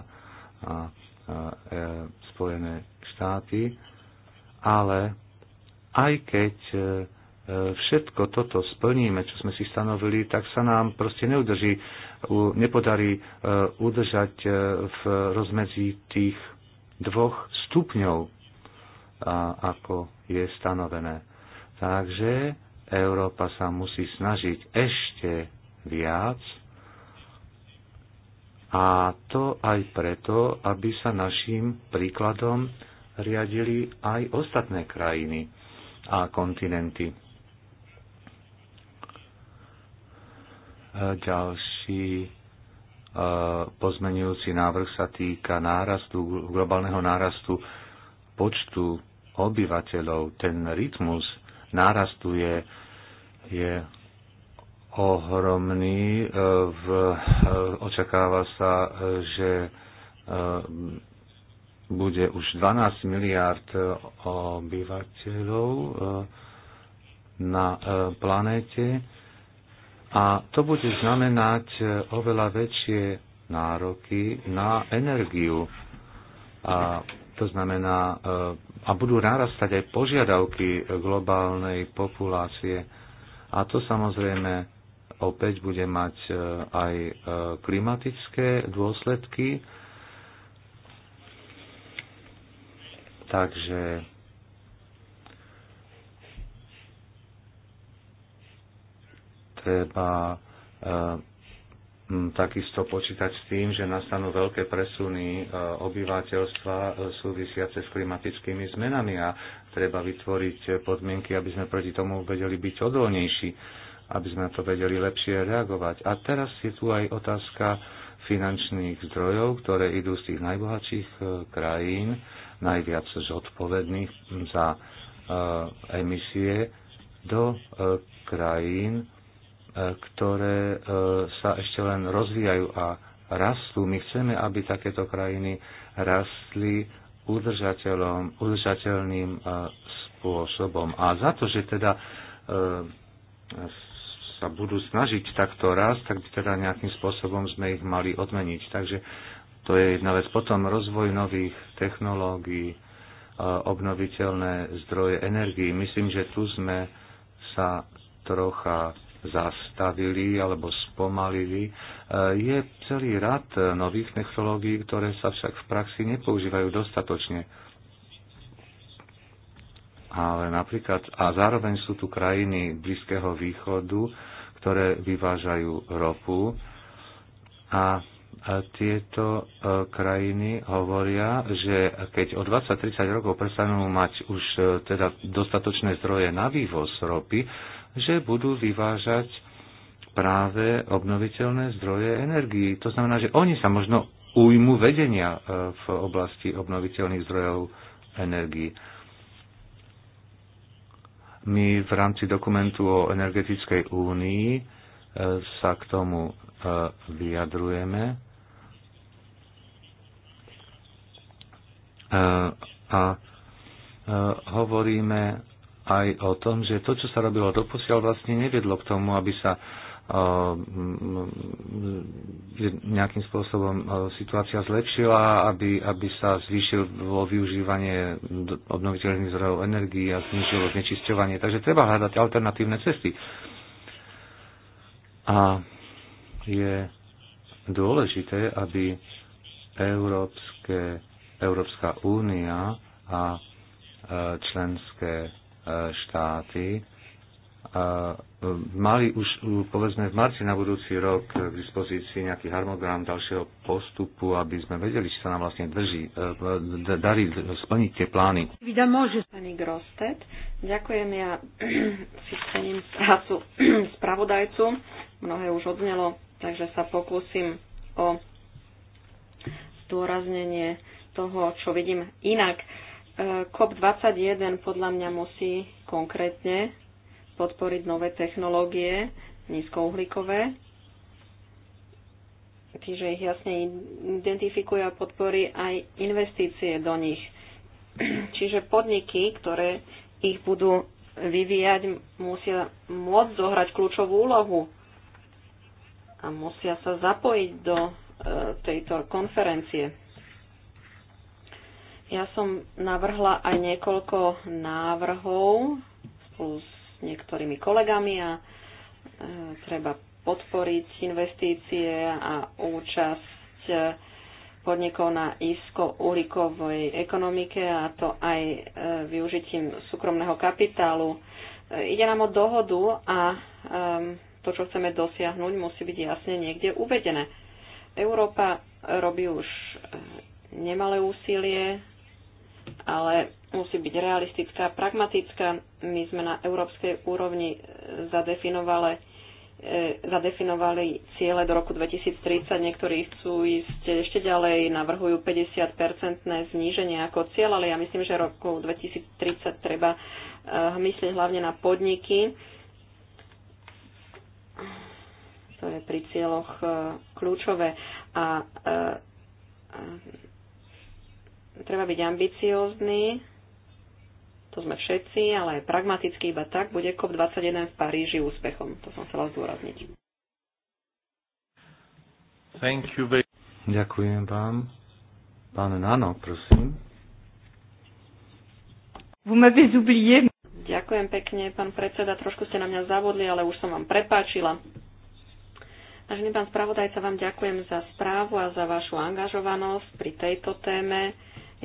a e, Spojené štáty, ale aj keď e, e, všetko toto splníme, čo sme si stanovili, tak sa nám proste neudrží nepodarí e, udržať e, v rozmedzi tých dvoch stupňov, ako je stanovené. Takže Európa sa musí snažiť ešte viac a to aj preto, aby sa našim príkladom riadili aj ostatné krajiny a kontinenty. E, ďalšie ďalší e, pozmenujúci návrh sa týka nárastu, globálneho nárastu počtu obyvateľov. Ten rytmus nárastu je, je ohromný. E, v, e, očakáva sa, že bude už 12 miliard obyvateľov na planéte a to bude znamenať e, oveľa väčšie nároky na energiu. A to znamená, e, a budú narastať aj požiadavky globálnej populácie. A to samozrejme opäť bude mať e, aj klimatické dôsledky. Takže treba eh, takisto počítať s tým, že nastanú veľké presuny eh, obyvateľstva eh, súvisiace s klimatickými zmenami a treba vytvoriť podmienky, aby sme proti tomu vedeli byť odolnejší, aby sme na to vedeli lepšie reagovať. A teraz je tu aj otázka finančných zdrojov, ktoré idú z tých najbohatších krajín, najviac zodpovedných za emisie, do krajín, ktoré e, sa ešte len rozvíjajú a rastú. My chceme, aby takéto krajiny rastli udržateľom, udržateľným e, spôsobom. A za to, že teda e, sa budú snažiť takto rast, tak by teda nejakým spôsobom sme ich mali odmeniť. Takže to je jedna vec. Potom rozvoj nových technológií, obnoviteľné zdroje energii. Myslím, že tu sme sa trocha zastavili alebo spomalili. E, je celý rad nových technológií, ktoré sa však v praxi nepoužívajú dostatočne. Ale napríklad, a zároveň sú tu krajiny Blízkeho východu, ktoré vyvážajú ropu a e, tieto e, krajiny hovoria, že keď o 20-30 rokov prestanú mať už teda dostatočné zdroje na vývoz ropy, že budú vyvážať práve obnoviteľné zdroje energii. To znamená, že oni sa možno ujmu vedenia e, v oblasti obnoviteľných zdrojov energii. My v rámci dokumentu o energetickej únii e, sa k tomu e, vyjadrujeme. A hovoríme aj o tom, že to, čo sa robilo doposiaľ, vlastne neviedlo k tomu, aby sa eh, mm, nejakým spôsobom eh, situácia zlepšila, aby, aby sa zvýšilo využívanie obnoviteľných zdrojov energii a znižilo znečisťovanie. Takže treba hľadať alternatívne cesty. A je dôležité, aby Európske, Európska únia a eh, členské štáty e, mali už, e, povedzme, v marci na budúci rok k dispozícii nejaký harmonogram ďalšieho postupu, aby sme vedeli, či sa nám vlastne drží, e, darí splniť tie plány. Vida môže, pani Grostet. Ďakujem, ja *clears throat* si cením prácu *clears throat* spravodajcu. Mnohé už odznelo, takže sa pokúsim o zdôraznenie toho, čo vidím inak. COP21 podľa mňa musí konkrétne podporiť nové technológie nízkouhlíkové, čiže ich jasne identifikuje a podporí aj investície do nich. Čiže podniky, ktoré ich budú vyvíjať, musia môcť zohrať kľúčovú úlohu a musia sa zapojiť do e, tejto konferencie. Ja som navrhla aj niekoľko návrhov spolu s niektorými kolegami a e, treba podporiť investície a účasť e, podnikov na isko-uhlíkovej ekonomike a to aj e, využitím súkromného kapitálu. E, ide nám o dohodu a e, to, čo chceme dosiahnuť, musí byť jasne niekde uvedené. Európa robí už e, nemalé úsilie ale musí byť realistická, pragmatická. My sme na európskej úrovni e, zadefinovali, e, zadefinovali ciele do roku 2030. Niektorí chcú ísť ešte ďalej, navrhujú 50-percentné zníženie ako cieľ, ale ja myslím, že roku 2030 treba e, myslieť hlavne na podniky. To je pri cieľoch kľúčové. A Treba byť ambiciózny, to sme všetci, ale aj pragmaticky iba tak bude COP21 v Paríži úspechom. To som chcela zdôrazniť. Thank you very... Ďakujem vám. Pán Nano, prosím. Ďakujem pekne, pán predseda. Trošku ste na mňa zavodli, ale už som vám prepáčila. Vážený pán spravodajca, vám ďakujem za správu a za vašu angažovanosť pri tejto téme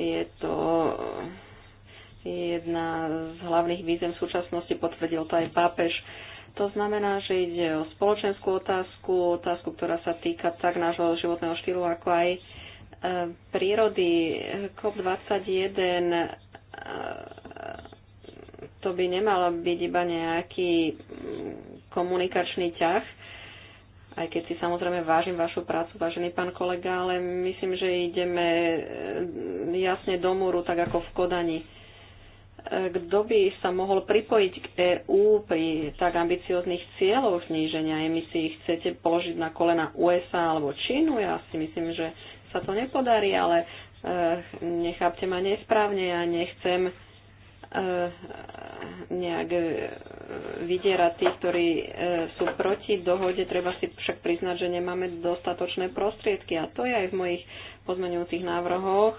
je to eh, jedna z hlavných výzem v súčasnosti, potvrdil to aj pápež. To znamená, že ide o spoločenskú otázku, otázku, ktorá sa týka tak nášho životného štýlu, ako aj eh, prírody. COP21 eh, to by nemalo byť iba nejaký mm, komunikačný ťah, aj keď si samozrejme vážim vašu prácu, vážený pán kolega, ale myslím, že ideme e, jasne do múru, tak ako v Kodani. E, kto by sa mohol pripojiť k EÚ pri tak ambicióznych cieľoch zníženia emisí? Chcete položiť na kolena USA alebo Čínu? Ja si myslím, že sa to nepodarí, ale e, nechápte ma nesprávne. Ja nechcem Eh, nejak eh, vydierať tých, ktorí eh, sú proti dohode. Treba si však priznať, že nemáme dostatočné prostriedky a to je aj v mojich pozmeňujúcich návrhoch.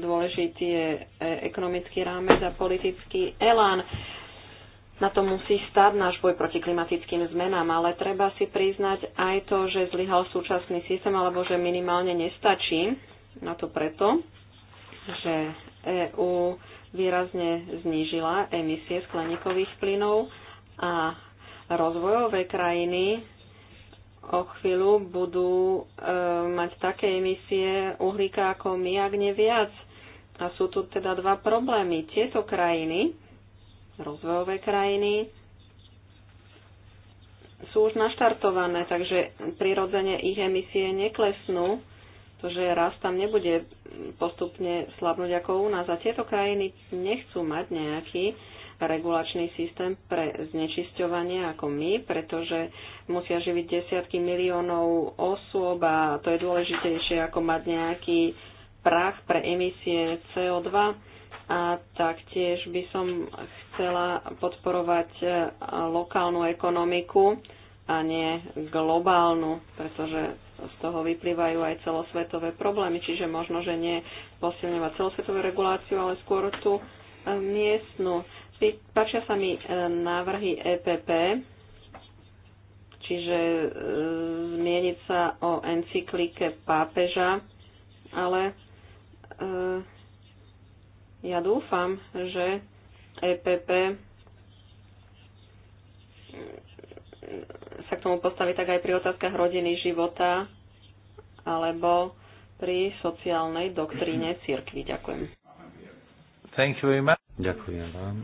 Dôležitý je ekonomický rámec a politický elán. Na to musí stať náš boj proti klimatickým zmenám, ale treba si priznať aj to, že zlyhal súčasný systém alebo že minimálne nestačí. Na to preto, že EÚ výrazne znížila emisie skleníkových plynov a rozvojové krajiny o chvíľu budú e, mať také emisie uhlíka ako my, ak nie viac. A sú tu teda dva problémy. Tieto krajiny, rozvojové krajiny, sú už naštartované, takže prirodzene ich emisie neklesnú, pretože raz tam nebude postupne slabnúť ako u nás. A tieto krajiny nechcú mať nejaký regulačný systém pre znečisťovanie ako my, pretože musia živiť desiatky miliónov osôb a to je dôležitejšie ako mať nejaký prach pre emisie CO2 a taktiež by som chcela podporovať e, lokálnu ekonomiku a nie globálnu, pretože z toho vyplývajú aj celosvetové problémy, čiže možno, že nie posilňovať celosvetovú reguláciu, ale skôr tú e, miestnu. Páčia sa mi e, návrhy EPP, čiže e, zmieniť sa o encyklike pápeža, ale ja dúfam, že EPP sa k tomu postaviť tak aj pri otázkach rodiny, života alebo pri sociálnej doktríne *clears throat* cirkvi. Ďakujem. Thank you very much. Ďakujem vám.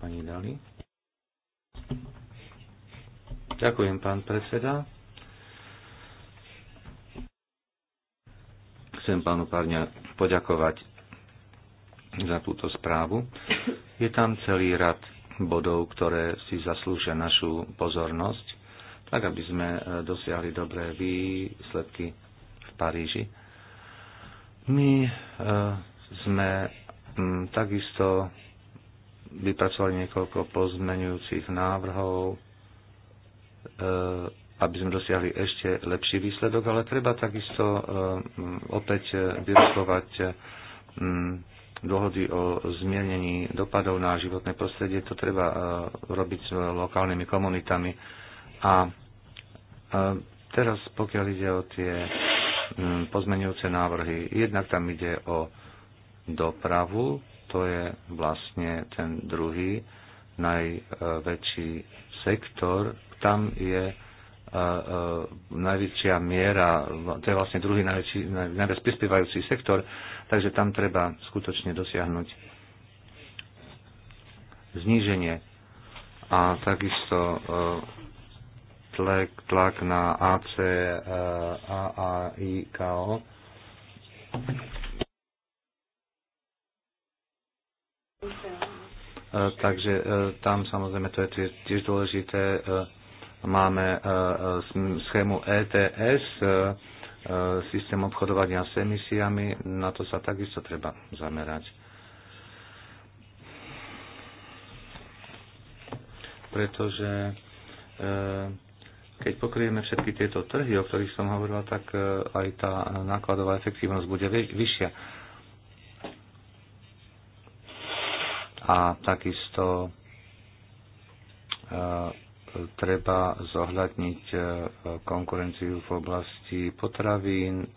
Pani Dali. Ďakujem, pán predseda. Chcem pánu Párňa poďakovať za túto správu. Je tam celý rad bodov, ktoré si zaslúžia našu pozornosť, tak aby sme e, dosiahli dobré výsledky v Paríži. My e, sme takisto vypracovali niekoľko pozmenujúcich návrhov, e, aby sme dosiahli ešte lepší výsledok, ale treba takisto opäť vyrokovať dohody o zmienení dopadov na životné prostredie, to treba e, robiť s lokálnymi komunitami. A e, teraz, pokiaľ ide o tie pozmenujúce návrhy, jednak tam ide o dopravu, to je vlastne ten druhý najväčší sektor. Tam je e, najväčšia miera, to je vlastne druhý najväčší, najviac prispievajúci sektor Takže tam treba skutočne dosiahnuť zníženie a takisto e, tlak, tlak na AC, e, AAIKO. E, takže tam samozrejme to je tiež dôležité. Máme schému ETS, E, systém obchodovania s emisiami, na to sa takisto treba zamerať. Pretože e, keď pokrieme všetky tieto trhy, o ktorých som hovoril, tak e, aj tá nákladová efektívnosť bude vyššia. A takisto treba zohľadniť e, konkurenciu v oblasti potravín, e, e,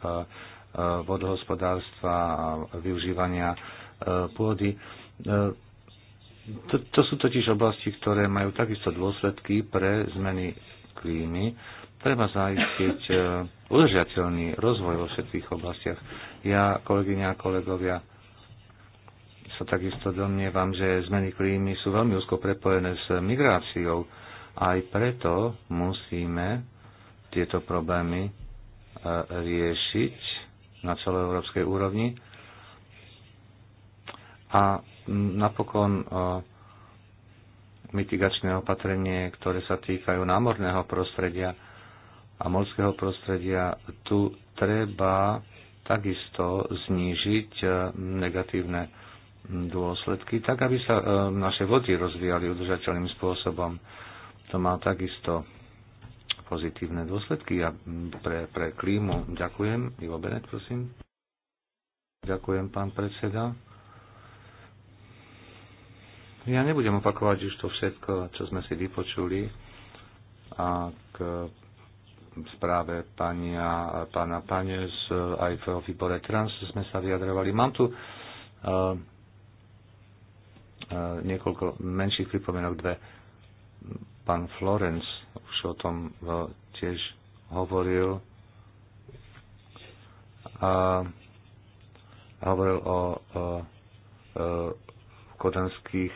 vodohospodárstva a využívania pôdy. To, to sú totiž oblasti, ktoré majú takisto dôsledky pre zmeny klímy. Treba zaistiť udržateľný rozvoj vo všetkých oblastiach. Ja, kolegyňa a kolegovia, sa takisto domnievam, že zmeny klímy sú veľmi úzko prepojené s migráciou aj preto musíme tieto problémy e, riešiť na európskej úrovni. A napokon e, mitigačné opatrenie, ktoré sa týkajú námorného prostredia a morského prostredia, tu treba takisto znížiť e, negatívne dôsledky, tak aby sa naše vody rozvíjali udržateľným spôsobom to má takisto pozitívne dôsledky a pre, pre klímu. Ďakujem. Ivo Benet, prosím. Ďakujem, pán predseda. Ja nebudem opakovať už to všetko, čo sme si vypočuli a k správe pania, pána pane z IFO výbore Trans sme sa vyjadrovali. Mám tu uh, uh, niekoľko menších pripomienok, dve Pán Florence už o tom e, tiež hovoril. A hovoril o, o, e, o e, kodanských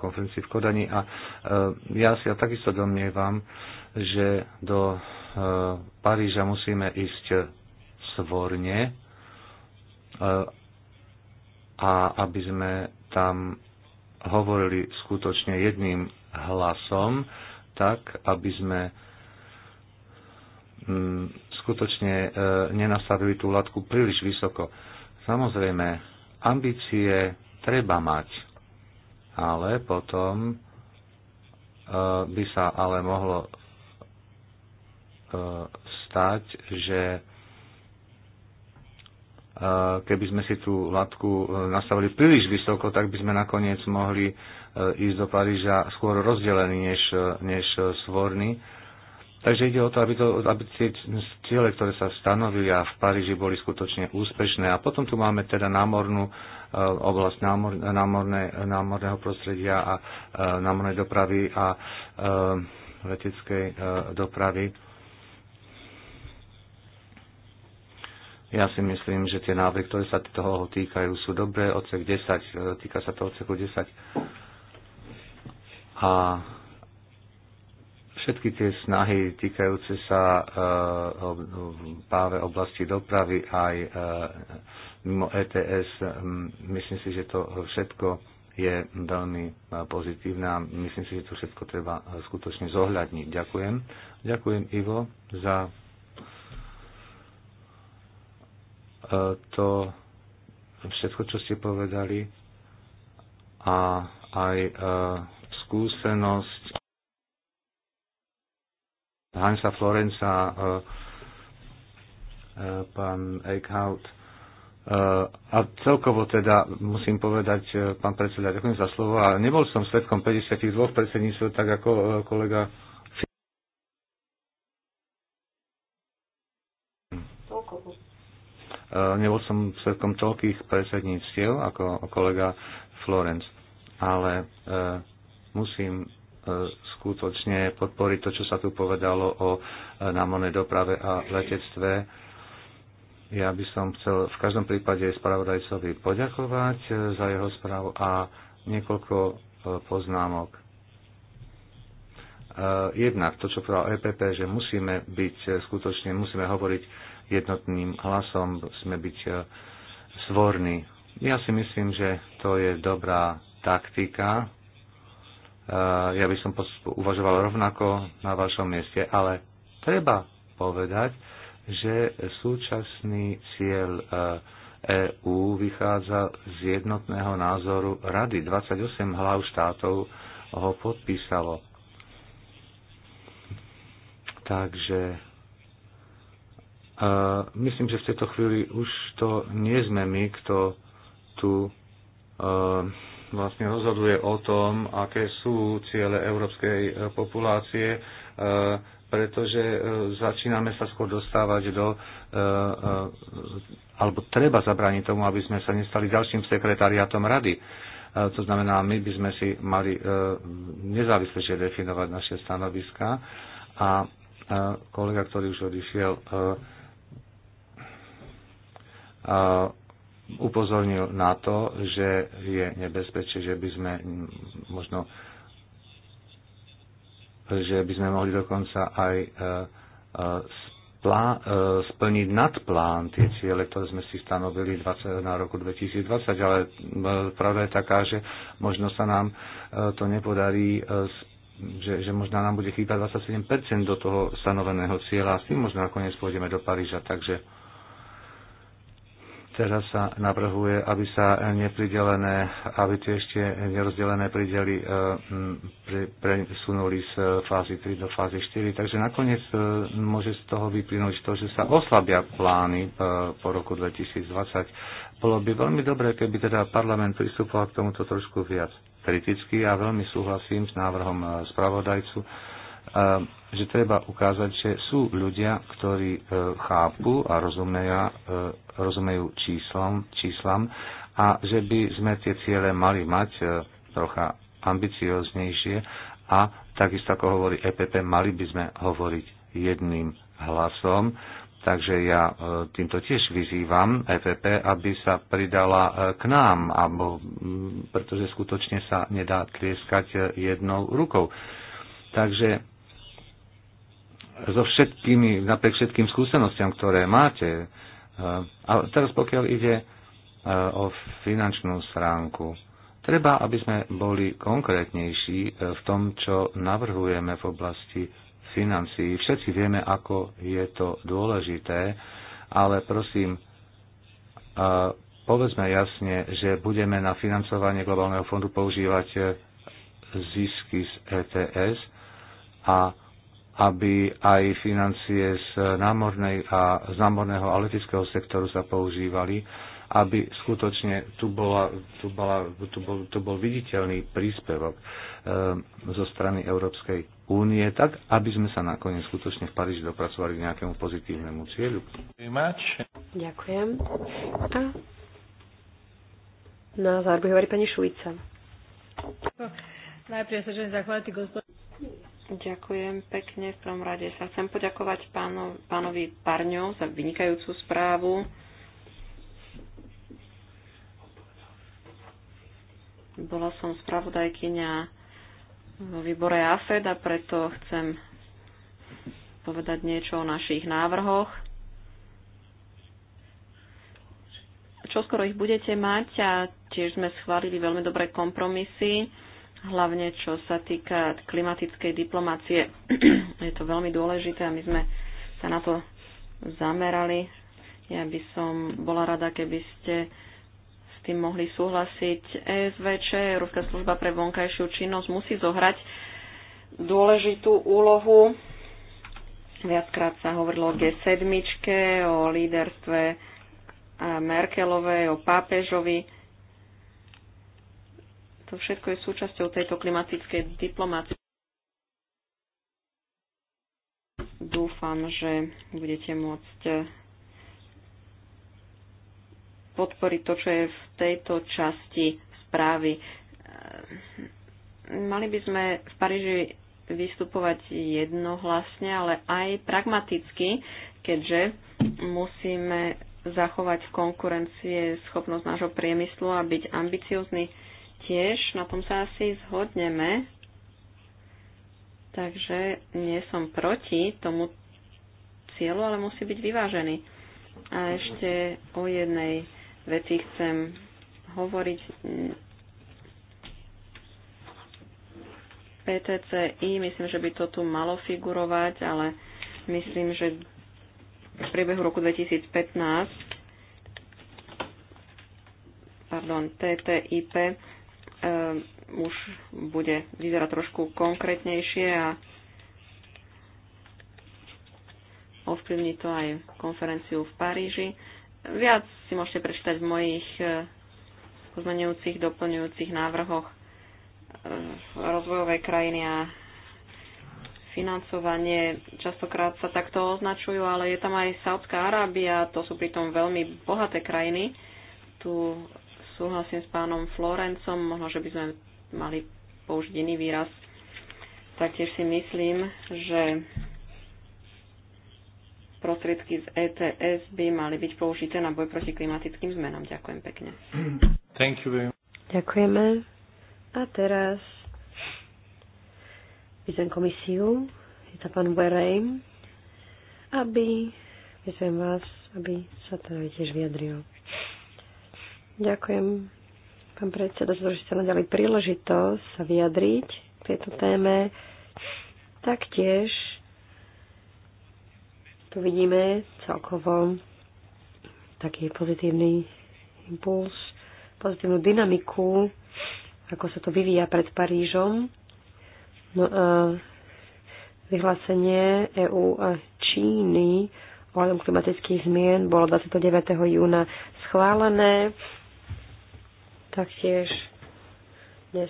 konferencií v Kodani a ja si ja takisto domnievam, že do Paríža musíme ísť svorne a aby sme tam hovorili skutočne jedným hlasom, tak aby sme mm, skutočne e, nenastavili tú latku príliš vysoko. Samozrejme, ambície treba mať, ale potom e, by sa ale mohlo e, stať, že keby sme si tú latku nastavili príliš vysoko, tak by sme nakoniec mohli E, ísť do Paríža skôr rozdelený než, e, než e, svorní. Takže ide o to, aby, to, aby tie ciele, ktoré sa stanovili a v Paríži boli skutočne úspešné. A potom tu máme teda námornú oblasť námor, námorné, námorného prostredia a námornej dopravy a leteckej dopravy. Ja si myslím, že tie návrhy, ktoré sa toho týkajú, sú dobré. Odsek 10, týka sa to odseku 10 a všetky tie snahy týkajúce sa eh, práve oblasti dopravy aj eh, mimo ETS, myslím si, že to všetko je veľmi eh, pozitívne a myslím si, že to všetko treba skutočne zohľadniť. Ďakujem. Ďakujem Ivo za to všetko, čo ste povedali a aj skúsenosť Hansa Florenca, e, e, pán Eichhout. E, a celkovo teda musím povedať, pán predseda, ďakujem za slovo. A nebol som svetkom 52 predsedníctv, tak ako kolega nebol som svetkom toľkých predsedníctiev ako kolega Florence, ale Musím e, skutočne podporiť to, čo sa tu povedalo o e, námornej doprave a letectve. Ja by som chcel v každom prípade spravodajcovi poďakovať e, za jeho správu a niekoľko poznámok. Jednak to, čo povedal EPP, že musíme byť skutočne, musíme hovoriť jednotným hlasom, musíme byť svorní. Ja si myslím, že to je dobrá taktika, Eh, ja by som uvažoval rovnako na vašom mieste, ale treba povedať, že súčasný cieľ EÚ eh, e vychádza z jednotného názoru Rady. 28 hlav štátov ho podpísalo. Takže eh, myslím, že v tejto chvíli už to nie sme my, kto tu vlastne rozhoduje o tom, aké sú ciele európskej e, populácie, e, pretože e, začíname sa skôr dostávať do, alebo treba zabrániť tomu, aby sme sa nestali ďalším sekretariátom rady. To znamená, my by sme si mali nezávislejšie definovať naše stanoviska a kolega, ktorý už odišiel, upozornil na to, že je nebezpečné, že by sme možno že by sme mohli dokonca aj e, e, e, splniť nadplán tie ciele, ktoré sme si stanovili na roku 2020, ale pravda je taká, že možno sa nám to nepodarí že, že možno nám bude chýbať 27% do toho stanoveného cieľa a s tým možno nakoniec pôjdeme do Paríža. Takže Teraz sa navrhuje, aby sa nepridelené, aby tie ešte nerozdelené pridely eh, presunuli z eh, fázy 3 do fázy 4. Takže nakoniec eh, môže z toho vyplynúť to, že sa oslabia plány po roku 2020. Bolo by veľmi dobré, keby teda parlament pristupoval k tomuto trošku viac kriticky a veľmi súhlasím s návrhom spravodajcu, že treba ukázať, že sú ľudia, ktorí e, chápu a rozumejú, e, rozumejú číslom, číslam a že by sme tie ciele mali mať e, trocha ambicioznejšie a takisto ako hovorí EPP, mali by sme hovoriť jedným hlasom. Takže ja týmto tiež vyzývam EPP, aby sa pridala k nám, alebo, pretože skutočne sa nedá tlieskať jednou rukou. Takže so všetkými, napriek všetkým skúsenostiam, ktoré máte. E, a teraz pokiaľ ide e, o finančnú stránku, treba, aby sme boli konkrétnejší e, v tom, čo navrhujeme v oblasti financií. Všetci vieme, ako je to dôležité, ale prosím, povedzme jasne, že budeme na financovanie globálneho fondu používať zisky z ETS a aby aj financie z, námornej a, z námorného a letického sektoru sa používali, aby skutočne tu, bola, tu, bola, tu, bol, tu bol viditeľný príspevok e, zo strany Európskej únie, tak aby sme sa nakoniec skutočne v Paríži dopracovali k nejakému pozitívnemu cieľu. Ďakujem. A na záver hovorí pani Šulica. Najprv sa želím zachváliť gospodinu Ďakujem pekne. V prvom rade sa chcem poďakovať páno, pánovi Parňo za vynikajúcu správu. Bola som spravodajkyňa vo výbore AFED a preto chcem povedať niečo o našich návrhoch. Čo skoro ich budete mať a tiež sme schválili veľmi dobré kompromisy hlavne čo sa týka klimatickej diplomácie. *clears throat* Je to veľmi dôležité a my sme sa na to zamerali. Ja by som bola rada, keby ste s tým mohli súhlasiť. ESVČ, Európska služba pre vonkajšiu činnosť, musí zohrať dôležitú úlohu. Viackrát sa hovorilo o G7, o líderstve Merkelovej, o pápežovi to všetko je súčasťou tejto klimatickej diplomácie. Dúfam, že budete môcť podporiť to, čo je v tejto časti správy. Mali by sme v Paríži vystupovať jednohlasne, ale aj pragmaticky, keďže musíme zachovať konkurencie schopnosť nášho priemyslu a byť ambiciozný tiež, na tom sa asi zhodneme. Takže nie som proti tomu cieľu, ale musí byť vyvážený. A ešte o jednej veci chcem hovoriť. PTCI, myslím, že by to tu malo figurovať, ale myslím, že v priebehu roku 2015 pardon, TTIP Ehm, už bude vyzerať trošku konkrétnejšie a ovplyvní to aj konferenciu v Paríži. Viac si môžete prečítať v mojich e, pozmenujúcich, doplňujúcich návrhoch e, rozvojové krajiny a financovanie. Častokrát sa takto označujú, ale je tam aj Saudská Arábia, to sú pritom veľmi bohaté krajiny. Tu Súhlasím s pánom Florencom, možno, že by sme mali použiť iný výraz. Taktiež si myslím, že prostriedky z ETS by mali byť použité na boj proti klimatickým zmenám. Ďakujem pekne. Thank you. Ďakujeme. A teraz vyzvem komisiu, je to pán Werheim, aby vyzvem vás, aby sa teda tiež vyjadril. Ďakujem, pán predseda, za to, že ste nám dali príležitosť sa vyjadriť k tejto téme. Taktiež tu vidíme celkovo taký pozitívny impuls, pozitívnu dynamiku, ako sa to vyvíja pred Parížom. No a vyhlásenie EÚ a Číny ohľadom klimatických zmien bolo 29. júna schválené. Taktiež dnes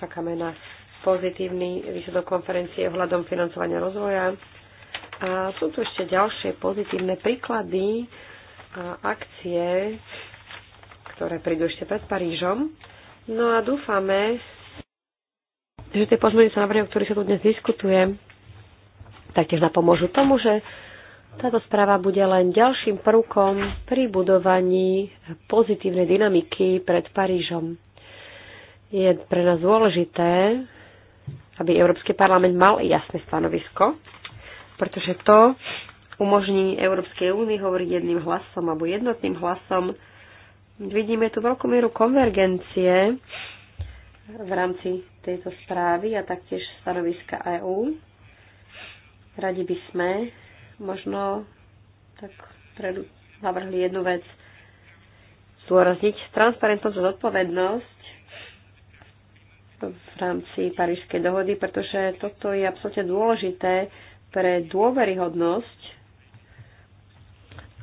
čakáme na pozitívny výsledok konferencie ohľadom financovania rozvoja. A sú tu ešte ďalšie pozitívne príklady a akcie, ktoré prídu ešte pred Parížom. No a dúfame, že tie sa návrhy, o ktorých sa tu dnes diskutuje, taktiež napomôžu tomu, že táto správa bude len ďalším prvkom pri budovaní pozitívnej dynamiky pred Parížom. Je pre nás dôležité, aby Európsky parlament mal jasné stanovisko, pretože to umožní Európskej únii hovoriť jedným hlasom alebo jednotným hlasom. Vidíme tu veľkú mieru konvergencie v rámci tejto správy a taktiež stanoviska EÚ. Radi by sme možno tak predu, navrhli jednu vec zdôrazniť. Transparentnosť a zodpovednosť v rámci Parížskej dohody, pretože toto je absolútne dôležité pre dôveryhodnosť,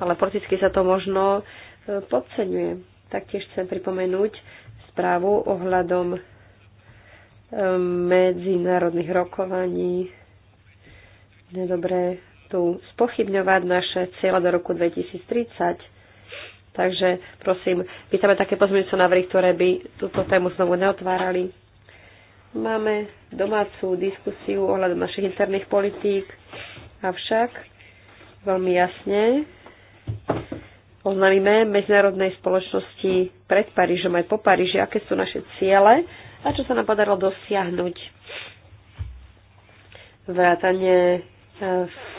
ale politicky sa to možno e, podceňuje. Taktiež chcem pripomenúť správu ohľadom e, medzinárodných rokovaní. Nedobre tu spochybňovať naše cieľa do roku 2030. Takže prosím, pýtame také pozmeňujúce návrhy, ktoré by túto tému znovu neotvárali. Máme domácu diskusiu ohľadom našich interných politík, avšak veľmi jasne oznámime medzinárodnej spoločnosti pred Parížom aj po Paríži, aké sú naše ciele a čo sa nám podarilo dosiahnuť. Vrátanie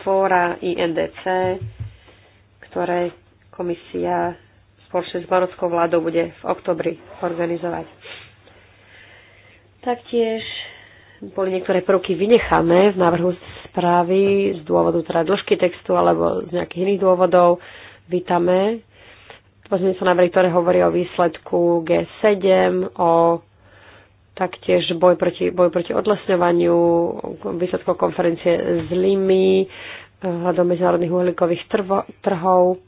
fóra INDC, ktoré komisia spoločne s marockou vládou bude v oktobri organizovať. Taktiež boli niektoré prvky vynechané v návrhu správy z dôvodu teda dĺžky textu alebo z nejakých iných dôvodov. Vítame pozmeňujúce návrhy, ktoré hovorí o výsledku G7, o taktiež boj proti, boj proti odlesňovaniu, výsledkov konferencie s Limy, hľadom medzinárodných uhlíkových trvo, trhov.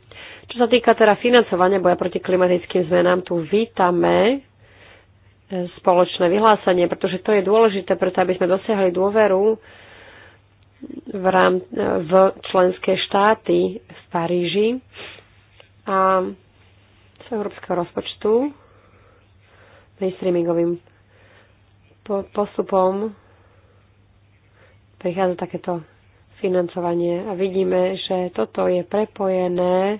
Čo sa týka teda financovania boja proti klimatickým zmenám, tu vítame e, spoločné vyhlásenie, pretože to je dôležité, preto aby sme dosiahli dôveru v, rám, e, v členské štáty v Paríži a z európskeho rozpočtu mainstreamingovým postupom prichádza takéto financovanie. A vidíme, že toto je prepojené eh,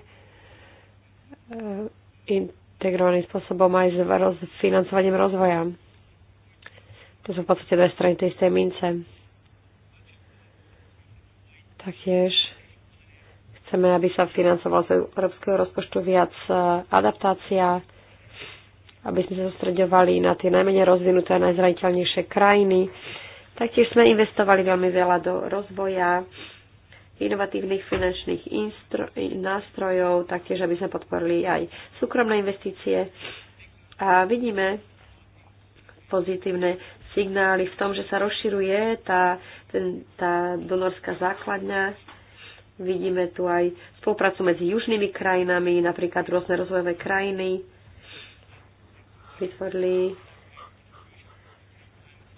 integrovaným spôsobom aj s roz, financovaním rozvoja. To sú v podstate dve strany tej istej mince. Taktiež chceme, aby sa financovalo z európskeho rozpočtu viac eh, adaptácia aby sme sa sústredovali na tie najmenej rozvinuté a najzraniteľnejšie krajiny. Taktiež sme investovali veľmi veľa do rozvoja inovatívnych finančných nástrojov, taktiež aby sme podporili aj súkromné investície. A vidíme pozitívne signály v tom, že sa rozširuje tá, ten, tá donorská základňa. Vidíme tu aj spoluprácu medzi južnými krajinami, napríklad rôzne rozvojové krajiny vytvorili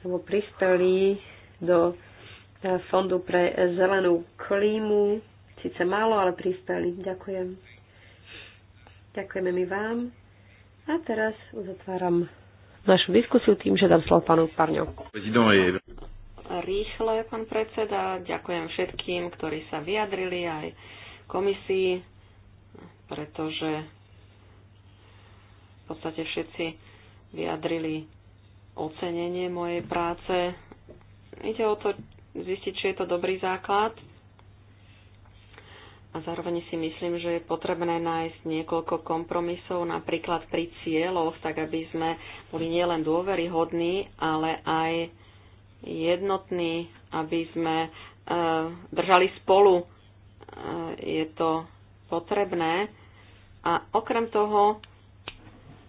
alebo prispeli do eh, Fondu pre zelenú klímu. Sice málo, ale prispeli. Ďakujem. Ďakujeme my vám. A teraz uzatváram našu diskusiu tým, že dám slovo pánu Parňo. je pán predseda. Ďakujem všetkým, ktorí sa vyjadrili, aj komisii, pretože v podstate všetci vyjadrili ocenenie mojej práce. Ide o to zistiť, či je to dobrý základ. A zároveň si myslím, že je potrebné nájsť niekoľko kompromisov, napríklad pri cieľoch, tak aby sme boli nielen dôveryhodní, ale aj jednotní, aby sme e, držali spolu. E, je to potrebné. A okrem toho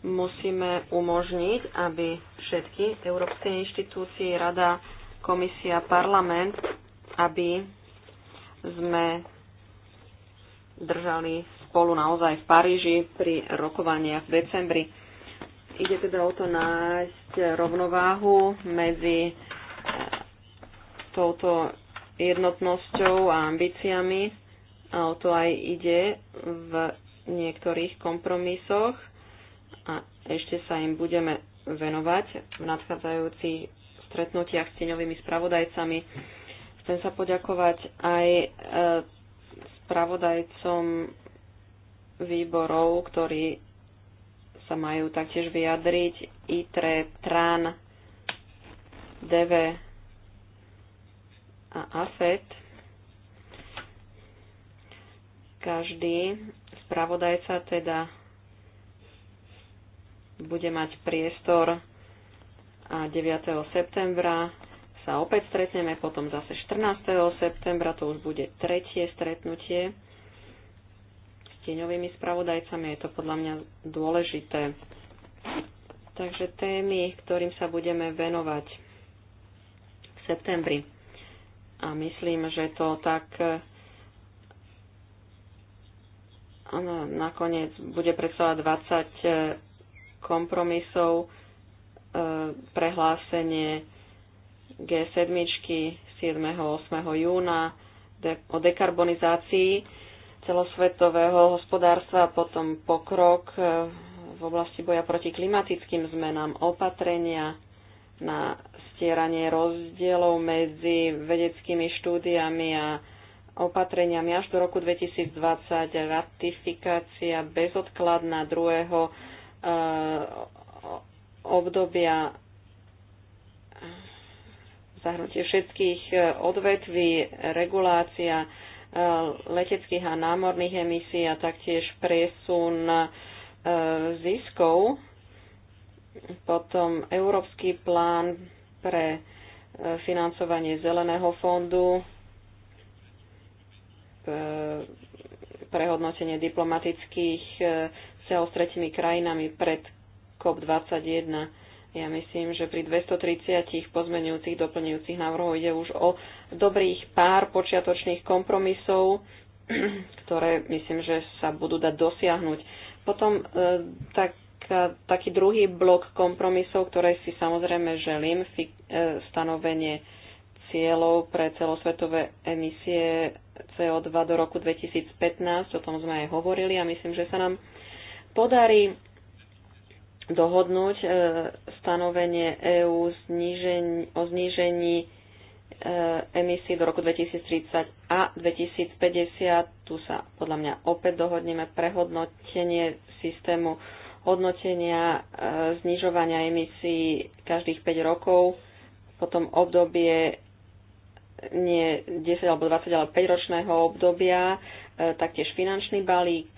musíme umožniť, aby všetky európske inštitúcie, rada, komisia, parlament, aby sme držali spolu naozaj v Paríži pri rokovaniach v decembri. Ide teda o to nájsť rovnováhu medzi e, touto jednotnosťou a ambíciami a o to aj ide v niektorých kompromisoch a ešte sa im budeme venovať v nadchádzajúcich stretnutiach s tieňovými spravodajcami. Chcem sa poďakovať aj e, spravodajcom výborov, ktorí sa majú taktiež vyjadriť. ITRE, TRAN, DV a AFET. Každý spravodajca teda bude mať priestor a 9. septembra sa opäť stretneme, potom zase 14. septembra, to už bude tretie stretnutie s tieňovými spravodajcami, je to podľa mňa dôležité. Takže témy, ktorým sa budeme venovať v septembri. A myslím, že to tak nakoniec bude predstavovať kompromisov, e, prehlásenie G7 7. 8. júna o dekarbonizácii celosvetového hospodárstva a potom pokrok e, v oblasti boja proti klimatickým zmenám, opatrenia na stieranie rozdielov medzi vedeckými štúdiami a opatreniami až do roku 2020, ratifikácia bezodkladná druhého Eh, obdobia zahrnutie všetkých eh, odvetví, regulácia eh, leteckých a námorných emisí a taktiež presun ziskov, potom Európsky plán pre financovanie Zeleného fondu, prehodnotenie diplomatických vzťahov s tretimi krajinami pred COP21. Ja myslím, že pri 230 pozmenujúcich, doplňujúcich návrhov ide už o dobrých pár počiatočných kompromisov, *clears throat* ktoré myslím, že sa budú dať dosiahnuť. Potom e, tak, e, taký druhý blok kompromisov, ktoré si samozrejme želím, e, stanovenie cieľov pre celosvetové emisie CO2 do roku 2015, o tom sme aj hovorili a myslím, že sa nám podarí dohodnúť e, stanovenie EÚ o znížení e, emisí do roku 2030 a 2050. Tu sa podľa mňa opäť dohodneme prehodnotenie systému hodnotenia e, znižovania emisí každých 5 rokov, potom obdobie nie 10 alebo 20, ale 5 ročného obdobia, taktiež finančný balík,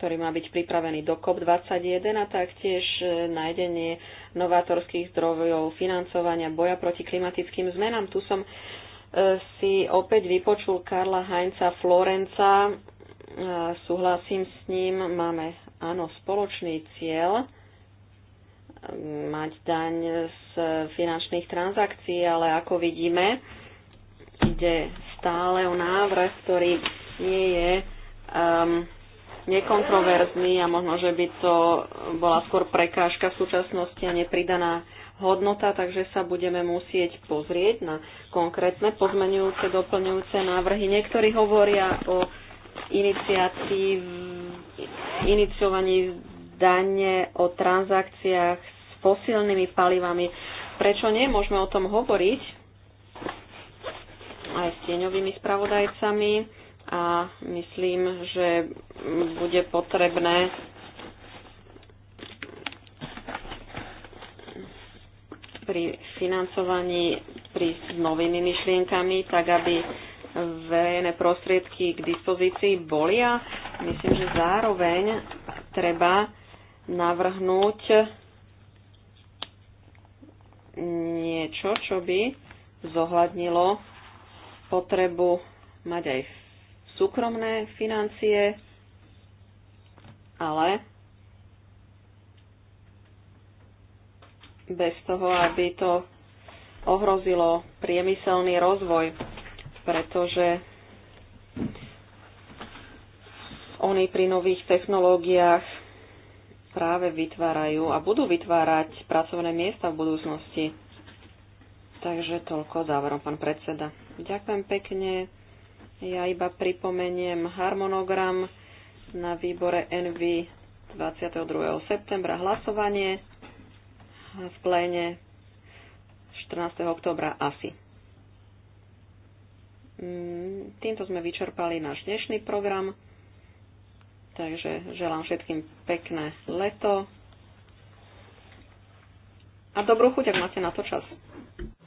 ktorý má byť pripravený do COP21 a taktiež e, nájdenie novátorských zdrojov financovania boja proti klimatickým zmenám. Tu som e, si opäť vypočul Karla Heinza Florenca. E, súhlasím s ním, máme áno, spoločný cieľ mať daň z finančných transakcií, ale ako vidíme, ide stále o návrh, ktorý nie je um, nekontroverzný a možno, že by to bola skôr prekážka v súčasnosti a nepridaná hodnota, takže sa budeme musieť pozrieť na konkrétne pozmenujúce, doplňujúce návrhy. Niektorí hovoria o iniciácii, iniciovaní dane o transakciách s fosílnymi palivami. Prečo nie? Môžeme o tom hovoriť aj s tieňovými spravodajcami a myslím, že bude potrebné pri financovaní prísť s novými myšlienkami, tak aby verejné prostriedky k dispozícii boli a myslím, že zároveň treba navrhnúť niečo, čo by zohľadnilo potrebu mať aj súkromné financie, ale bez toho, aby to ohrozilo priemyselný rozvoj, pretože oni pri nových technológiách práve vytvárajú a budú vytvárať pracovné miesta v budúcnosti. Takže toľko záverom, pán predseda. Ďakujem pekne. Ja iba pripomeniem harmonogram na výbore NV 22. septembra hlasovanie v pléne 14. oktobra asi. Mm, týmto sme vyčerpali náš dnešný program, takže želám všetkým pekné leto a dobrú chuť, ak máte na to čas.